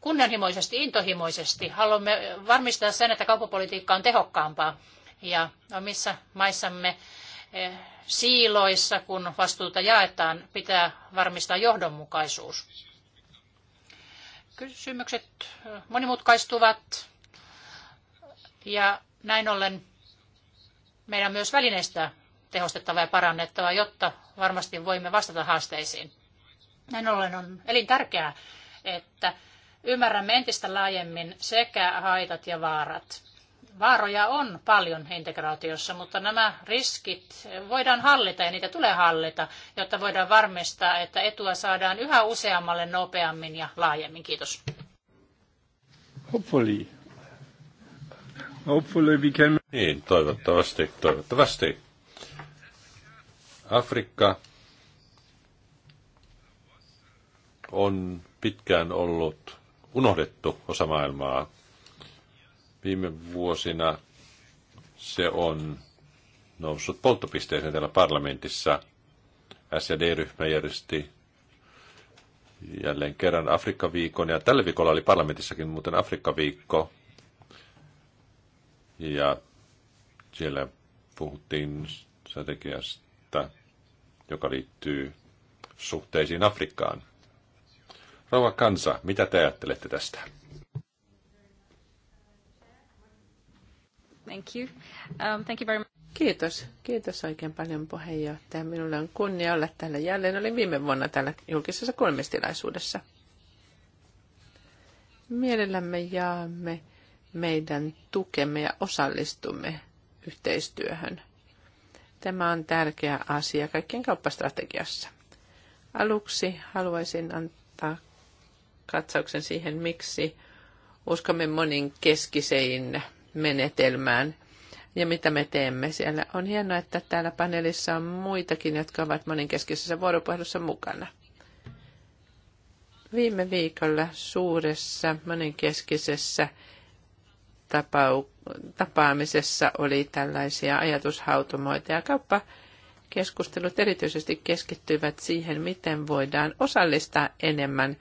kunnianhimoisesti, intohimoisesti. Haluamme varmistaa sen, että kauppapolitiikka on tehokkaampaa ja omissa maissamme e, siiloissa, kun vastuuta jaetaan, pitää varmistaa johdonmukaisuus. Kysymykset e, monimutkaistuvat ja näin ollen meidän myös välineistä tehostettava ja parannettava, jotta varmasti voimme vastata haasteisiin. Näin ollen on elintärkeää, että ymmärrämme entistä laajemmin sekä haitat ja vaarat vaaroja on paljon integraatiossa, mutta nämä riskit voidaan hallita ja niitä tulee hallita, jotta voidaan varmistaa, että etua saadaan yhä useammalle nopeammin ja laajemmin. Kiitos. Hopefully. Hopefully we can... Niin, toivottavasti, toivottavasti. Afrikka on pitkään ollut unohdettu osa maailmaa Viime vuosina se on noussut polttopisteeseen täällä parlamentissa. SD-ryhmä järjesti jälleen kerran Afrikka-viikon, ja tällä viikolla oli parlamentissakin muuten Afrikka-viikko, ja siellä puhuttiin strategiasta, joka liittyy suhteisiin Afrikkaan. Rauha kansa, mitä te ajattelette tästä? Thank you. Um, thank you very much. Kiitos. Kiitos oikein paljon puheenjohtaja. Minulla on kunnia olla täällä jälleen. Olin viime vuonna täällä julkisessa kolmistilaisuudessa. Mielellämme jaamme meidän tukemme ja osallistumme yhteistyöhön. Tämä on tärkeä asia kaikkien kauppastrategiassa. Aluksi haluaisin antaa katsauksen siihen, miksi uskomme monin keskisein menetelmään ja mitä me teemme siellä. On hienoa, että täällä paneelissa on muitakin, jotka ovat moninkeskisessä vuoropuhelussa mukana. Viime viikolla suuressa monenkeskisessä tapau- tapaamisessa oli tällaisia ajatushautomoita ja kauppa keskustelut erityisesti keskittyvät siihen, miten voidaan osallistaa enemmän –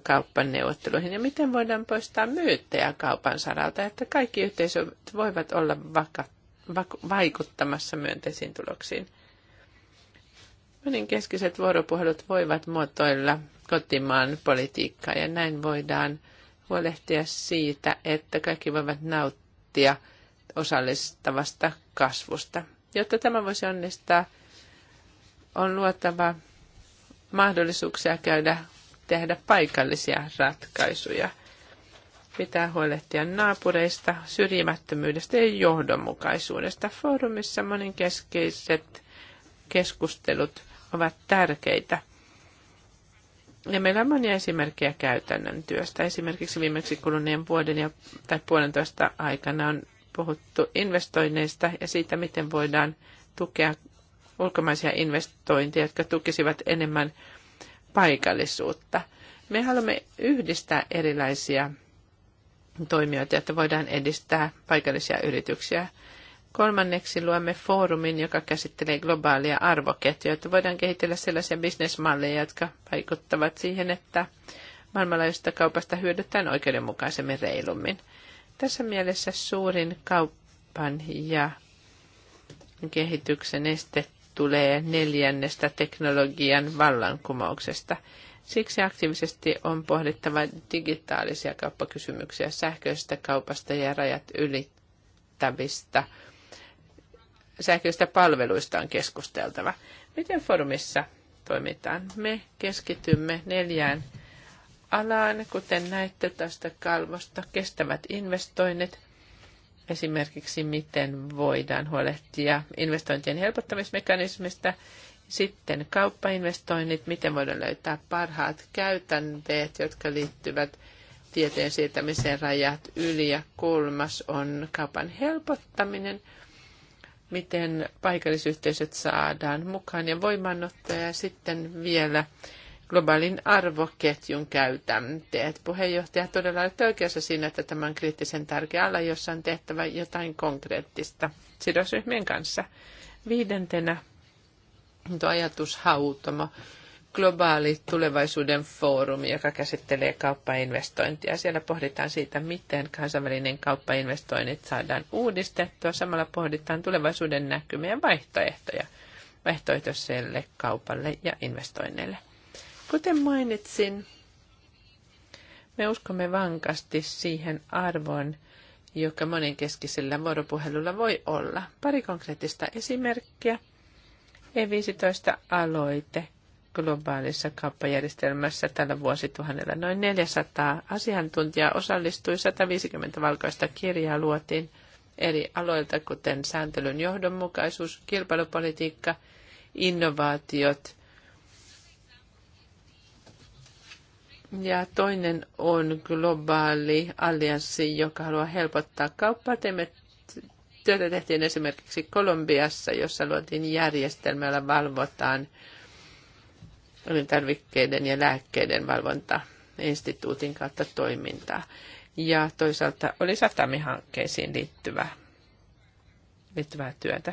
kauppaneuvotteluihin ja miten voidaan poistaa myyttejä kaupan saralta, että kaikki yhteisöt voivat olla vaka- va- vaikuttamassa myönteisiin tuloksiin. Monin keskiset vuoropuhelut voivat muotoilla kotimaan politiikkaa ja näin voidaan huolehtia siitä, että kaikki voivat nauttia osallistavasta kasvusta. Jotta tämä voisi onnistaa, on luotava mahdollisuuksia käydä tehdä paikallisia ratkaisuja. Pitää huolehtia naapureista, syrjimättömyydestä ja johdonmukaisuudesta. Foorumissa moninkeskeiset keskustelut ovat tärkeitä. Ja meillä on monia esimerkkejä käytännön työstä. Esimerkiksi viimeksi kuluneen vuoden ja, tai puolentoista aikana on puhuttu investoinneista ja siitä, miten voidaan tukea ulkomaisia investointeja, jotka tukisivat enemmän paikallisuutta. Me haluamme yhdistää erilaisia toimijoita, että voidaan edistää paikallisia yrityksiä. Kolmanneksi luomme foorumin, joka käsittelee globaalia arvoketjuja, että voidaan kehitellä sellaisia bisnesmalleja, jotka vaikuttavat siihen, että maailmanlaajuisesta kaupasta hyödytään oikeudenmukaisemmin reilummin. Tässä mielessä suurin kaupan ja kehityksen este tulee neljännestä teknologian vallankumouksesta. Siksi aktiivisesti on pohdittava digitaalisia kauppakysymyksiä sähköisestä kaupasta ja rajat ylittävistä sähköistä palveluista on keskusteltava. Miten forumissa toimitaan? Me keskitymme neljään alaan, kuten näette tästä kalvosta, kestävät investoinnit – esimerkiksi miten voidaan huolehtia investointien helpottamismekanismista, sitten kauppainvestoinnit, miten voidaan löytää parhaat käytänteet, jotka liittyvät tieteen siirtämiseen rajat yli. Ja kolmas on kaupan helpottaminen, miten paikallisyhteisöt saadaan mukaan ja voimannottaja, Ja sitten vielä globaalin arvoketjun käytänteet. Puheenjohtaja todella olet oikeassa siinä, että tämä on kriittisen tärkeä ala, jossa on tehtävä jotain konkreettista sidosryhmien kanssa. Viidentenä tuo hautomo. globaali tulevaisuuden foorumi, joka käsittelee kauppainvestointia. Siellä pohditaan siitä, miten kansainvälinen kauppainvestoinnit saadaan uudistettua. Samalla pohditaan tulevaisuuden näkymiä ja vaihtoehtoja vaihtoehtoiselle kaupalle ja investoinneille. Kuten mainitsin, me uskomme vankasti siihen arvoon, joka monenkeskisellä vuoropuhelulla voi olla. Pari konkreettista esimerkkiä. E15-aloite globaalissa kauppajärjestelmässä tällä vuosituhannella. Noin 400 asiantuntijaa osallistui, 150 valkoista kirjaa luotiin eri aloilta, kuten sääntelyn johdonmukaisuus, kilpailupolitiikka, innovaatiot – Ja toinen on globaali allianssi, joka haluaa helpottaa kauppaa. Teemme työtä tehtiin esimerkiksi Kolumbiassa, jossa luotiin järjestelmä, jolla valvotaan elintarvikkeiden ja lääkkeiden valvonta instituutin kautta toimintaa. Ja toisaalta oli satamihankkeisiin liittyvää, liittyvää työtä.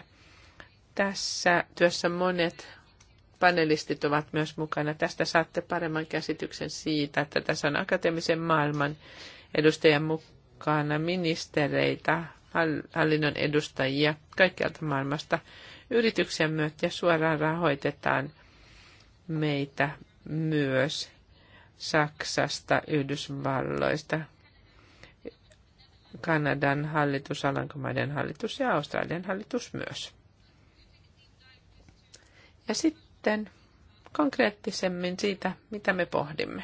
Tässä työssä monet panelistit ovat myös mukana. Tästä saatte paremman käsityksen siitä, että tässä on akateemisen maailman edustajan mukana ministereitä, hallinnon edustajia kaikkialta maailmasta. Yrityksiä myötä ja suoraan rahoitetaan meitä myös Saksasta, Yhdysvalloista, Kanadan hallitus, Alankomaiden hallitus ja Australian hallitus myös. Ja sitten sitten konkreettisemmin siitä, mitä me pohdimme.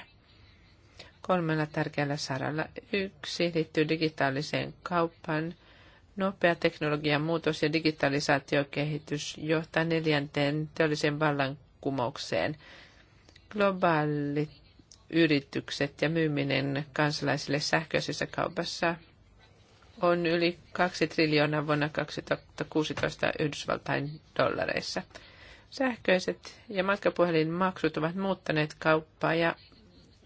Kolmella tärkeällä saralla yksi liittyy digitaaliseen kauppaan. Nopea teknologian muutos ja digitalisaatiokehitys johtaa neljänteen teollisen vallankumoukseen. Globaalit yritykset ja myyminen kansalaisille sähköisessä kaupassa on yli 2 triljoonaa vuonna 2016 Yhdysvaltain dollareissa. Sähköiset ja matkapuhelinmaksut ovat muuttaneet kauppaa ja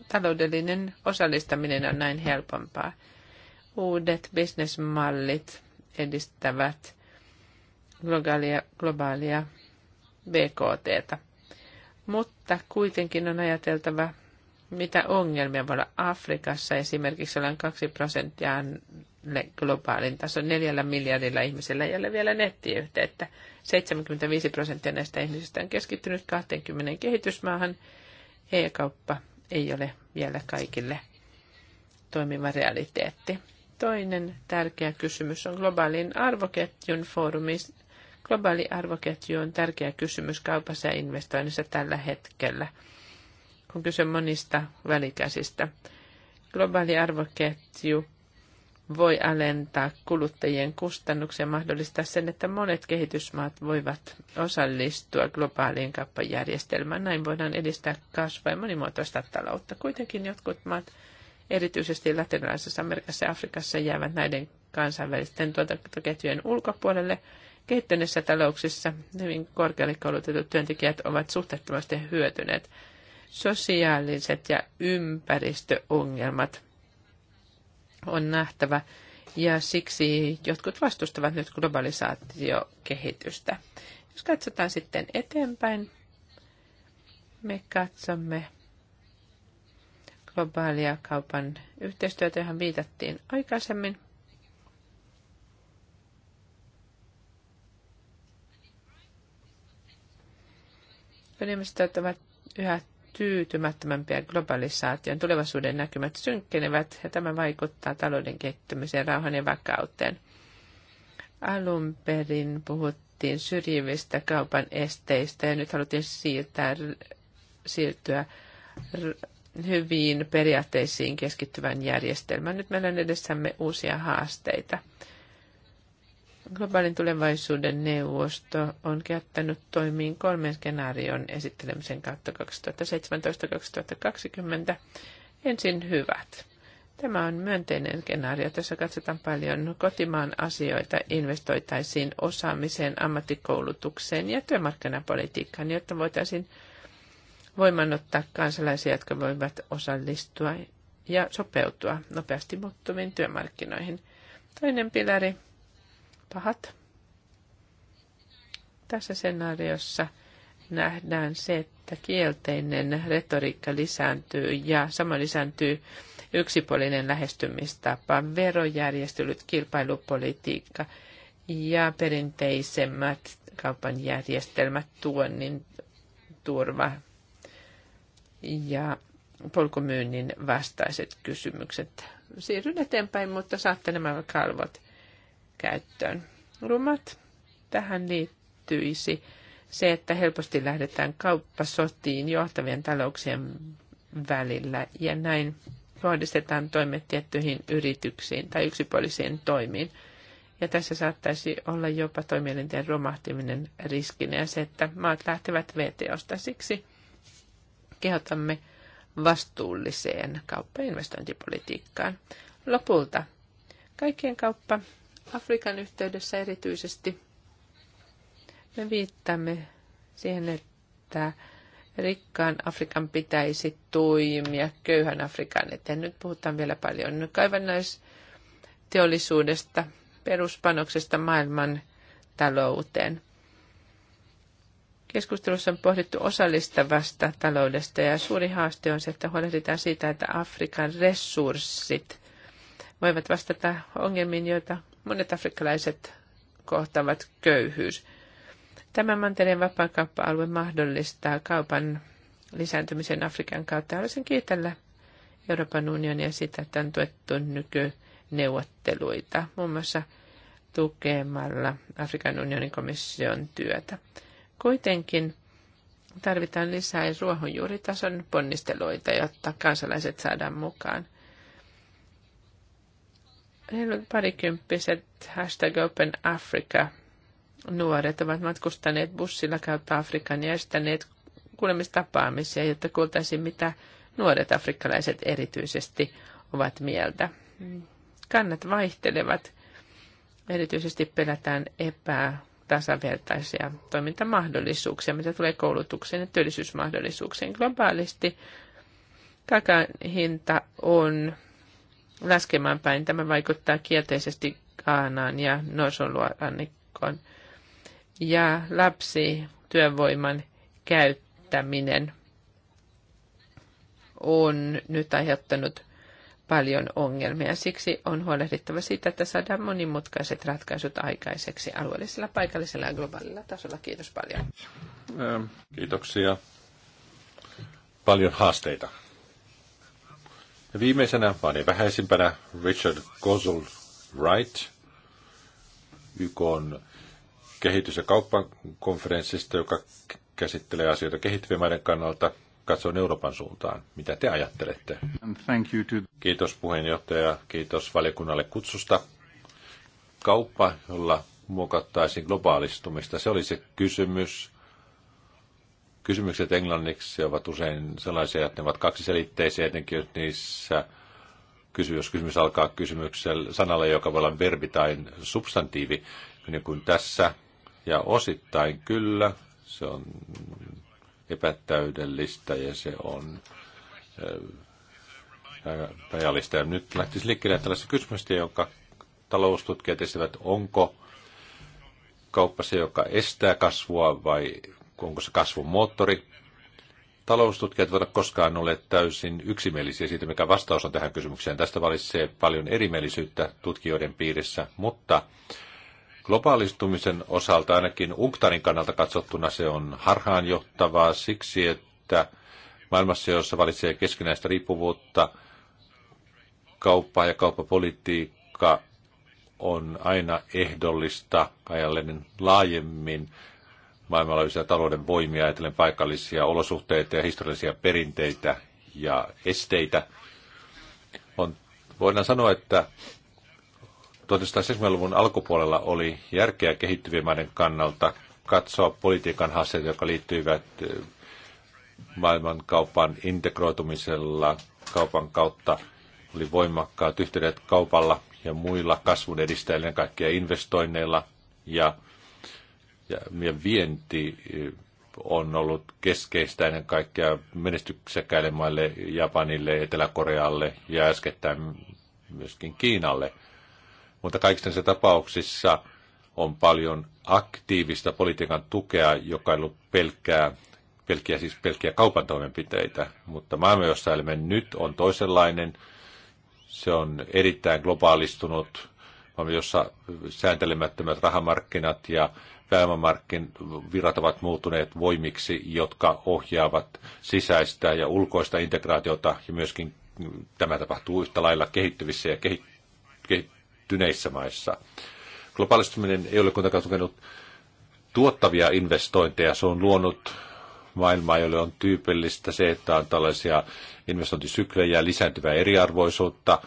taloudellinen osallistaminen on näin helpompaa. Uudet bisnesmallit edistävät globaalia, globaalia BKTtä. Mutta kuitenkin on ajateltava, mitä ongelmia voi olla Afrikassa. Esimerkiksi ollaan 2 prosenttia globaalin tason neljällä miljardilla ihmisellä ei ole vielä nettiyhteyttä. 75 prosenttia näistä ihmisistä on keskittynyt 20 kehitysmaahan. E-kauppa ei ole vielä kaikille toimiva realiteetti. Toinen tärkeä kysymys on globaalin arvoketjun foorumi. Globaali arvoketju on tärkeä kysymys kaupassa ja investoinnissa tällä hetkellä, kun kyse monista välikäsistä. Globaali arvoketju voi alentaa kuluttajien kustannuksia ja mahdollistaa sen, että monet kehitysmaat voivat osallistua globaaliin kauppajärjestelmään. Näin voidaan edistää kasvua ja monimuotoista taloutta. Kuitenkin jotkut maat, erityisesti latinalaisessa Amerikassa ja Afrikassa, jäävät näiden kansainvälisten tuotantoketjujen ulkopuolelle. Kehittyneissä talouksissa hyvin korkealle koulutetut työntekijät ovat suhteettomasti hyötyneet. Sosiaaliset ja ympäristöongelmat – on nähtävä, ja siksi jotkut vastustavat nyt globalisaatiokehitystä. Jos katsotaan sitten eteenpäin, me katsomme globaalia kaupan yhteistyötä, johon viitattiin aikaisemmin. Kun ovat yhä tyytymättömämpiä globalisaation tulevaisuuden näkymät synkkenevät ja tämä vaikuttaa talouden kehittymiseen, rauhan ja vakauteen. Alun perin puhuttiin syrjivistä kaupan esteistä ja nyt haluttiin siirtää, siirtyä hyviin periaatteisiin keskittyvän järjestelmän. Nyt meillä on edessämme uusia haasteita. Globaalin tulevaisuuden neuvosto on käyttänyt toimiin kolmen skenaarion esittelemisen kautta 2017-2020. Ensin hyvät. Tämä on myönteinen skenaario. Tässä katsotaan paljon kotimaan asioita. Investoitaisiin osaamiseen, ammattikoulutukseen ja työmarkkinapolitiikkaan, jotta voitaisiin voimannuttaa kansalaisia, jotka voivat osallistua ja sopeutua nopeasti muuttuviin työmarkkinoihin. Toinen pilari – pahat. Tässä senaariossa nähdään se, että kielteinen retoriikka lisääntyy ja sama lisääntyy yksipuolinen lähestymistapa, verojärjestelyt, kilpailupolitiikka ja perinteisemmät kaupan järjestelmät, tuonnin turva ja polkumyynnin vastaiset kysymykset. Siirryn eteenpäin, mutta saatte nämä kalvot käyttöön. Rumat tähän liittyisi se, että helposti lähdetään kauppasotiin johtavien talouksien välillä ja näin kohdistetaan toimet tiettyihin yrityksiin tai yksipuolisiin toimiin. Ja tässä saattaisi olla jopa toimielinten romahtiminen riskinä ja se, että maat lähtevät VTOsta. Siksi kehotamme vastuulliseen kauppa- investointipolitiikkaan. Lopulta kaikkien kauppa- Afrikan yhteydessä erityisesti me viittamme siihen, että rikkaan Afrikan pitäisi toimia köyhän Afrikan eteen. Nyt puhutaan vielä paljon kaivannaisteollisuudesta, peruspanoksesta maailman talouteen. Keskustelussa on pohdittu osallistavasta taloudesta ja suuri haaste on se, että huolehditaan siitä, että Afrikan resurssit voivat vastata ongelmiin, joita monet afrikkalaiset kohtavat köyhyys. Tämä mantereen vapaakauppa-alue mahdollistaa kaupan lisääntymisen Afrikan kautta. Haluaisin kiitellä Euroopan unionia sitä, että on tuettu nykyneuvotteluita, muun muassa tukemalla Afrikan unionin komission työtä. Kuitenkin tarvitaan lisää ruohonjuuritason ponnisteluita, jotta kansalaiset saadaan mukaan – parikymppiset hashtag Open Africa nuoret ovat matkustaneet bussilla kautta Afrikan ja estäneet kuulemistapaamisia, jotta kuultaisiin, mitä nuoret afrikkalaiset erityisesti ovat mieltä. Kannat vaihtelevat. Erityisesti pelätään epätasavertaisia toimintamahdollisuuksia, mitä tulee koulutukseen ja työllisyysmahdollisuuksiin globaalisti. Kakan hinta on laskemaan päin. Tämä vaikuttaa kielteisesti Kaanaan ja norsunluorannikkoon. Ja lapsi työvoiman käyttäminen on nyt aiheuttanut paljon ongelmia. Siksi on huolehdittava siitä, että saadaan monimutkaiset ratkaisut aikaiseksi alueellisella, paikallisella ja globaalilla tasolla. Kiitos paljon. Kiitoksia. Paljon haasteita. Ja viimeisenä, vaan ei niin vähäisimpänä, Richard Gosel Wright, YK on kehitys- ja kauppakonferenssista, joka käsittelee asioita kehittyvien maiden kannalta. katsoo Euroopan suuntaan. Mitä te ajattelette? Kiitos puheenjohtaja, kiitos valiokunnalle kutsusta. Kauppa, jolla muokattaisiin globaalistumista, se oli se kysymys, kysymykset englanniksi ovat usein sellaisia, että ne ovat kaksiselitteisiä, etenkin jos niissä kysy, jos kysymys alkaa kysymyksellä sanalla, joka voi olla verbi tai substantiivi, niin kuin tässä, ja osittain kyllä, se on epätäydellistä ja se on äh, rajallista. Ja nyt lähtisi liikkeelle tällaista kysymystä, jonka taloustutkijat esittävät, onko kauppa se, joka estää kasvua vai onko se kasvun moottori. Taloustutkijat voivat koskaan ole täysin yksimielisiä siitä, mikä vastaus on tähän kysymykseen. Tästä valitsee paljon erimielisyyttä tutkijoiden piirissä, mutta globaalistumisen osalta ainakin UNCTADin kannalta katsottuna se on harhaanjohtavaa siksi, että maailmassa, jossa valitsee keskinäistä riippuvuutta, kauppa ja kauppapolitiikka on aina ehdollista ajallinen laajemmin maailmanlaajuisia talouden voimia, ajatellen paikallisia olosuhteita ja historiallisia perinteitä ja esteitä. On, voidaan sanoa, että 1970-luvun alkupuolella oli järkeä kehittyvien maiden kannalta katsoa politiikan haasteita, jotka liittyivät maailmankaupan integroitumisella kaupan kautta. Oli voimakkaat yhteydet kaupalla ja muilla kasvun edistäjillä, kaikkia investoinneilla ja ja vienti e, on ollut keskeistä ennen kaikkea menestyksekkäille maille, Japanille, Etelä-Korealle ja äskettäin myöskin Kiinalle. Mutta kaikissa näissä tapauksissa on paljon aktiivista politiikan tukea, joka ei ollut pelkkää, pelkkiä, siis pelkkiä kaupan toimenpiteitä. Mutta maailma, jossa elämme nyt, on toisenlainen. Se on erittäin globaalistunut, maailma, jossa sääntelemättömät rahamarkkinat ja virat ovat muuttuneet voimiksi, jotka ohjaavat sisäistä ja ulkoista integraatiota ja myöskin tämä tapahtuu yhtä lailla kehittyvissä ja kehittyneissä maissa. Globaalistuminen ei ole kuitenkaan tukenut tuottavia investointeja. Se on luonut maailmaa, jolle on tyypillistä se, että on tällaisia investointisyklejä, lisääntyvää eriarvoisuutta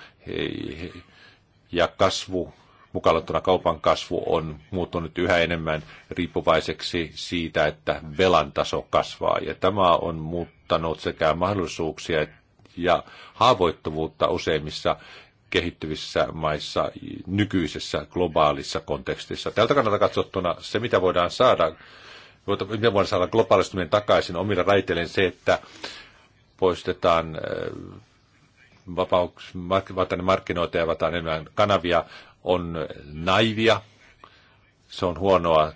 ja kasvu mukaan kaupan kasvu on muuttunut yhä enemmän riippuvaiseksi siitä, että velan taso kasvaa. Ja tämä on muuttanut sekä mahdollisuuksia ja haavoittuvuutta useimmissa kehittyvissä maissa nykyisessä globaalissa kontekstissa. Tältä kannalta katsottuna se, mitä voidaan saada, mitä voidaan saada globaalistuminen takaisin omilla raiteilleen se, että poistetaan äh, vapauks, markkinoita ja avataan enemmän kanavia, on naivia. Se on huonoa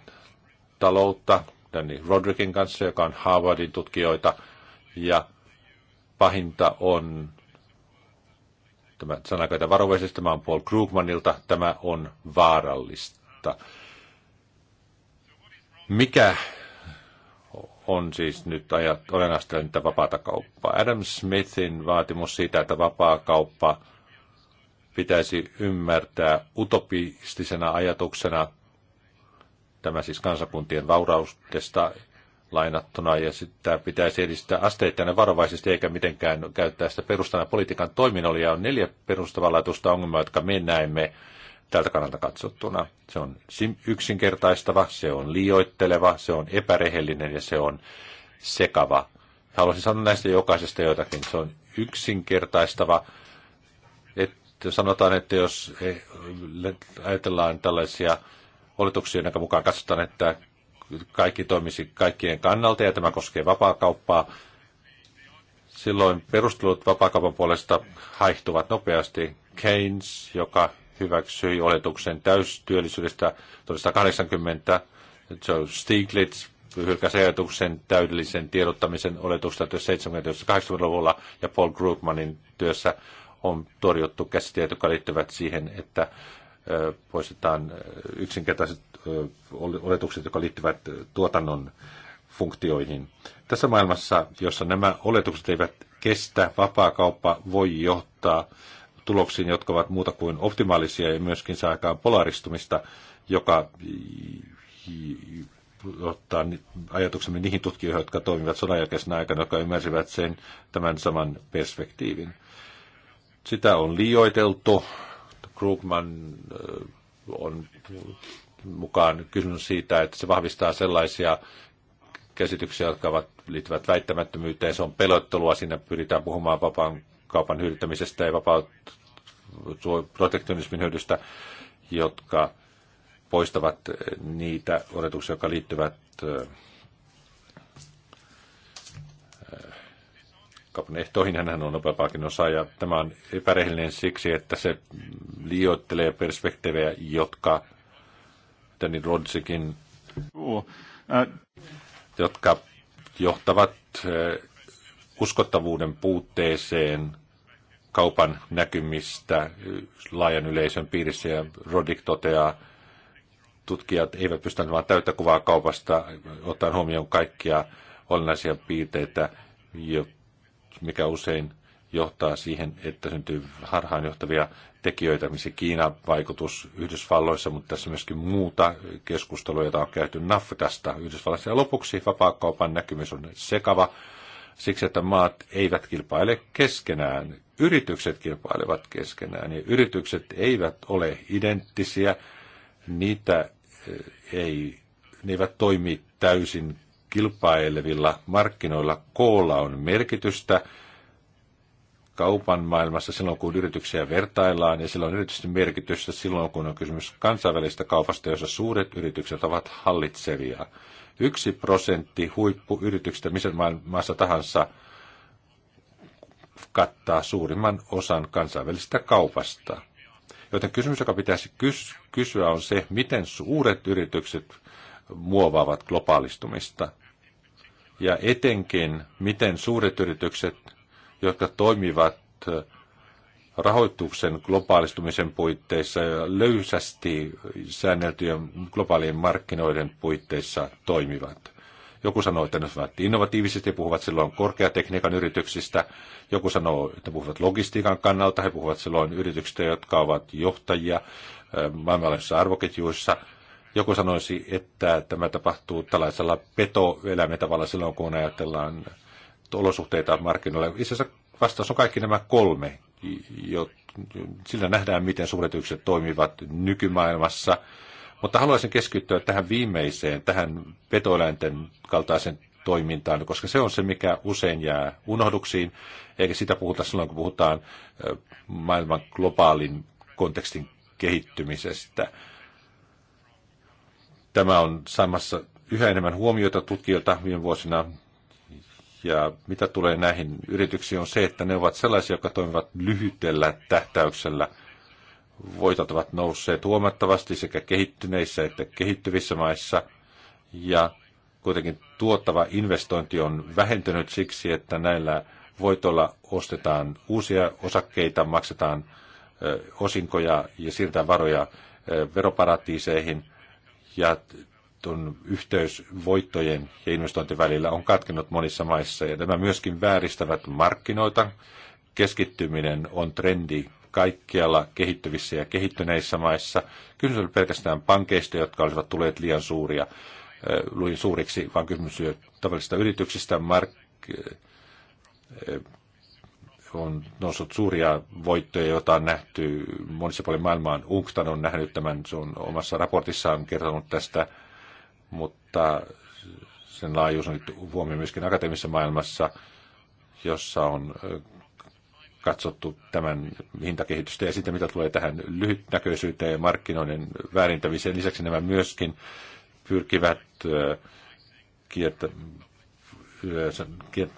taloutta Danny Rodrickin kanssa, joka on Harvardin tutkijoita. Ja pahinta on tämä sanakaita varovaisesti, tämä on Paul Krugmanilta, tämä on vaarallista. Mikä on siis nyt ajat, olen niitä vapaata kauppaa? Adam Smithin vaatimus siitä, että vapaa kauppa pitäisi ymmärtää utopistisena ajatuksena, tämä siis kansakuntien vaurautesta lainattuna, ja sitä pitäisi edistää asteittain varovaisesti, eikä mitenkään käyttää sitä perustana politiikan toiminnolle, ja on neljä perustavanlaatuista ongelmaa, jotka me näemme tältä kannalta katsottuna. Se on yksinkertaistava, se on liioitteleva, se on epärehellinen ja se on sekava. Haluaisin sanoa näistä jokaisesta jotakin. Se on yksinkertaistava, että sanotaan, että jos ajatellaan tällaisia oletuksia, jonka mukaan katsotaan, että kaikki toimisi kaikkien kannalta ja tämä koskee vapaakauppaa, silloin perustelut vapaakaupan puolesta haihtuvat nopeasti. Keynes, joka hyväksyi oletuksen täystyöllisyydestä 1980, Joe Stiglitz hylkäsi ajatuksen täydellisen tiedottamisen oletusta 1970-luvulla ja Paul Krugmanin työssä on torjuttu käsitteet, jotka liittyvät siihen, että poistetaan yksinkertaiset oletukset, jotka liittyvät tuotannon funktioihin. Tässä maailmassa, jossa nämä oletukset eivät kestä, vapaa kauppa voi johtaa tuloksiin, jotka ovat muuta kuin optimaalisia ja myöskin saa aikaan polaristumista, joka ottaa ajatuksemme niihin tutkijoihin, jotka toimivat sodan jälkeisenä aikana, jotka ymmärsivät sen tämän saman perspektiivin. Sitä on liioiteltu. Krugman äh, on mukaan kysynyt siitä, että se vahvistaa sellaisia käsityksiä, jotka ovat, liittyvät väittämättömyyteen. Se on pelottelua, siinä pyritään puhumaan vapaan kaupan hyödyttämisestä ja vapaut, protektionismin hyödystä, jotka poistavat niitä odotuksia, jotka liittyvät äh, Kaupan ehtoihin hän on Nobel-palkinnon saaja. Tämä on epärehellinen siksi, että se liioittelee perspektiivejä, jotka Danny Rodsikin, jotka johtavat uskottavuuden puutteeseen kaupan näkymistä laajan yleisön piirissä ja Rodik toteaa, tutkijat eivät pysty antamaan täyttä kuvaa kaupasta, ottaen huomioon kaikkia olennaisia piirteitä, jotka mikä usein johtaa siihen, että syntyy harhaanjohtavia tekijöitä, missä Kiinan vaikutus Yhdysvalloissa, mutta tässä myöskin muuta keskustelua, jota on käyty NAFTAsta Yhdysvalloissa. Ja lopuksi vapaakaupan näkymys on sekava siksi, että maat eivät kilpaile keskenään. Yritykset kilpailevat keskenään ja yritykset eivät ole identtisiä. Niitä eh, ei, ne eivät toimi täysin kilpailevilla markkinoilla koolla on merkitystä kaupan maailmassa silloin, kun yrityksiä vertaillaan, ja silloin on yritysten merkitystä silloin, kun on kysymys kansainvälistä kaupasta, jossa suuret yritykset ovat hallitsevia. Yksi prosentti huippuyrityksistä missä maassa tahansa kattaa suurimman osan kansainvälistä kaupasta. Joten kysymys, joka pitäisi kysyä, on se, miten suuret yritykset muovaavat globaalistumista. Ja etenkin, miten suuret yritykset, jotka toimivat äh, rahoituksen globaalistumisen puitteissa ja löysästi säänneltyjen globaalien markkinoiden puitteissa toimivat. Joku sanoo, että ne ovat innovatiiviset ja puhuvat silloin korkeatekniikan yrityksistä. Joku sanoo, että puhuvat logistiikan kannalta. He puhuvat silloin yrityksistä, jotka ovat johtajia äh, maailmanlaajuisissa arvoketjuissa – joku sanoisi, että tämä tapahtuu tällaisella tavalla silloin, kun ajatellaan olosuhteita markkinoilla. Itse asiassa vastaus on kaikki nämä kolme. Jo, sillä nähdään, miten suuret yritykset toimivat nykymaailmassa. Mutta haluaisin keskittyä tähän viimeiseen, tähän petoeläinten kaltaisen toimintaan, koska se on se, mikä usein jää unohduksiin, eikä sitä puhuta silloin, kun puhutaan maailman globaalin kontekstin kehittymisestä. Tämä on saamassa yhä enemmän huomiota tutkijoilta viime vuosina. Ja mitä tulee näihin yrityksiin on se, että ne ovat sellaisia, jotka toimivat lyhytellä tähtäyksellä. Voitot ovat nousseet huomattavasti sekä kehittyneissä että kehittyvissä maissa. Ja kuitenkin tuottava investointi on vähentynyt siksi, että näillä voitolla ostetaan uusia osakkeita, maksetaan osinkoja ja siirretään varoja veroparatiiseihin – ja tuon yhteys voittojen ja investointien välillä on katkennut monissa maissa ja tämä myöskin vääristävät markkinoita. Keskittyminen on trendi kaikkialla kehittyvissä ja kehittyneissä maissa. Kysymys oli pelkästään pankeista, jotka olisivat tulleet liian suuria, äh, luin suuriksi, vaan kysymys oli tavallisista yrityksistä, mark- äh, on noussut suuria voittoja, joita on nähty monissa puolilla maailmaa. Unktan on nähnyt tämän, se on omassa raportissaan kertonut tästä, mutta sen laajuus on nyt huomio myöskin akateemisessa maailmassa, jossa on katsottu tämän hintakehitystä ja sitten mitä tulee tähän lyhytnäköisyyteen ja markkinoiden väärintämiseen. Lisäksi nämä myöskin pyrkivät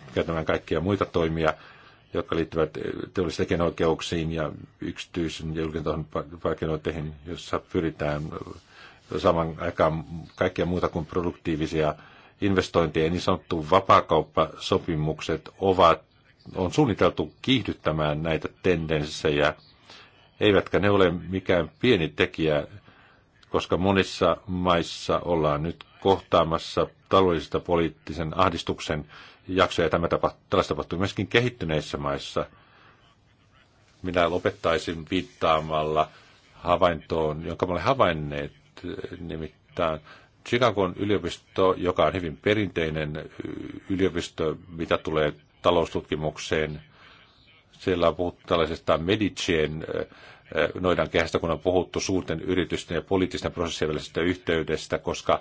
kiertämään kaikkia muita toimia, jotka liittyvät eh, teollisiin tekijänoikeuksiin ja yksityisen ja julkisen vaikeanoiteihin, jossa pyritään eh, saman aikaan kaikkia muuta kuin produktiivisia investointeja. Niin sanottu vapaakauppasopimukset ovat, on suunniteltu kiihdyttämään näitä tendenssejä, eivätkä ne ole mikään pieni tekijä, koska monissa maissa ollaan nyt kohtaamassa taloudellista poliittisen ahdistuksen jaksoja. Tämä tapa, tällaista tapahtuu myöskin kehittyneissä maissa. Minä lopettaisin viittaamalla havaintoon, jonka olen havainneet, nimittäin Chicagon yliopisto, joka on hyvin perinteinen yliopisto, mitä tulee taloustutkimukseen. Siellä on puhuttu tällaisesta Medicien eh, eh, noidan kehästä, kun on puhuttu suurten yritysten ja poliittisten prosessien välisestä yhteydestä, koska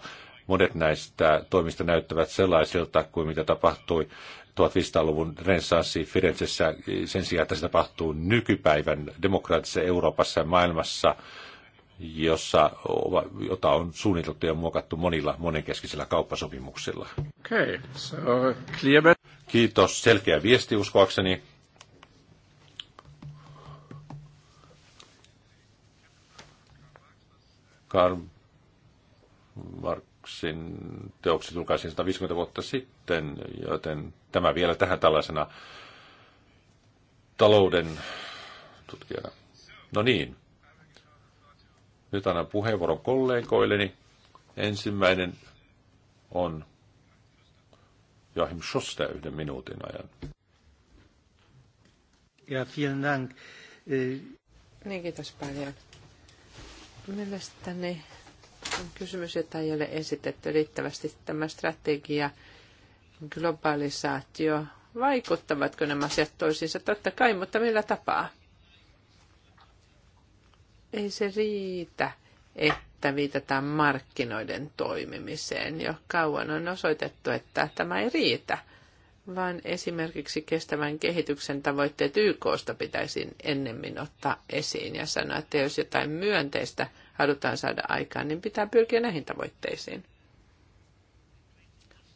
Monet näistä toimista näyttävät sellaisilta kuin mitä tapahtui 1500-luvun renessanssi Firenzessä sen sijaan, että se tapahtuu nykypäivän demokraattisessa Euroopassa ja maailmassa, jossa, jota on suunniteltu ja muokattu monilla monenkeskisillä kauppasopimuksilla. Okay, so, clear. Kiitos. Selkeä viesti uskoakseni. Karl Mark teoksin, teokset julkaisin 150 vuotta sitten, joten tämä vielä tähän tällaisena talouden tutkijana. No niin, nyt annan puheenvuoron kollegoilleni. Ensimmäinen on Joachim Schuster yhden minuutin ajan. Ja, vielen dank. Äh, niin, kiitos paljon. Mielestäni on kysymys, jota ei ole esitetty riittävästi. Tämä strategia, globalisaatio, vaikuttavatko nämä asiat toisiinsa? Totta kai, mutta millä tapaa? Ei se riitä, että viitataan markkinoiden toimimiseen. Jo kauan on osoitettu, että tämä ei riitä vaan esimerkiksi kestävän kehityksen tavoitteet YKsta pitäisi ennemmin ottaa esiin ja sanoa, että jos jotain myönteistä halutaan saada aikaan, niin pitää pyrkiä näihin tavoitteisiin.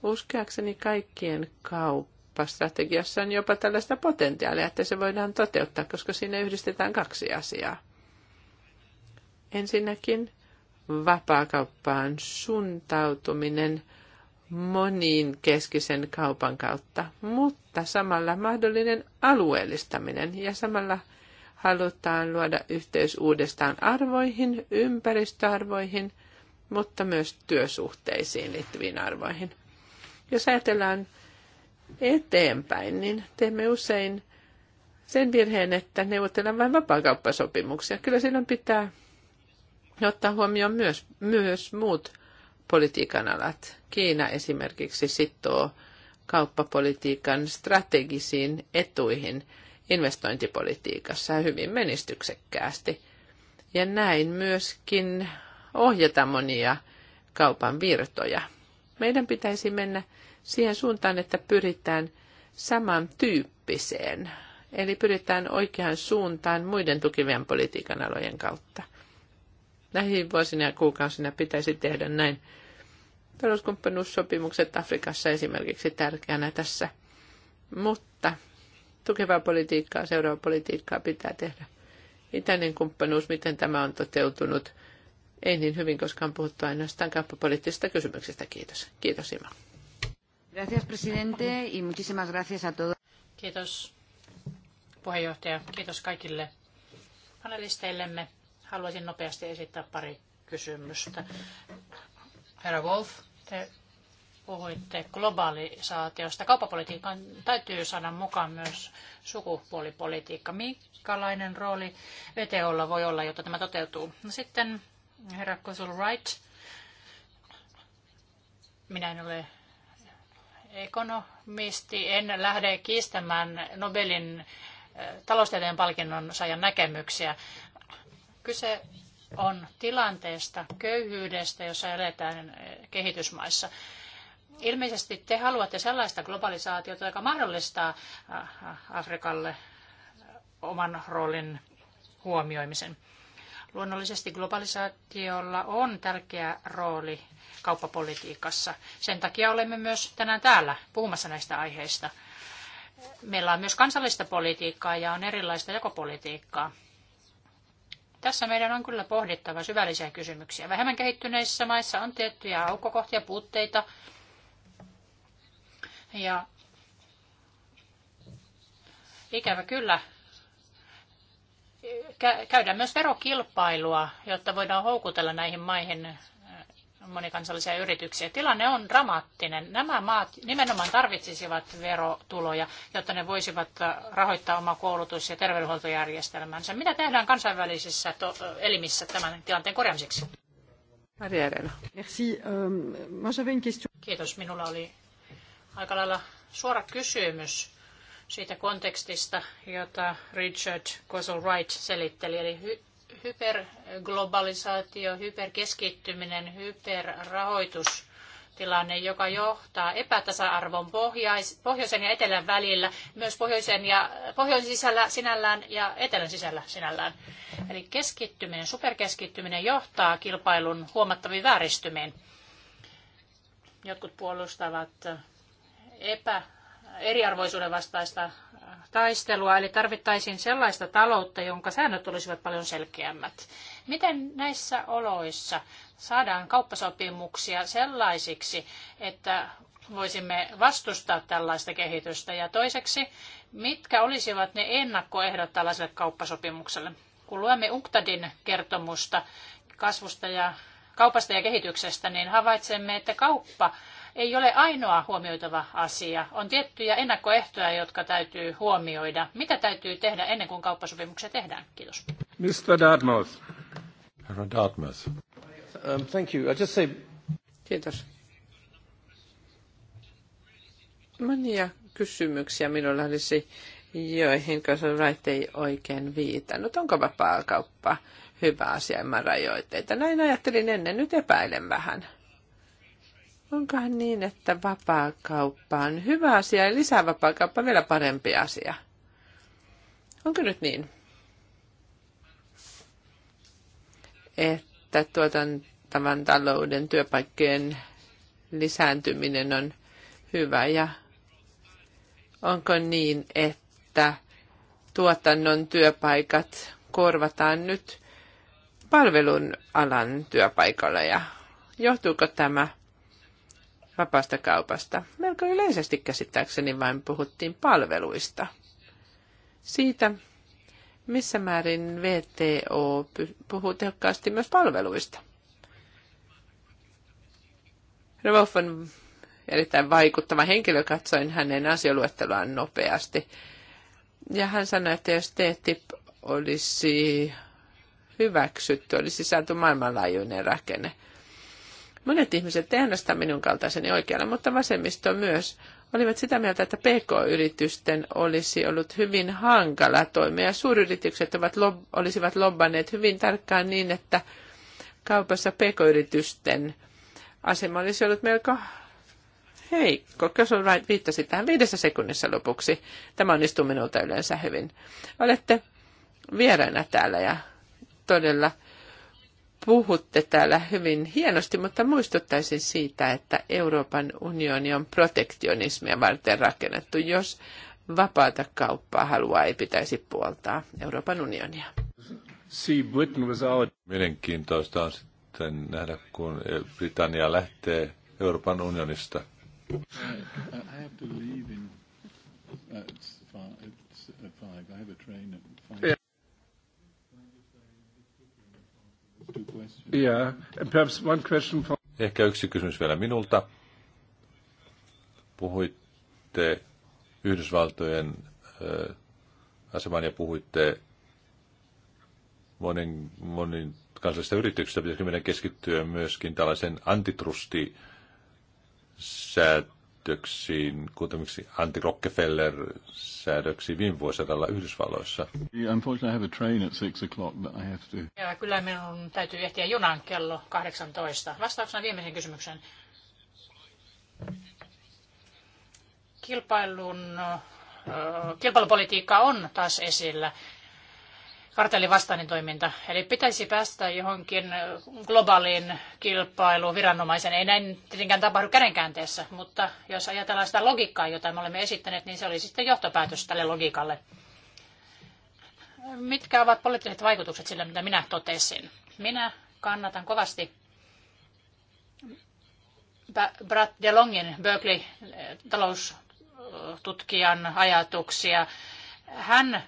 Uskeakseni kaikkien kauppastrategiassa on jopa tällaista potentiaalia, että se voidaan toteuttaa, koska siinä yhdistetään kaksi asiaa. Ensinnäkin vapaakauppaan suuntautuminen – moniin keskisen kaupan kautta, mutta samalla mahdollinen alueellistaminen ja samalla halutaan luoda yhteys uudestaan arvoihin, ympäristöarvoihin, mutta myös työsuhteisiin liittyviin arvoihin. Jos ajatellaan eteenpäin, niin teemme usein sen virheen, että neuvotellaan vain vapaakauppasopimuksia. Kyllä silloin pitää ottaa huomioon myös, myös muut politiikan alat. Kiina esimerkiksi sitoo kauppapolitiikan strategisiin etuihin investointipolitiikassa hyvin menestyksekkäästi. Ja näin myöskin ohjata monia kaupan virtoja. Meidän pitäisi mennä siihen suuntaan, että pyritään samantyyppiseen, eli pyritään oikeaan suuntaan muiden tukivien politiikan alojen kautta lähivuosina ja kuukausina pitäisi tehdä näin. Talouskumppanuussopimukset Afrikassa esimerkiksi tärkeänä tässä. Mutta tukevaa politiikkaa, seuraavaa politiikkaa pitää tehdä. Itäinen kumppanuus, miten tämä on toteutunut, ei niin hyvin, koska on puhuttu ainoastaan kauppapoliittisista kysymyksistä. Kiitos. Kiitos Ima. Gracias, presidente, y muchísimas gracias a todos. Kiitos puheenjohtaja. Kiitos kaikille panelisteillemme haluaisin nopeasti esittää pari kysymystä. Herra Wolf, te puhuitte globaalisaatiosta. Kauppapolitiikan täytyy saada mukaan myös sukupuolipolitiikka. Minkälainen rooli VTOlla voi olla, jotta tämä toteutuu? No sitten herra Kosul Wright, minä en ole ekonomisti, en lähde kiistämään Nobelin äh, taloustieteen palkinnon saajan näkemyksiä, Kyse on tilanteesta, köyhyydestä, jossa eletään kehitysmaissa. Ilmeisesti te haluatte sellaista globalisaatiota, joka mahdollistaa äh, äh, Afrikalle oman roolin huomioimisen. Luonnollisesti globalisaatiolla on tärkeä rooli kauppapolitiikassa. Sen takia olemme myös tänään täällä puhumassa näistä aiheista. Meillä on myös kansallista politiikkaa ja on erilaista jakopolitiikkaa. Tässä meidän on kyllä pohdittava syvällisiä kysymyksiä. Vähemmän kehittyneissä maissa on tiettyjä aukkokohtia, puutteita. Ja ikävä kyllä käydään myös verokilpailua, jotta voidaan houkutella näihin maihin monikansallisia yrityksiä. Tilanne on dramaattinen. Nämä maat nimenomaan tarvitsisivat verotuloja, jotta ne voisivat rahoittaa oma koulutus- ja terveydenhuoltojärjestelmänsä. Mitä tehdään kansainvälisissä elimissä tämän tilanteen korjaamiseksi? Maria euh, Kiitos. Minulla oli aika lailla suora kysymys siitä kontekstista, jota Richard Cosell Wright selitteli, eli hyperglobalisaatio, hyperkeskittyminen, hyperrahoitus tilanne, joka johtaa epätasa-arvon pohjais, pohjoisen ja etelän välillä, myös pohjoisen, ja, pohjoisen sisällä sinällään ja etelän sisällä sinällään. Eli keskittyminen, superkeskittyminen johtaa kilpailun huomattaviin vääristymiin. Jotkut puolustavat epä, eriarvoisuuden vastaista taistelua, eli tarvittaisiin sellaista taloutta, jonka säännöt olisivat paljon selkeämmät. Miten näissä oloissa saadaan kauppasopimuksia sellaisiksi, että voisimme vastustaa tällaista kehitystä? Ja toiseksi, mitkä olisivat ne ennakkoehdot tällaiselle kauppasopimukselle? Kun luemme UNCTADin kertomusta kasvusta ja kaupasta ja kehityksestä, niin havaitsemme, että kauppa ei ole ainoa huomioitava asia. On tiettyjä ennakkoehtoja, jotka täytyy huomioida. Mitä täytyy tehdä ennen kuin kauppasopimuksia tehdään? Kiitos. Mr. Dartmouth. Herra Dartmouth. Um, thank you. I just say... Kiitos. Monia kysymyksiä minulla olisi, joihin Wright ei oikein viitannut. Onko vapaakauppa hyvä asia ilman rajoitteita? Näin ajattelin ennen, nyt epäilen vähän. Onkohan niin, että vapaakauppa on hyvä asia ja lisää vapaakauppa vielä parempi asia? Onko nyt niin? Että tuotantavan talouden työpaikkojen lisääntyminen on hyvä ja onko niin, että tuotannon työpaikat korvataan nyt palvelun alan työpaikalla ja johtuuko tämä vapaasta kaupasta. Melko yleisesti käsittääkseni vain puhuttiin palveluista. Siitä, missä määrin VTO puhuu tehokkaasti myös palveluista. Revolf on erittäin vaikuttava henkilö, katsoin hänen asioluetteloaan nopeasti. Ja hän sanoi, että jos TTIP olisi hyväksytty, olisi saatu maailmanlaajuinen rakenne. Monet ihmiset, tehdästä ainoastaan minun kaltaiseni oikealla, mutta vasemmisto myös, olivat sitä mieltä, että PK-yritysten olisi ollut hyvin hankala toimia. Suuryritykset ovat lob- olisivat lobbanneet hyvin tarkkaan niin, että kaupassa PK-yritysten asema olisi ollut melko heikko. Kösel vain viittasi tähän viidessä sekunnissa lopuksi. Tämä onnistuu minulta yleensä hyvin. Olette vieraina täällä ja todella puhutte täällä hyvin hienosti, mutta muistuttaisin siitä, että Euroopan unioni on protektionismia varten rakennettu, jos vapaata kauppaa haluaa ei pitäisi puoltaa Euroopan unionia. Mielenkiintoista on sitten nähdä, kun Britannia lähtee Euroopan unionista. Ehkä yksi kysymys vielä minulta. Puhuitte Yhdysvaltojen äh, aseman ja puhuitte monin, monin kansallisista yrityksistä. Pitäisikö meidän keskittyä myöskin tällaisen antitrusti säädöksiin, kuten miksi anti-Rockefeller-säädöksiin viime vuosisadalla Yhdysvalloissa? Yeah, kyllä minun täytyy ehtiä junan kello 18. Vastauksena viimeisen kysymyksen. Kilpailun, kilpailupolitiikka on taas esillä kartellivastainen toiminta. Eli pitäisi päästä johonkin globaaliin kilpailuun viranomaisen. Ei näin tietenkään tapahdu kädenkäänteessä, mutta jos ajatellaan sitä logiikkaa, jota me olemme esittäneet, niin se oli sitten johtopäätös tälle logiikalle. Mitkä ovat poliittiset vaikutukset sillä, mitä minä totesin? Minä kannatan kovasti Brad DeLongin, Berkeley-taloustutkijan ajatuksia. Hän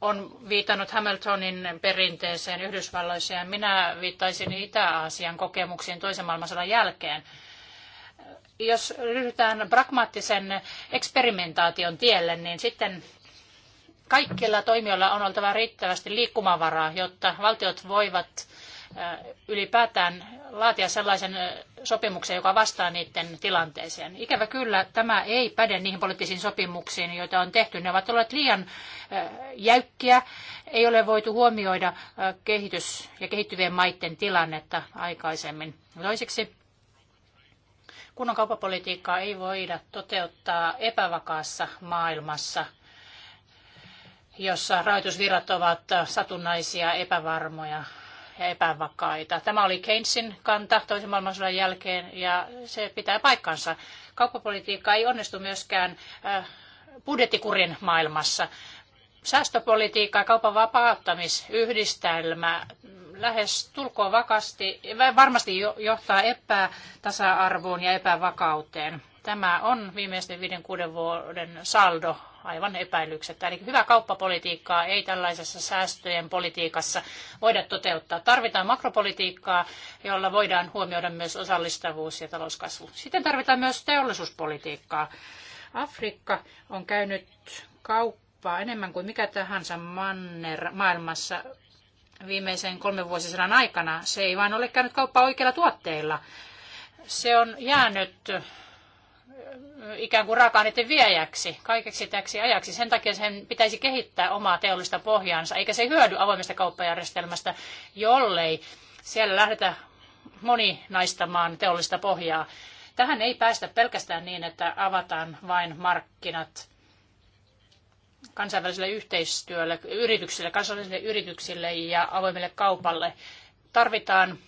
on viitannut Hamiltonin perinteeseen Yhdysvalloissa ja minä viittaisin Itä-Aasian kokemuksiin toisen maailmansodan jälkeen. Jos ryhdytään pragmaattisen eksperimentaation tielle, niin sitten kaikilla toimijoilla on oltava riittävästi liikkumavaraa, jotta valtiot voivat ylipäätään laatia sellaisen sopimuksen, joka vastaa niiden tilanteeseen. Ikävä kyllä tämä ei päde niihin poliittisiin sopimuksiin, joita on tehty. Ne ovat olleet liian jäykkiä, ei ole voitu huomioida kehitys- ja kehittyvien maiden tilannetta aikaisemmin. Toiseksi kunnon kauppapolitiikkaa ei voida toteuttaa epävakaassa maailmassa jossa rahoitusvirrat ovat satunnaisia, epävarmoja ja epävakaita. Tämä oli Keynesin kanta toisen maailmansodan jälkeen ja se pitää paikkansa. Kauppapolitiikka ei onnistu myöskään äh, budjettikurin maailmassa. Säästöpolitiikka ja kaupan vapauttamisyhdistelmä lähes tulkoon vakasti, varmasti johtaa epätasa-arvoon ja epävakauteen. Tämä on viimeisten viiden kuuden vuoden saldo aivan epäilyksettä. Eli hyvää kauppapolitiikkaa ei tällaisessa säästöjen politiikassa voida toteuttaa. Tarvitaan makropolitiikkaa, jolla voidaan huomioida myös osallistavuus ja talouskasvu. Sitten tarvitaan myös teollisuuspolitiikkaa. Afrikka on käynyt kauppaa enemmän kuin mikä tahansa manner maailmassa viimeisen kolmen vuosisadan aikana. Se ei vain ole käynyt kauppaa oikeilla tuotteilla. Se on jäänyt ikään kuin raaka-aineiden viejäksi kaikeksi täksi ajaksi. Sen takia sen pitäisi kehittää omaa teollista pohjaansa, eikä se hyödy avoimesta kauppajärjestelmästä, jollei siellä lähdetä moninaistamaan teollista pohjaa. Tähän ei päästä pelkästään niin, että avataan vain markkinat kansainväliselle yhteistyölle, yrityksille, kansainvälisille yrityksille ja avoimelle kaupalle. Tarvitaan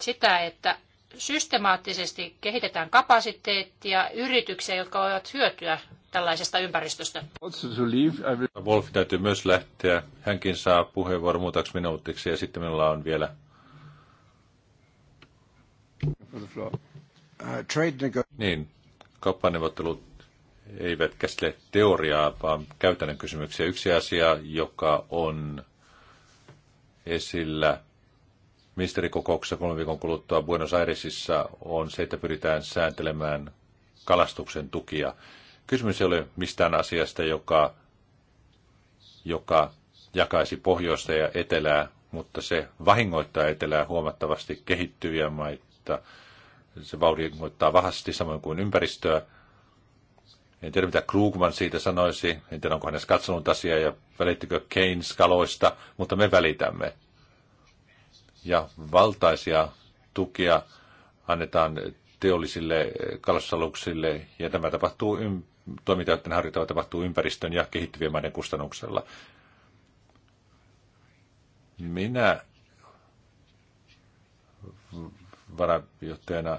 sitä, että systemaattisesti kehitetään kapasiteettia yrityksiä, jotka voivat hyötyä tällaisesta ympäristöstä. Wolf täytyy myös lähteä. Hänkin saa puheenvuoron muutaksi minuutiksi ja sitten minulla on vielä... Niin, kauppaneuvottelut eivät käsitele teoriaa, vaan käytännön kysymyksiä. Yksi asia, joka on esillä ministerikokouksessa kolme viikon kuluttua Buenos Airesissa on se, että pyritään sääntelemään kalastuksen tukia. Kysymys ei ole mistään asiasta, joka, joka jakaisi pohjoista ja etelää, mutta se vahingoittaa etelää huomattavasti kehittyviä maita. Se vahingoittaa vahvasti samoin kuin ympäristöä. En tiedä, mitä Krugman siitä sanoisi. En tiedä, onko hän katsonut asiaa ja välittikö Keynes kaloista, mutta me välitämme ja valtaisia tukia annetaan teollisille kalastusaluksille ja tämä tapahtuu toimintajoiden harjoittava tapahtuu ympäristön ja kehittyvien maiden kustannuksella. Minä varajohtajana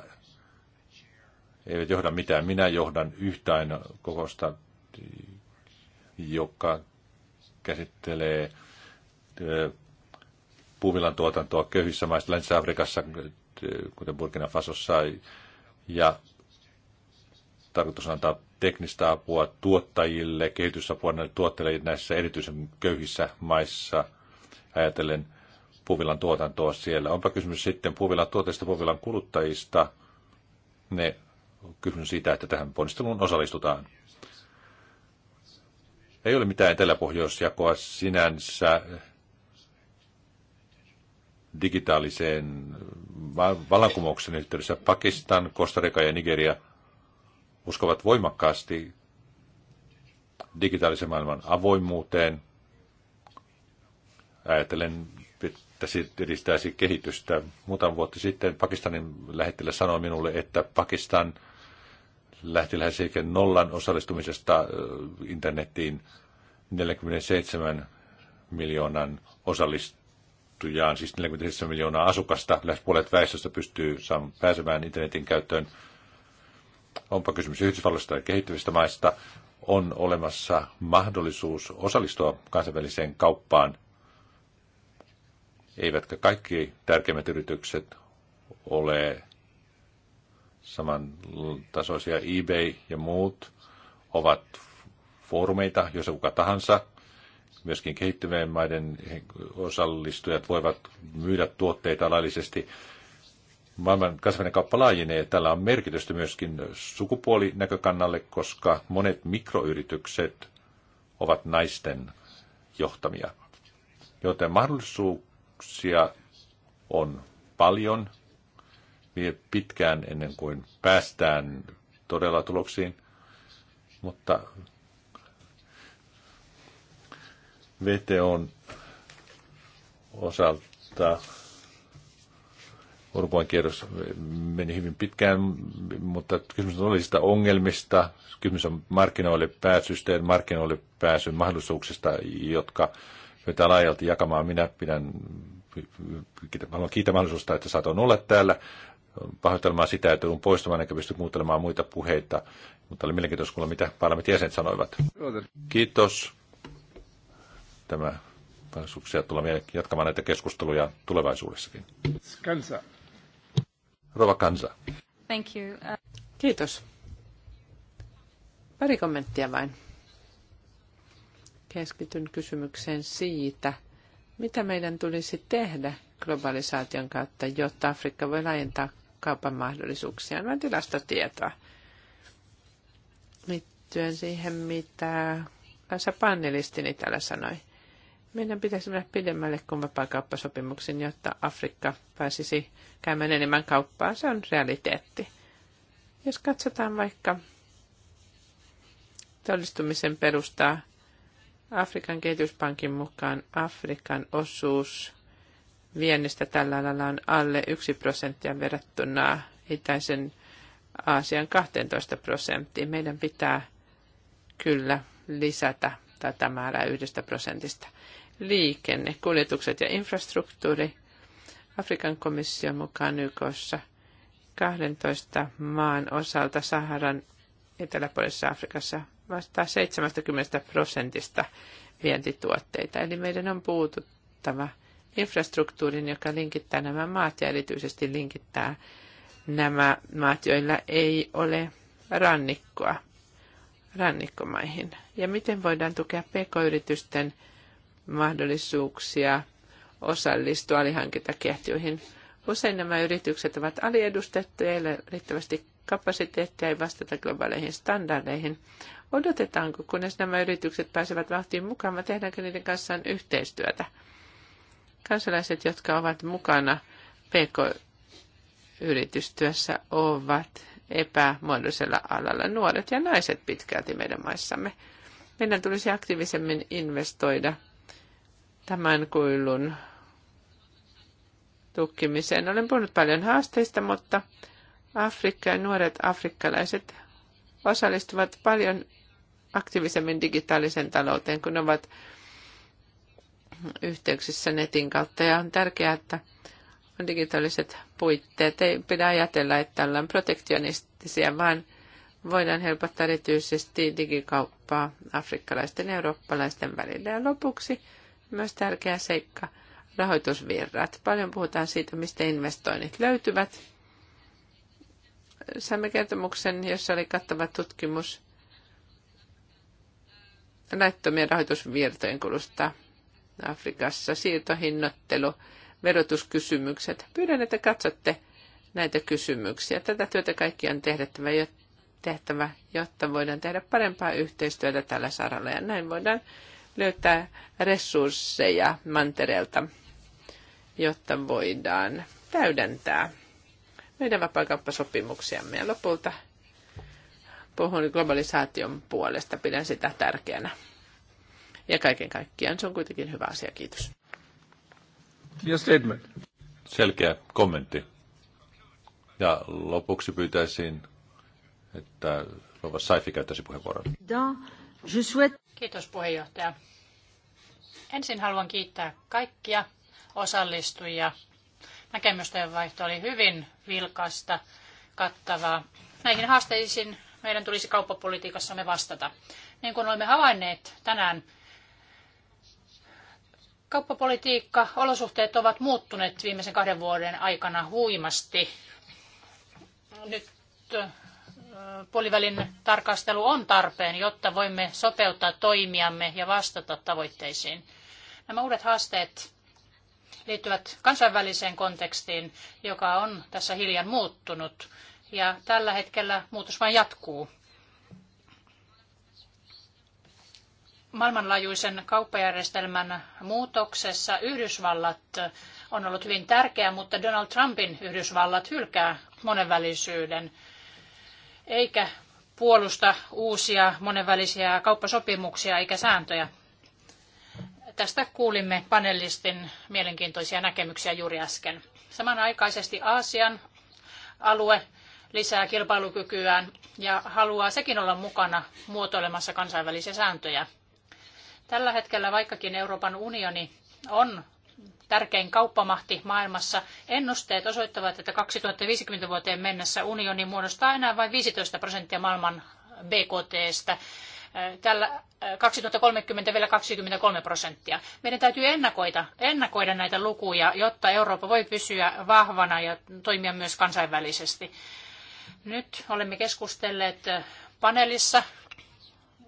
ei johda mitään. Minä johdan yhtään kokosta, joka käsittelee puuvillan tuotantoa köyhissä maissa, Länsi-Afrikassa, kuten Burkina Fasossa, ja tarkoitus on antaa teknistä apua tuottajille, kehitysapua näille tuotteille näissä erityisen köyhissä maissa, ajatellen puuvillan tuotantoa siellä. Onpa kysymys sitten puuvillan tuotteista, puuvillan kuluttajista, ne kysymys siitä, että tähän ponnisteluun osallistutaan. Ei ole mitään eteläpohjoisjakoa sinänsä digitaaliseen vallankumouksen yhteydessä Pakistan, Kostarika ja Nigeria uskovat voimakkaasti digitaalisen maailman avoimuuteen. Ajattelen, että se edistäisi kehitystä. Muutama vuotta sitten Pakistanin lähettilä sanoi minulle, että Pakistan lähti lähes nollan osallistumisesta internettiin 47 miljoonan osallist asujaan, siis 47 miljoonaa asukasta, lähes puolet väestöstä pystyy pääsemään internetin käyttöön. Onpa kysymys Yhdysvalloista tai kehittyvistä maista, on olemassa mahdollisuus osallistua kansainväliseen kauppaan. Eivätkä kaikki tärkeimmät yritykset ole samantasoisia. eBay ja muut ovat foorumeita, jos kuka tahansa – myöskin kehittyvien maiden osallistujat voivat myydä tuotteita laillisesti. Maailman kasvainen kauppa laajenee. Tällä on merkitystä myöskin sukupuolinäkökannalle, koska monet mikroyritykset ovat naisten johtamia. Joten mahdollisuuksia on paljon. Vie pitkään ennen kuin päästään todella tuloksiin, mutta VTOn osalta Urpoin kierros meni hyvin pitkään, mutta kysymys on olisista ongelmista. Kysymys on markkinoille pääsystä ja markkinoille pääsyn mahdollisuuksista, jotka pyritään laajalti jakamaan. Minä pidän, haluan kiittää mahdollisuudesta, että saatoin olla täällä pahoittelemaan sitä, että on poistumaan eikä pysty muuttelemaan muita puheita. Mutta oli mielenkiintoista kuulla, mitä parlamentin jäsenet sanoivat. Kiitos tämä mahdollisuuksia tulla jatkamaan näitä keskusteluja tulevaisuudessakin. Kansa. Rova Kansa. Thank you. Uh, Kiitos. Pari kommenttia vain. Keskityn kysymykseen siitä, mitä meidän tulisi tehdä globalisaation kautta, jotta Afrikka voi laajentaa kaupan mahdollisuuksiaan, vaan tilastotietoa liittyen siihen, mitä kansapanelistini täällä sanoi. Meidän pitäisi mennä pidemmälle kuin vapaakauppasopimuksen, jotta Afrikka pääsisi käymään enemmän kauppaa. Se on realiteetti. Jos katsotaan vaikka todistumisen perustaa Afrikan kehityspankin mukaan Afrikan osuus viennistä tällä alalla on alle 1 prosenttia verrattuna itäisen Aasian 12 prosenttiin. Meidän pitää kyllä lisätä tätä määrää yhdestä prosentista liikenne, kuljetukset ja infrastruktuuri Afrikan komission mukaan YKssa 12 maan osalta Saharan eteläpuolisessa Afrikassa vastaa 70 prosentista vientituotteita. Eli meidän on puututtava infrastruktuurin, joka linkittää nämä maat ja erityisesti linkittää nämä maat, joilla ei ole rannikkoa rannikkomaihin. Ja miten voidaan tukea pk-yritysten mahdollisuuksia osallistua alihankintaketjuihin. Usein nämä yritykset ovat aliedustettuja, ei ole riittävästi kapasiteettia, ei vastata globaaleihin standardeihin. Odotetaanko, kunnes nämä yritykset pääsevät vauhtiin mukaan, vai tehdäänkö niiden kanssaan yhteistyötä? Kansalaiset, jotka ovat mukana PK-yritystyössä, ovat epämuodollisella alalla nuoret ja naiset pitkälti meidän maissamme. Meidän tulisi aktiivisemmin investoida – tämän kuilun tukkimiseen. Olen puhunut paljon haasteista, mutta Afrikka ja nuoret afrikkalaiset osallistuvat paljon aktiivisemmin digitaalisen talouteen, kun ovat yhteyksissä netin kautta. Ja on tärkeää, että on digitaaliset puitteet. Ei pidä ajatella, että ollaan protektionistisia, vaan voidaan helpottaa erityisesti digikauppaa afrikkalaisten ja eurooppalaisten välillä. Ja lopuksi myös tärkeä seikka, rahoitusvirrat. Paljon puhutaan siitä, mistä investoinnit löytyvät. Saimme kertomuksen, jossa oli kattava tutkimus laittomien rahoitusvirtojen kulusta Afrikassa, siirtohinnoittelu, verotuskysymykset. Pyydän, että katsotte näitä kysymyksiä. Tätä työtä kaikki on tehtävä, tehtävä, jotta voidaan tehdä parempaa yhteistyötä tällä saralla ja näin voidaan löytää resursseja mantereelta, jotta voidaan täydentää meidän vapaakauppasopimuksiamme. Ja lopulta puhun globalisaation puolesta, pidän sitä tärkeänä. Ja kaiken kaikkiaan se on kuitenkin hyvä asia, kiitos. Ja statement. Selkeä kommentti. Ja lopuksi pyytäisin, että Rova Saifi käyttäisi puheenvuoron. Kiitos puheenjohtaja. Ensin haluan kiittää kaikkia osallistujia. Näkemysten vaihto oli hyvin vilkasta, kattavaa. Näihin haasteisiin meidän tulisi kauppapolitiikassamme vastata. Niin kuin olemme havainneet tänään, kauppapolitiikka, olosuhteet ovat muuttuneet viimeisen kahden vuoden aikana huimasti. Nyt puolivälin tarkastelu on tarpeen, jotta voimme sopeuttaa toimiamme ja vastata tavoitteisiin. Nämä uudet haasteet liittyvät kansainväliseen kontekstiin, joka on tässä hiljan muuttunut. Ja tällä hetkellä muutos vain jatkuu. Maailmanlaajuisen kauppajärjestelmän muutoksessa Yhdysvallat on ollut hyvin tärkeä, mutta Donald Trumpin Yhdysvallat hylkää monenvälisyyden eikä puolusta uusia monenvälisiä kauppasopimuksia eikä sääntöjä. Tästä kuulimme panelistin mielenkiintoisia näkemyksiä juuri äsken. Samanaikaisesti Aasian alue lisää kilpailukykyään ja haluaa sekin olla mukana muotoilemassa kansainvälisiä sääntöjä. Tällä hetkellä, vaikkakin Euroopan unioni on tärkein kauppamahti maailmassa. Ennusteet osoittavat, että 2050 vuoteen mennessä unioni muodostaa enää vain 15 prosenttia maailman BKTstä. Äh, tällä 2030 äh, vielä 23 prosenttia. Meidän täytyy ennakoida, ennakoida näitä lukuja, jotta Eurooppa voi pysyä vahvana ja toimia myös kansainvälisesti. Nyt olemme keskustelleet äh, paneelissa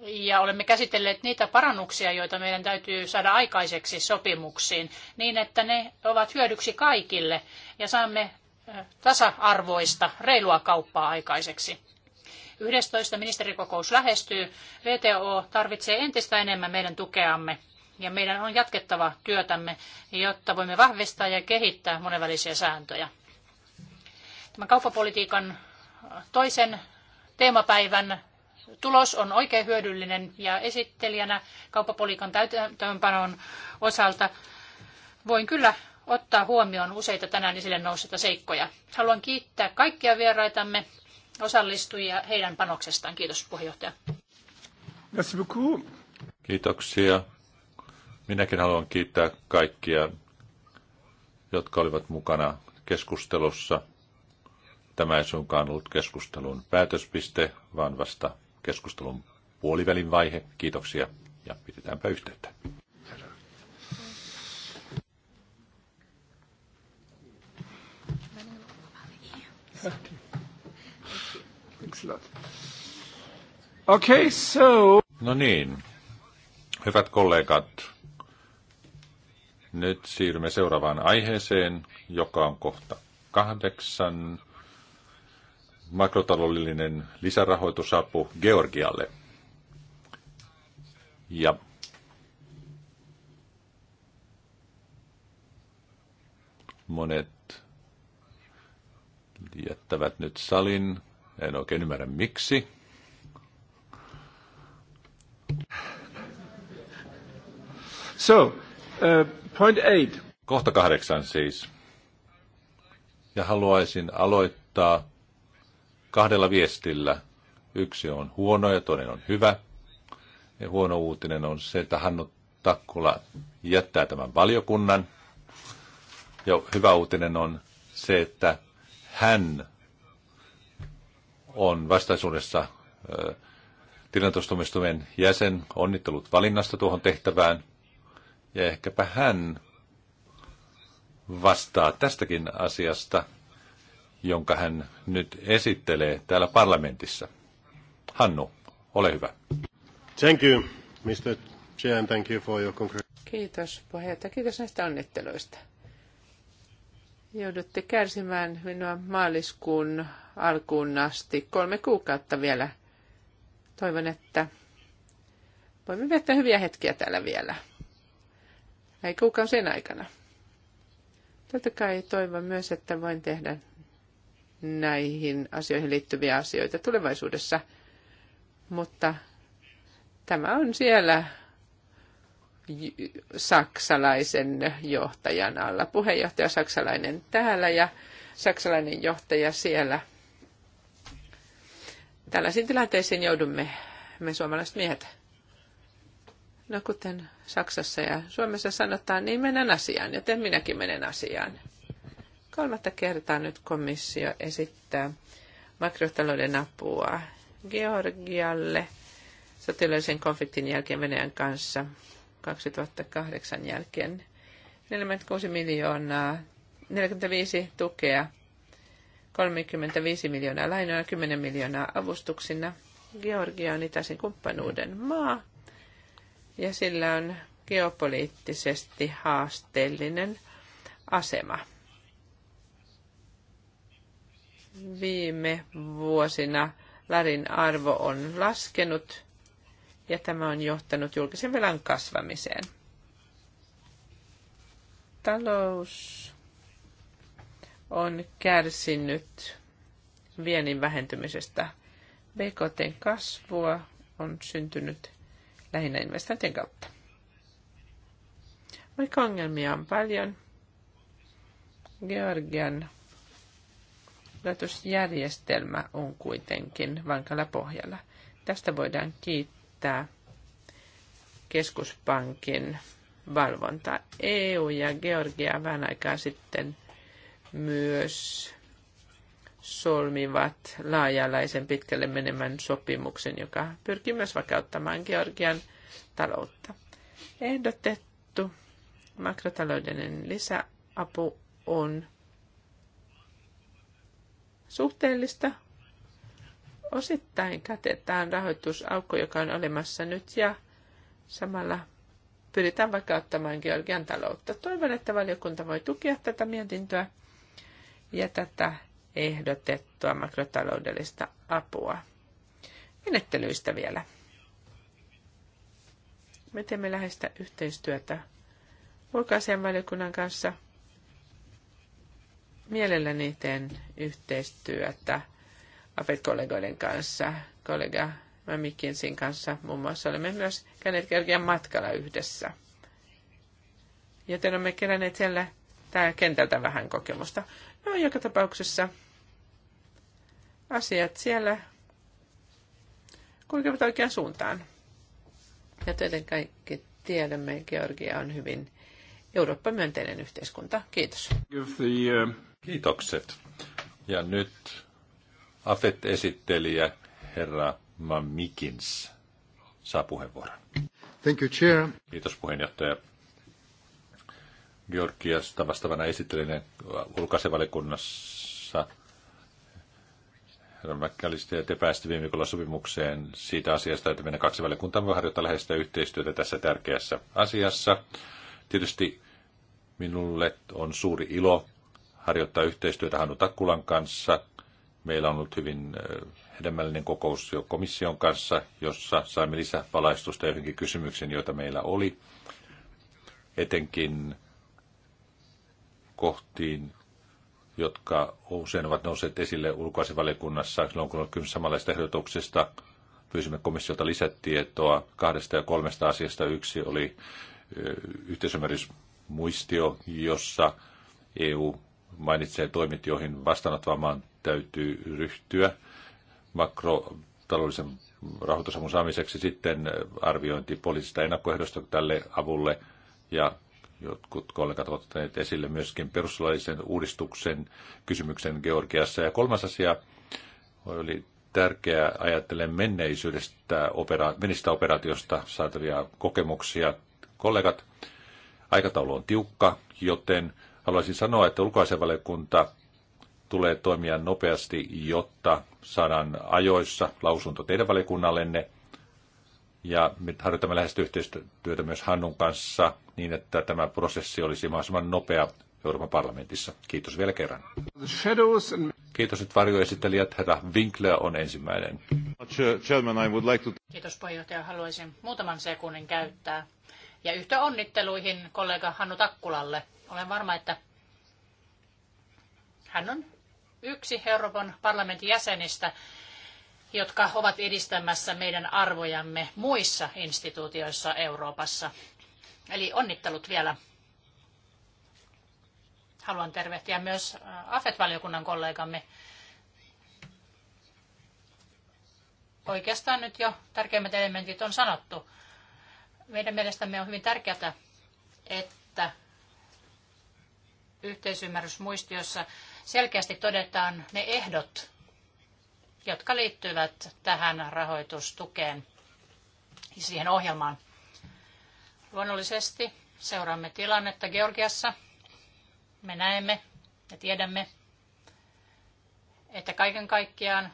ja olemme käsitelleet niitä parannuksia, joita meidän täytyy saada aikaiseksi sopimuksiin, niin että ne ovat hyödyksi kaikille ja saamme tasa-arvoista, reilua kauppaa aikaiseksi. 11. ministerikokous lähestyy. VTO tarvitsee entistä enemmän meidän tukeamme ja meidän on jatkettava työtämme, jotta voimme vahvistaa ja kehittää monenvälisiä sääntöjä. Tämän kauppapolitiikan toisen teemapäivän tulos on oikein hyödyllinen ja esittelijänä kauppapolikan täytäntöönpanon osalta voin kyllä ottaa huomioon useita tänään esille nousseita seikkoja. Haluan kiittää kaikkia vieraitamme osallistujia heidän panoksestaan. Kiitos puheenjohtaja. Merci Kiitoksia. Minäkin haluan kiittää kaikkia, jotka olivat mukana keskustelussa. Tämä ei suinkaan ollut keskustelun päätöspiste, vaan vasta keskustelun puolivälin vaihe. Kiitoksia ja pidetäänpä yhteyttä. Okay, so... No niin, hyvät kollegat, nyt siirrymme seuraavaan aiheeseen, joka on kohta kahdeksan makrotaloudellinen lisärahoitusapu Georgialle. Ja monet jättävät nyt salin. En oikein ymmärrä miksi. So, uh, point eight. Kohta kahdeksan siis. Ja haluaisin aloittaa kahdella viestillä. Yksi on huono ja toinen on hyvä. Ja huono uutinen on se, että Hannu Takkula jättää tämän valiokunnan. Ja hyvä uutinen on se, että hän on vastaisuudessa tilintostumistumien jäsen, onnittelut valinnasta tuohon tehtävään. Ja ehkäpä hän vastaa tästäkin asiasta jonka hän nyt esittelee täällä parlamentissa. Hannu, ole hyvä. Thank you, Mr. Chair, thank you for your concrete... Kiitos puheenjohtaja, kiitos näistä onnitteluista. Joudutte kärsimään minua maaliskuun alkuun asti kolme kuukautta vielä. Toivon, että voimme viettää hyviä hetkiä täällä vielä. Ei kuukausien aikana. Totta kai toivon myös, että voin tehdä näihin asioihin liittyviä asioita tulevaisuudessa. Mutta tämä on siellä saksalaisen johtajan alla. Puheenjohtaja saksalainen täällä ja saksalainen johtaja siellä. Tällaisiin tilanteisiin joudumme me suomalaiset miehet. No kuten Saksassa ja Suomessa sanotaan, niin menen asiaan, joten minäkin menen asiaan. Kolmatta kertaa nyt komissio esittää makrotalouden apua Georgialle sotilaisen konfliktin jälkeen Venäjän kanssa 2008 jälkeen. 46 miljoonaa, 45 tukea, 35 miljoonaa lainoja, 10 miljoonaa avustuksina. Georgia on itäisen kumppanuuden maa ja sillä on geopoliittisesti haasteellinen asema. Viime vuosina Larin arvo on laskenut ja tämä on johtanut julkisen velan kasvamiseen. Talous on kärsinyt viennin vähentymisestä. BKTn kasvua on syntynyt lähinnä investointien kautta. Vaikka ongelmia on paljon, Georgian Rahoitusjärjestelmä on kuitenkin vankalla pohjalla. Tästä voidaan kiittää keskuspankin valvontaa. EU ja Georgia vähän aikaa sitten myös solmivat laajalaisen pitkälle menemän sopimuksen, joka pyrkii myös vakauttamaan Georgian taloutta. Ehdotettu makrotaloudellinen lisäapu on suhteellista. Osittain katetaan rahoitusaukko, joka on olemassa nyt ja samalla pyritään vakauttamaan Georgian taloutta. Toivon, että valiokunta voi tukea tätä mietintöä ja tätä ehdotettua makrotaloudellista apua. Menettelyistä vielä. Me teemme läheistä yhteistyötä ulkoasianvaliokunnan kanssa – Mielelläni teen yhteistyötä AFET-kollegoiden kanssa, kollega Mikinsin kanssa muun muassa. Olemme myös käyneet Georgian matkalla yhdessä. Joten olemme keränneet siellä tää kentältä vähän kokemusta. No, joka tapauksessa asiat siellä kulkevat oikeaan suuntaan. Ja tietenkin kaikki tiedämme, Georgia on hyvin Eurooppa-myönteinen yhteiskunta. Kiitos. Uh, Kiitokset. Ja nyt AFET-esittelijä herra Mamikins saa puheenvuoron. Thank you, Chair. Kiitos puheenjohtaja. Georgiasta vastaavana esittelijänä ulkoasevalikunnassa herra McAllister ja te päästi viime viikolla sopimukseen siitä asiasta, että meidän kaksi valiokuntaa voi harjoittaa läheistä yhteistyötä tässä tärkeässä asiassa. Tietysti minulle on suuri ilo harjoittaa yhteistyötä Hannu Takkulan kanssa. Meillä on ollut hyvin hedelmällinen kokous jo komission kanssa, jossa saimme valaistusta joihinkin kysymyksiin, joita meillä oli. Etenkin kohtiin, jotka usein ovat nousseet esille ulkoasivaliokunnassa silloin, kun on kyse samanlaista ehdotuksesta. Pyysimme komissiolta lisätietoa kahdesta ja kolmesta asiasta. Yksi oli yhteisymmärrysmuistio, jossa EU mainitsee toimit, joihin vastaanottavan maan täytyy ryhtyä makrotaloudellisen rahoitusavun saamiseksi sitten arviointi poliisista ennakkoehdosta tälle avulle ja jotkut kollegat ovat ottaneet esille myöskin perustuslaillisen uudistuksen kysymyksen Georgiassa. Ja kolmas asia oli tärkeää ajattelen menneisyydestä, opera- menistä operaatiosta saatavia kokemuksia. Kollegat, aikataulu on tiukka, joten Haluaisin sanoa, että ulkoasevaliokunta tulee toimia nopeasti, jotta saadaan ajoissa lausunto teidän valiokunnallenne. Ja me harjoitamme läheistä yhteistyötä myös Hannun kanssa niin, että tämä prosessi olisi mahdollisimman nopea Euroopan parlamentissa. Kiitos vielä kerran. Kiitos että varjoesittelijät. Herra Winkler on ensimmäinen. Kiitos puheenjohtaja. Haluaisin muutaman sekunnin käyttää. Ja yhtä onnitteluihin kollega Hannu Takkulalle olen varma, että hän on yksi Euroopan parlamentin jäsenistä, jotka ovat edistämässä meidän arvojamme muissa instituutioissa Euroopassa. Eli onnittelut vielä. Haluan tervehtiä myös äh, AFET-valiokunnan kollegamme. Oikeastaan nyt jo tärkeimmät elementit on sanottu. Meidän mielestämme on hyvin tärkeää, että yhteisymmärrysmuistiossa selkeästi todetaan ne ehdot, jotka liittyvät tähän rahoitustukeen ja siihen ohjelmaan. Luonnollisesti seuraamme tilannetta Georgiassa. Me näemme ja tiedämme, että kaiken kaikkiaan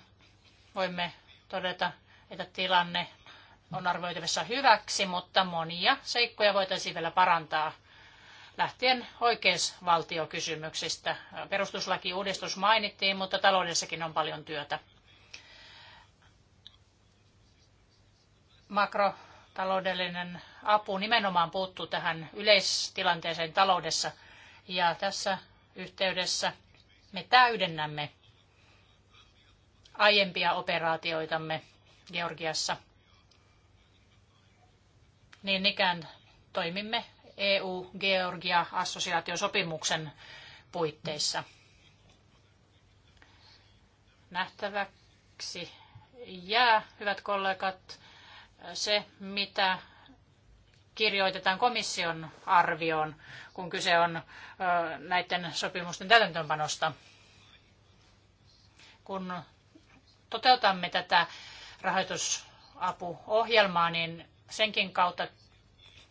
voimme todeta, että tilanne on arvioitavissa hyväksi, mutta monia seikkoja voitaisiin vielä parantaa – lähtien oikeusvaltiokysymyksistä. Perustuslakiuudistus mainittiin, mutta taloudessakin on paljon työtä. Makrotaloudellinen apu nimenomaan puuttuu tähän yleistilanteeseen taloudessa. Ja tässä yhteydessä me täydennämme aiempia operaatioitamme Georgiassa. Niin ikään toimimme EU-Georgia-assosiaatiosopimuksen puitteissa. Nähtäväksi jää, hyvät kollegat, se, mitä kirjoitetaan komission arvioon, kun kyse on näiden sopimusten täytäntöönpanosta. Kun toteutamme tätä rahoitusapuohjelmaa, niin senkin kautta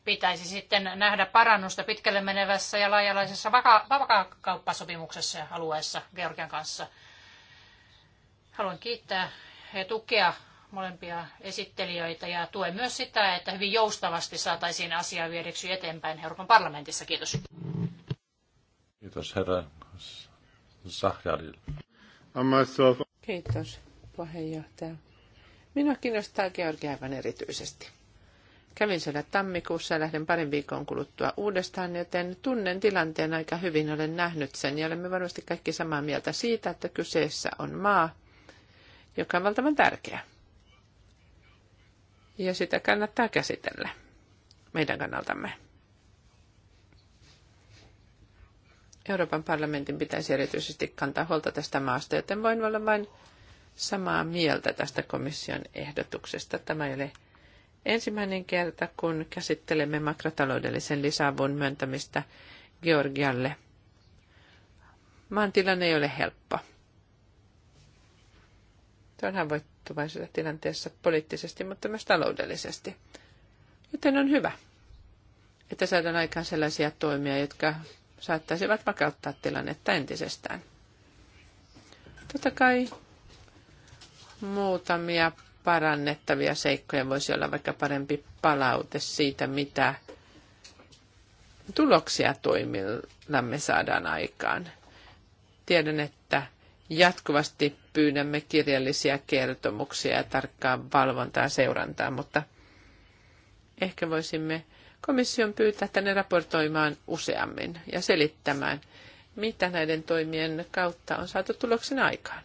pitäisi sitten nähdä parannusta pitkälle menevässä ja laajalaisessa vapaakauppasopimuksessa ja alueessa Georgian kanssa. Haluan kiittää ja tukea molempia esittelijöitä ja tuen myös sitä, että hyvin joustavasti saataisiin asiaa viedyksi eteenpäin Euroopan parlamentissa. Kiitos. Kiitos herra Zahjaril. Kiitos puheenjohtaja. Minua kiinnostaa Georgia aivan erityisesti. Kävin siellä tammikuussa ja lähden parin viikon kuluttua uudestaan, joten tunnen tilanteen aika hyvin, olen nähnyt sen ja olemme varmasti kaikki samaa mieltä siitä, että kyseessä on maa, joka on valtavan tärkeä. Ja sitä kannattaa käsitellä meidän kannaltamme. Euroopan parlamentin pitäisi erityisesti kantaa huolta tästä maasta, joten voin olla vain samaa mieltä tästä komission ehdotuksesta. Tämä ei ole Ensimmäinen kerta, kun käsittelemme makrotaloudellisen lisäavun myöntämistä Georgialle. Maan tilanne ei ole helppo. Se on haavoittuvaisessa tilanteessa poliittisesti, mutta myös taloudellisesti. Joten on hyvä, että saadaan aikaan sellaisia toimia, jotka saattaisivat vakauttaa tilannetta entisestään. Totta kai muutamia parannettavia seikkoja voisi olla vaikka parempi palaute siitä, mitä tuloksia toimillamme saadaan aikaan. Tiedän, että jatkuvasti pyydämme kirjallisia kertomuksia ja tarkkaa valvontaa seurantaa, mutta ehkä voisimme komission pyytää tänne raportoimaan useammin ja selittämään, mitä näiden toimien kautta on saatu tuloksen aikaan.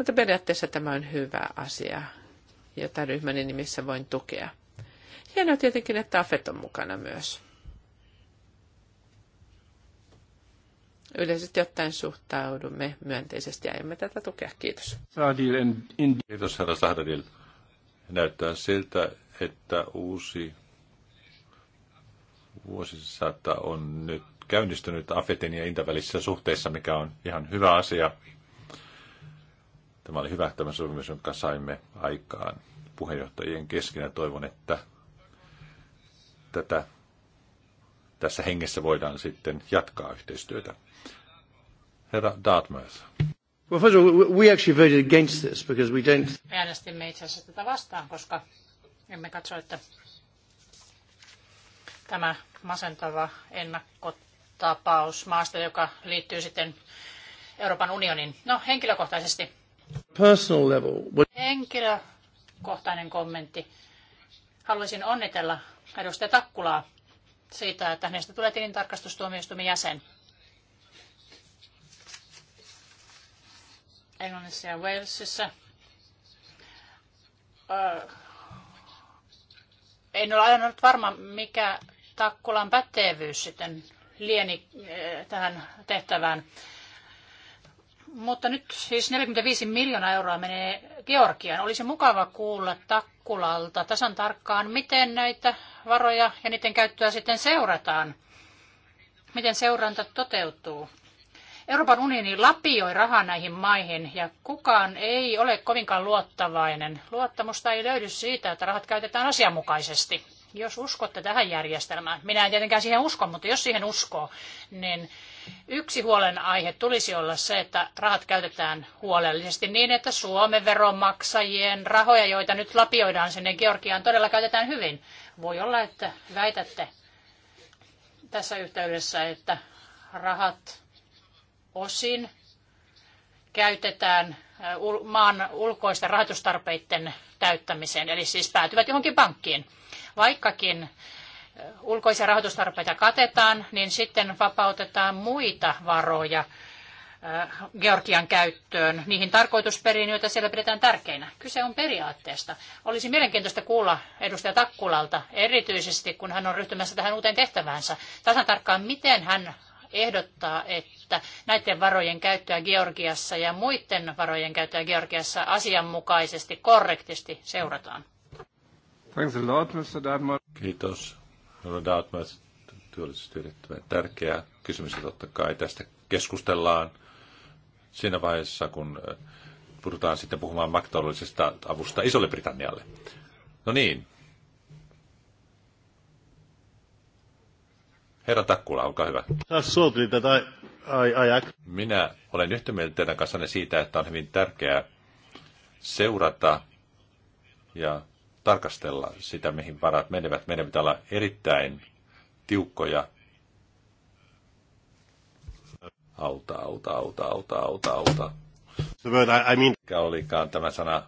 Mutta periaatteessa tämä on hyvä asia, jota ryhmäni nimissä voin tukea. Hienoa tietenkin, että AFET on mukana myös. Yleisesti ottaen suhtaudumme myönteisesti ja emme tätä tukea. Kiitos. Kiitos herra Sahradil. Näyttää siltä, että uusi vuosisata on nyt käynnistynyt Afetin ja Intavälisessä suhteessa, mikä on ihan hyvä asia. Tämä oli hyvä tämä sopimus, jonka saimme aikaan puheenjohtajien kesken ja toivon, että tätä, tässä hengessä voidaan sitten jatkaa yhteistyötä. Herra Dartmouth. Well, first of all, we actually voted against this because we don't... äänestimme itse asiassa tätä vastaan, koska emme katso, että tämä masentava ennakkotapaus maasta, joka liittyy sitten Euroopan unionin. No henkilökohtaisesti personal level. Henkilökohtainen kommentti. Haluaisin onnitella edustaja Takkulaa siitä, että hänestä tulee tilintarkastustuomioistuimen jäsen. Englannissa ja Walesissa. en ole aina nyt varma, mikä Takkulan pätevyys sitten lieni tähän tehtävään mutta nyt siis 45 miljoonaa euroa menee Georgiaan. Olisi mukava kuulla Takkulalta tasan tarkkaan, miten näitä varoja ja niiden käyttöä sitten seurataan. Miten seuranta toteutuu? Euroopan unioni lapioi rahaa näihin maihin ja kukaan ei ole kovinkaan luottavainen. Luottamusta ei löydy siitä, että rahat käytetään asianmukaisesti. Jos uskotte tähän järjestelmään, minä en tietenkään siihen usko, mutta jos siihen uskoo, niin Yksi huolenaihe tulisi olla se, että rahat käytetään huolellisesti niin, että Suomen veronmaksajien rahoja, joita nyt lapioidaan sinne Georgiaan, todella käytetään hyvin. Voi olla, että väitätte tässä yhteydessä, että rahat osin käytetään äh, maan ulkoisten rahoitustarpeiden täyttämiseen, eli siis päätyvät johonkin pankkiin. Vaikkakin ulkoisia rahoitustarpeita katetaan, niin sitten vapautetaan muita varoja äh, Georgian käyttöön niihin tarkoitusperiin, joita siellä pidetään tärkeinä. Kyse on periaatteesta. Olisi mielenkiintoista kuulla edustaja Takkulalta, erityisesti kun hän on ryhtymässä tähän uuteen tehtäväänsä, tasan tarkkaan, miten hän ehdottaa, että näiden varojen käyttöä Georgiassa ja muiden varojen käyttöä Georgiassa asianmukaisesti, korrektisti seurataan. Kiitos, No Dartmouth työllisyys on tärkeä kysymys, ja totta kai tästä keskustellaan siinä vaiheessa, kun äh, puhutaan sitten puhumaan maktaloudellisesta avusta Isolle Britannialle. No niin. Herra Takkula, olkaa hyvä. Minä olen yhtä mieltä teidän kanssanne siitä, että on hyvin tärkeää seurata ja tarkastella sitä, mihin varat menevät. Meidän pitää olla erittäin tiukkoja. Auta, auta, auta, auta, auta, auta. The word I, I mean... Mikä olikaan tämä sana?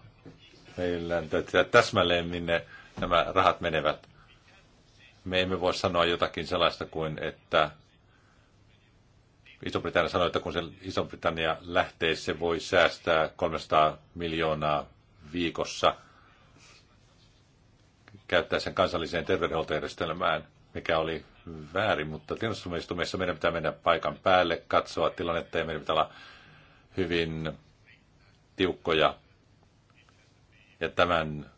Meillä täytyy täsmälleen, minne nämä rahat menevät. Me emme voi sanoa jotakin sellaista kuin, että Iso-Britannia sanoi, että kun se Iso-Britannia lähtee, se voi säästää 300 miljoonaa viikossa – käyttää sen kansalliseen terveydenhuoltojärjestelmään, mikä oli väärin, mutta tilastumistumissa meidän pitää mennä paikan päälle, katsoa tilannetta ja meidän pitää olla hyvin tiukkoja. Ja tämän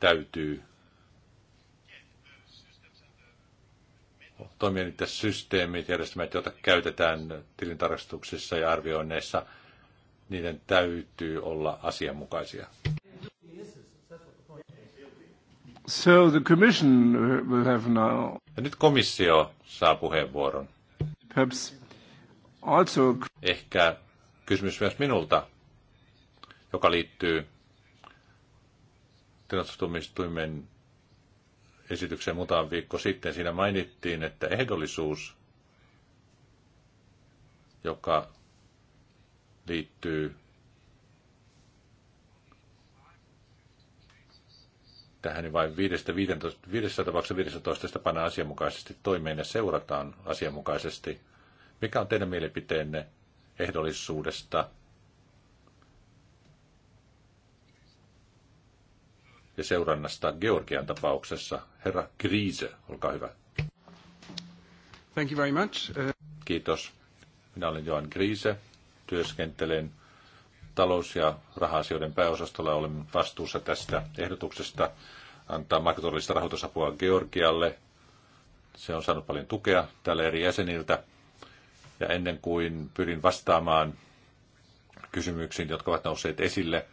täytyy toimia niitä systeemit, järjestelmät, joita käytetään tilintarkastuksissa ja arvioinneissa, niiden täytyy olla asianmukaisia. So the commission uh, will have now. Ja nyt komissio saa puheenvuoron. Perhaps also... Ehkä kysymys myös minulta, joka liittyy tilastumistuimen esitykseen muutama viikko sitten. Siinä mainittiin, että ehdollisuus, joka liittyy että hänen niin vain 5 tapauksessa 15 sitä panna asianmukaisesti toimeen ja seurataan asianmukaisesti. Mikä on teidän mielipiteenne ehdollisuudesta ja seurannasta Georgian tapauksessa? Herra Griese, olkaa hyvä. Thank you very much. Kiitos. Minä olen Johan Griise, työskentelen talous- ja rahasioiden pääosastolla olemme vastuussa tästä ehdotuksesta antaa makrotaloudellista rahoitusapua Georgialle. Se on saanut paljon tukea täällä eri jäseniltä. Ja ennen kuin pyrin vastaamaan kysymyksiin, jotka ovat nousseet esille,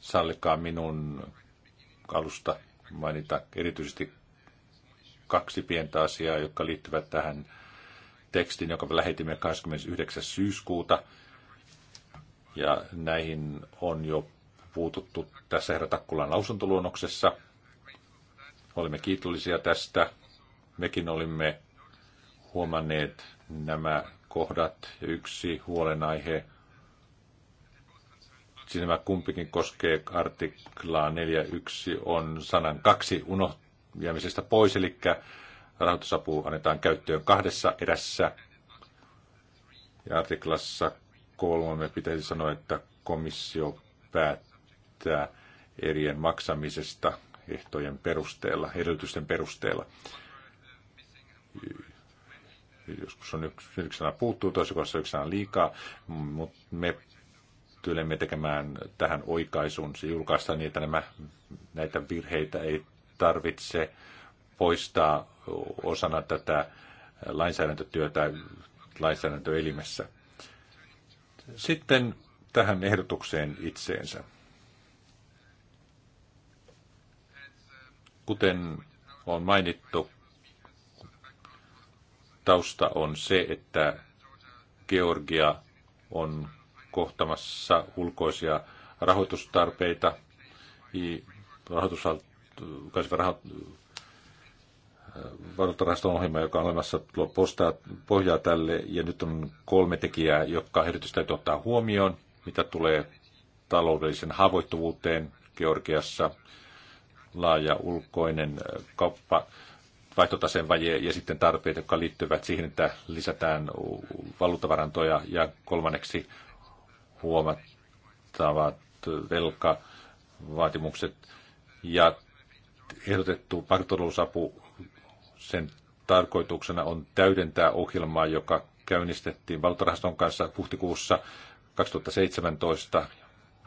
sallikaa minun alusta mainita erityisesti kaksi pientä asiaa, jotka liittyvät tähän tekstiin, jonka lähetimme 29. syyskuuta – ja näihin on jo puututtu tässä herra Takkulan lausuntoluonnoksessa. Olemme kiitollisia tästä. Mekin olimme huomanneet nämä kohdat. Yksi huolenaihe, siis nämä kumpikin koskee artiklaa 4.1, on sanan kaksi unohtamisesta pois, eli rahoitusapu annetaan käyttöön kahdessa erässä. Ja artiklassa kolme pitäisi sanoa, että komissio päättää erien maksamisesta ehtojen perusteella, edellytysten perusteella. Joskus on yksi, yksi sana puuttuu, toisessa kohdassa yksi sana liikaa, mutta me tyylemme tekemään tähän oikaisun. Se julkaistaan niin, että nämä, näitä virheitä ei tarvitse poistaa osana tätä lainsäädäntötyötä lainsäädäntöelimessä. Sitten tähän ehdotukseen itseensä. Kuten on mainittu, tausta on se, että Georgia on kohtamassa ulkoisia rahoitustarpeita, rahoitus, valuuttarahaston ohjelma, joka on olemassa postaa, pohjaa tälle, ja nyt on kolme tekijää, jotka erityisesti täytyy ottaa huomioon, mitä tulee taloudellisen haavoittuvuuteen Georgiassa, laaja ulkoinen kauppa, vaihtotaseen vaje ja sitten tarpeet, jotka liittyvät siihen, että lisätään valuuttavarantoja ja kolmanneksi huomattavat velkavaatimukset ja ehdotettu makrotalousapu sen tarkoituksena on täydentää ohjelmaa, joka käynnistettiin valtorahaston kanssa huhtikuussa 2017.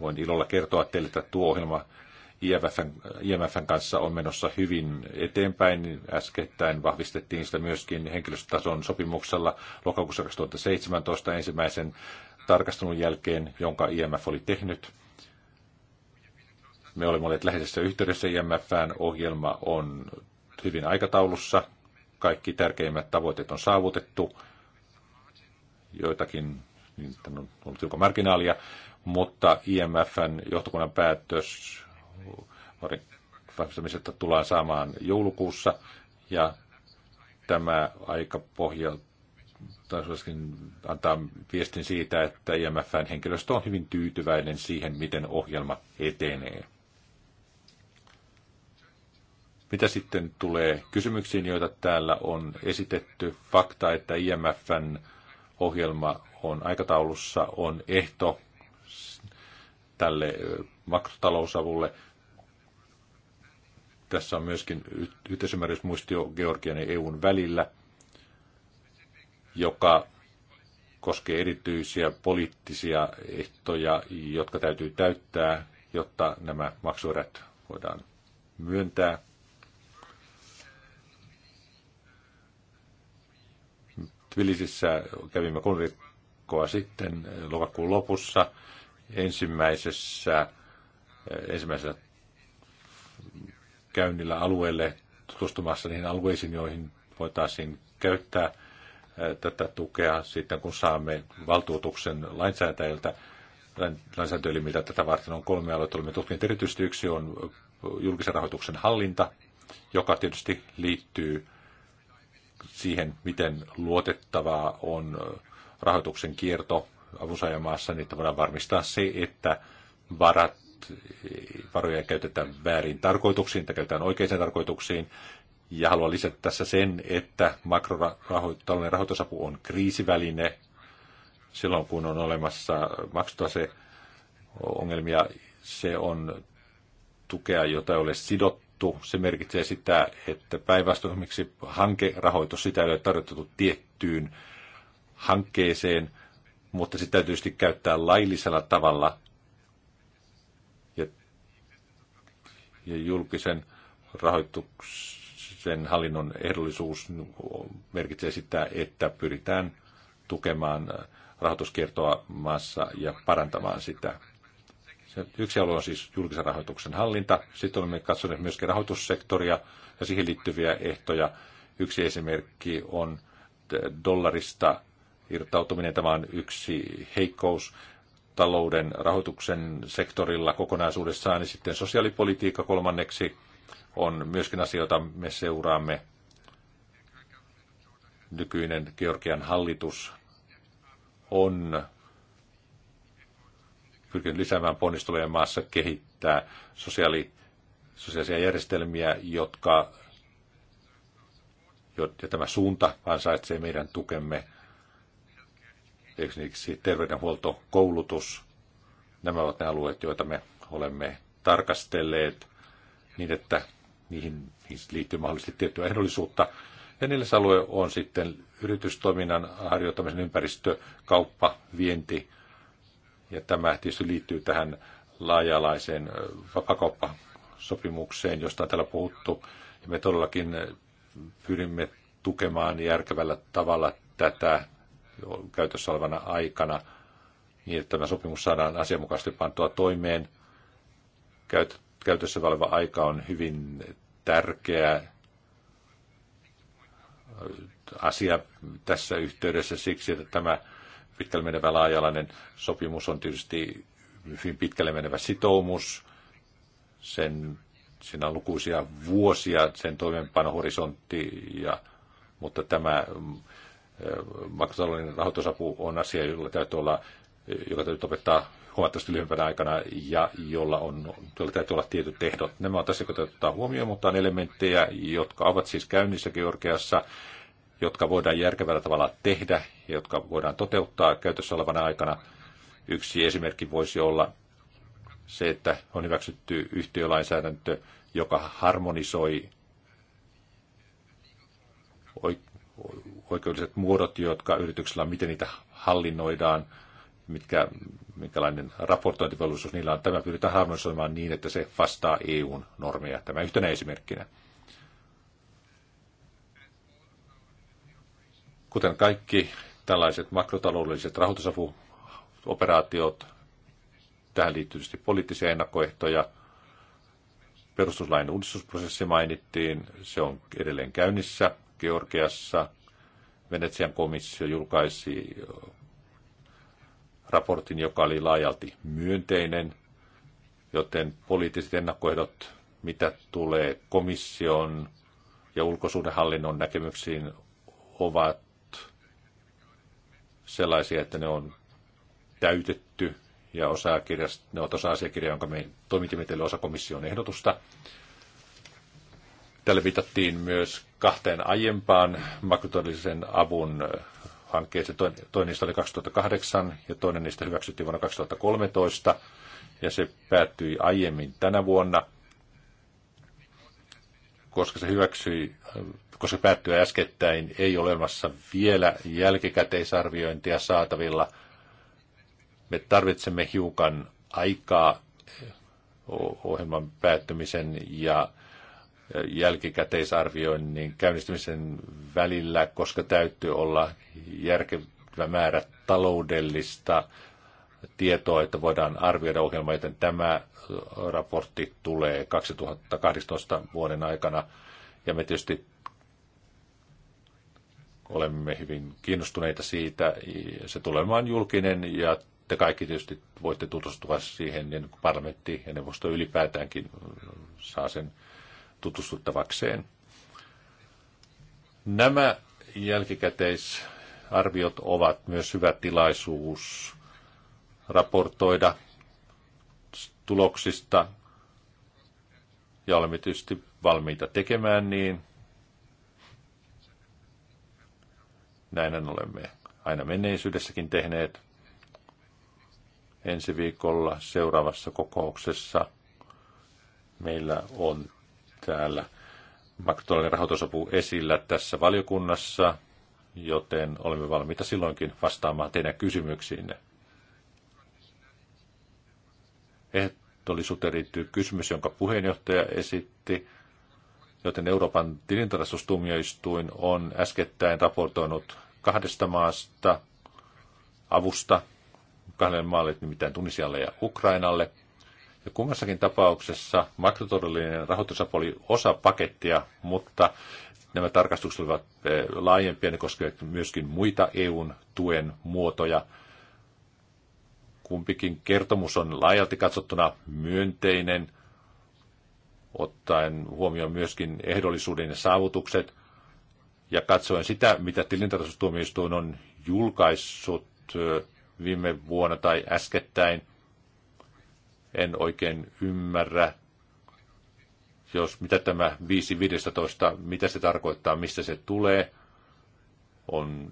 Voin ilolla kertoa teille, että tuo ohjelma IMFn, IMFn kanssa on menossa hyvin eteenpäin. Äskettäin vahvistettiin sitä myöskin henkilöstötason sopimuksella lokakuussa 2017 ensimmäisen tarkastelun jälkeen, jonka IMF oli tehnyt. Me olemme olleet läheisessä yhteydessä IMFään. Ohjelma on hyvin aikataulussa. Kaikki tärkeimmät tavoitteet on saavutettu. Joitakin niin on ollut hiukan marginaalia, mutta IMFn johtokunnan päätös vahvistamisesta tullaan saamaan joulukuussa ja tämä aika pohjalta antaa viestin siitä, että IMFn henkilöstö on hyvin tyytyväinen siihen, miten ohjelma etenee. Mitä sitten tulee kysymyksiin, joita täällä on esitetty? Fakta, että IMFn ohjelma on aikataulussa, on ehto tälle makrotalousavulle. Tässä on myöskin yhteisymmärrysmuistio Georgian ja EUn välillä, joka koskee erityisiä poliittisia ehtoja, jotka täytyy täyttää, jotta nämä maksuerät voidaan myöntää. Tbilisissä kävimme kolme viikkoa sitten eh, lokakuun lopussa ensimmäisessä, eh, ensimmäisellä käynnillä alueelle tutustumassa niihin alueisiin, joihin voitaisiin käyttää eh, tätä tukea sitten, kun saamme valtuutuksen lainsäätäjiltä, lainsäädäntöelimiltä tätä varten on kolme aluetta. Olemme tutkineet erityisesti yksi on julkisen rahoituksen hallinta, joka tietysti liittyy siihen, miten luotettavaa on rahoituksen kierto avunsaajamaassa, niin voidaan varmistaa se, että varat, e, varoja käytetään väärin tarkoituksiin tai käytetään oikeisiin tarkoituksiin. Ja haluan lisätä tässä sen, että makrotalouden rahoitusapu on kriisiväline silloin, kun on olemassa maksutase ongelmia. Se on tukea, jota ei ole sidottu tarjottu. Se merkitsee sitä, että päinvastoin miksi hankerahoitus sitä ei ole tarjottu tiettyyn hankkeeseen, mutta sitä täytyy tietysti käyttää laillisella tavalla ja, ja julkisen rahoituksen hallinnon ehdollisuus merkitsee sitä, että pyritään tukemaan rahoituskiertoa maassa ja parantamaan sitä. Se yksi alue on siis julkisen rahoituksen hallinta. Sitten olemme katsoneet myöskin rahoitussektoria ja siihen liittyviä ehtoja. Yksi esimerkki on dollarista irtautuminen. Tämä on yksi heikkous talouden rahoituksen sektorilla kokonaisuudessaan. Niin sitten sosiaalipolitiikka kolmanneksi on myöskin asioita, me seuraamme. Nykyinen Georgian hallitus on pyrkinyt lisäämään ponnisteluja maassa kehittää sosiaali, sosiaalisia järjestelmiä, jotka ja tämä suunta ansaitsee meidän tukemme. Esimerkiksi terveydenhuolto, koulutus, nämä ovat ne alueet, joita me olemme tarkastelleet niin, että niihin, niihin liittyy mahdollisesti tiettyä ehdollisuutta. Ja neljäs alue on sitten yritystoiminnan harjoittamisen ympäristö, kauppa, vienti, ja tämä tietysti liittyy tähän laajalaiseen vapakauppasopimukseen, josta on täällä puhuttu. Ja me todellakin pyrimme tukemaan järkevällä tavalla tätä käytössä olevana aikana, niin että tämä sopimus saadaan asianmukaisesti pantua toimeen. Käytössä oleva aika on hyvin tärkeä asia tässä yhteydessä siksi, että tämä pitkälle menevä laajalainen sopimus on tietysti hyvin pitkälle menevä sitoumus. Sen, siinä on lukuisia vuosia sen toimeenpanohorisontti, ja, mutta tämä mm, eh, maksatalouden rahoitusapu on asia, jolla täytyy olla, eh, joka täytyy opettaa huomattavasti lyhyempänä aikana ja jolla, on, jolla täytyy olla tietyt ehdot. Nämä on tässä, kun ottaa huomioon, mutta on elementtejä, jotka ovat siis käynnissä Georgiassa jotka voidaan järkevällä tavalla tehdä, jotka voidaan toteuttaa käytössä olevana aikana. Yksi esimerkki voisi olla se, että on hyväksytty yhtiölainsäädäntö, joka harmonisoi oikeudelliset muodot, jotka yrityksillä on, miten niitä hallinnoidaan, mitkä, minkälainen raportointivelvollisuus niillä on. Tämä pyritään harmonisoimaan niin, että se vastaa EUn normeja. Tämä yhtenä esimerkkinä. Kuten kaikki tällaiset makrotaloudelliset rahoitusapuoperaatiot, tähän liittyy tietysti poliittisia ennakkoehtoja. Perustuslain uudistusprosessi mainittiin, se on edelleen käynnissä Georgiassa. Venetsian komissio julkaisi raportin, joka oli laajalti myönteinen, joten poliittiset ennakkoehdot, mitä tulee komission ja ulkosuudenhallinnon näkemyksiin, ovat sellaisia, että ne on täytetty ja osa ne ovat osa asiakirjaa, jonka me toimitimme teille komission ehdotusta. Tällä viitattiin myös kahteen aiempaan makrotodellisen avun äh, hankkeeseen. Toinen niistä oli 2008 ja toinen niistä hyväksyttiin vuonna 2013 ja se päättyi aiemmin tänä vuonna – koska se hyväksyi, koska päättyi äskettäin, ei ole olemassa vielä jälkikäteisarviointia saatavilla. Me tarvitsemme hiukan aikaa ohjelman päättymisen ja jälkikäteisarvioinnin käynnistymisen välillä, koska täytyy olla järkevä määrä taloudellista tietoa, että voidaan arvioida ohjelma, joten tämä raportti tulee 2018 vuoden aikana. Ja me tietysti olemme hyvin kiinnostuneita siitä. Se tulee olemaan julkinen ja te kaikki tietysti voitte tutustua siihen, niin kuin parlamentti ja neuvosto ylipäätäänkin saa sen tutustuttavakseen. Nämä jälkikäteisarviot ovat myös hyvä tilaisuus raportoida tuloksista ja olemme tietysti valmiita tekemään niin. Näin olemme aina menneisyydessäkin tehneet. Ensi viikolla seuraavassa kokouksessa meillä on täällä makrotuolinen rahoitusapu esillä tässä valiokunnassa, joten olemme valmiita silloinkin vastaamaan teidän kysymyksiinne ehdollisuuteen liittyy kysymys, jonka puheenjohtaja esitti, joten Euroopan tilintarastustuomioistuin on äskettäin raportoinut kahdesta maasta avusta kahdelle maalle, nimittäin Tunisialle ja Ukrainalle. Ja kummassakin tapauksessa makrotodellinen rahoitusapu oli osa pakettia, mutta nämä tarkastukset olivat eh, laajempia, ne koskevat myöskin muita EUn tuen muotoja – Kumpikin kertomus on laajalti katsottuna myönteinen, ottaen huomioon myöskin ehdollisuuden ja saavutukset, ja katsoen sitä, mitä tilintarkastustuomioistuin on julkaissut viime vuonna tai äskettäin, en oikein ymmärrä, jos mitä tämä 5.15, mitä se tarkoittaa, mistä se tulee on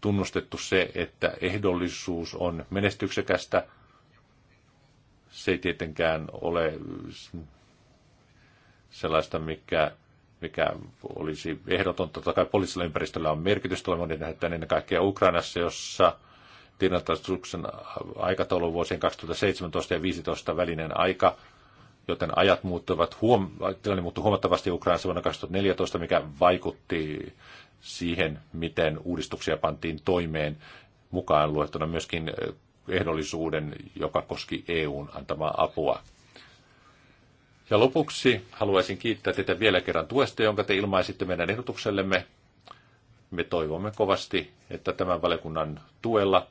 tunnustettu se, että ehdollisuus on menestyksekästä. Se ei tietenkään ole sellaista, mikä, mikä olisi ehdotonta. Totta kai poliittisella ympäristöllä on merkitystä. Olemme nähneet ennen kaikkea Ukrainassa, jossa tiedontastuksen aikataulu vuosien 2017 ja 2015 välinen aika – joten ajat muuttuivat huom- tilanne muuttui huomattavasti Ukrainassa vuonna 2014, mikä vaikutti siihen, miten uudistuksia pantiin toimeen mukaan luettuna myöskin eh, ehdollisuuden, joka koski EUn antamaa apua. Ja lopuksi haluaisin kiittää teitä vielä kerran tuesta, jonka te ilmaisitte meidän ehdotuksellemme. Me toivomme kovasti, että tämän valiokunnan tuella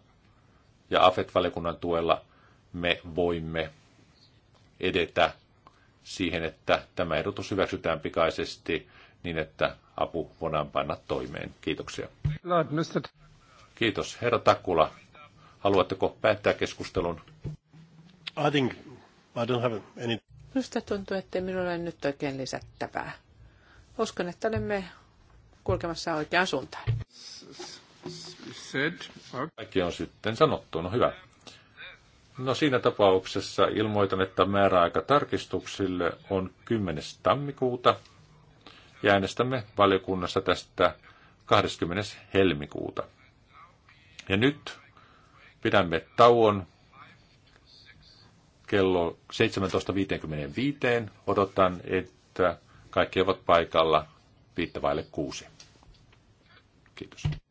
ja AFET-valiokunnan tuella me voimme edetä siihen, että tämä ehdotus hyväksytään pikaisesti niin, että apu voidaan panna toimeen. Kiitoksia. Kiitos. Herra Takula, haluatteko päättää keskustelun? I think I don't have any... Minusta tuntuu, että minulla ei nyt oikein lisättävää. Uskon, että olemme kulkemassa oikeaan suuntaan. Kaikki on sitten sanottu. No hyvä. No siinä tapauksessa ilmoitan, että määräaika tarkistuksille on 10. tammikuuta ja äänestämme valiokunnassa tästä 20. helmikuuta. Ja nyt pidämme tauon kello 17.55. Odotan, että kaikki ovat paikalla viittavaille kuusi. Kiitos.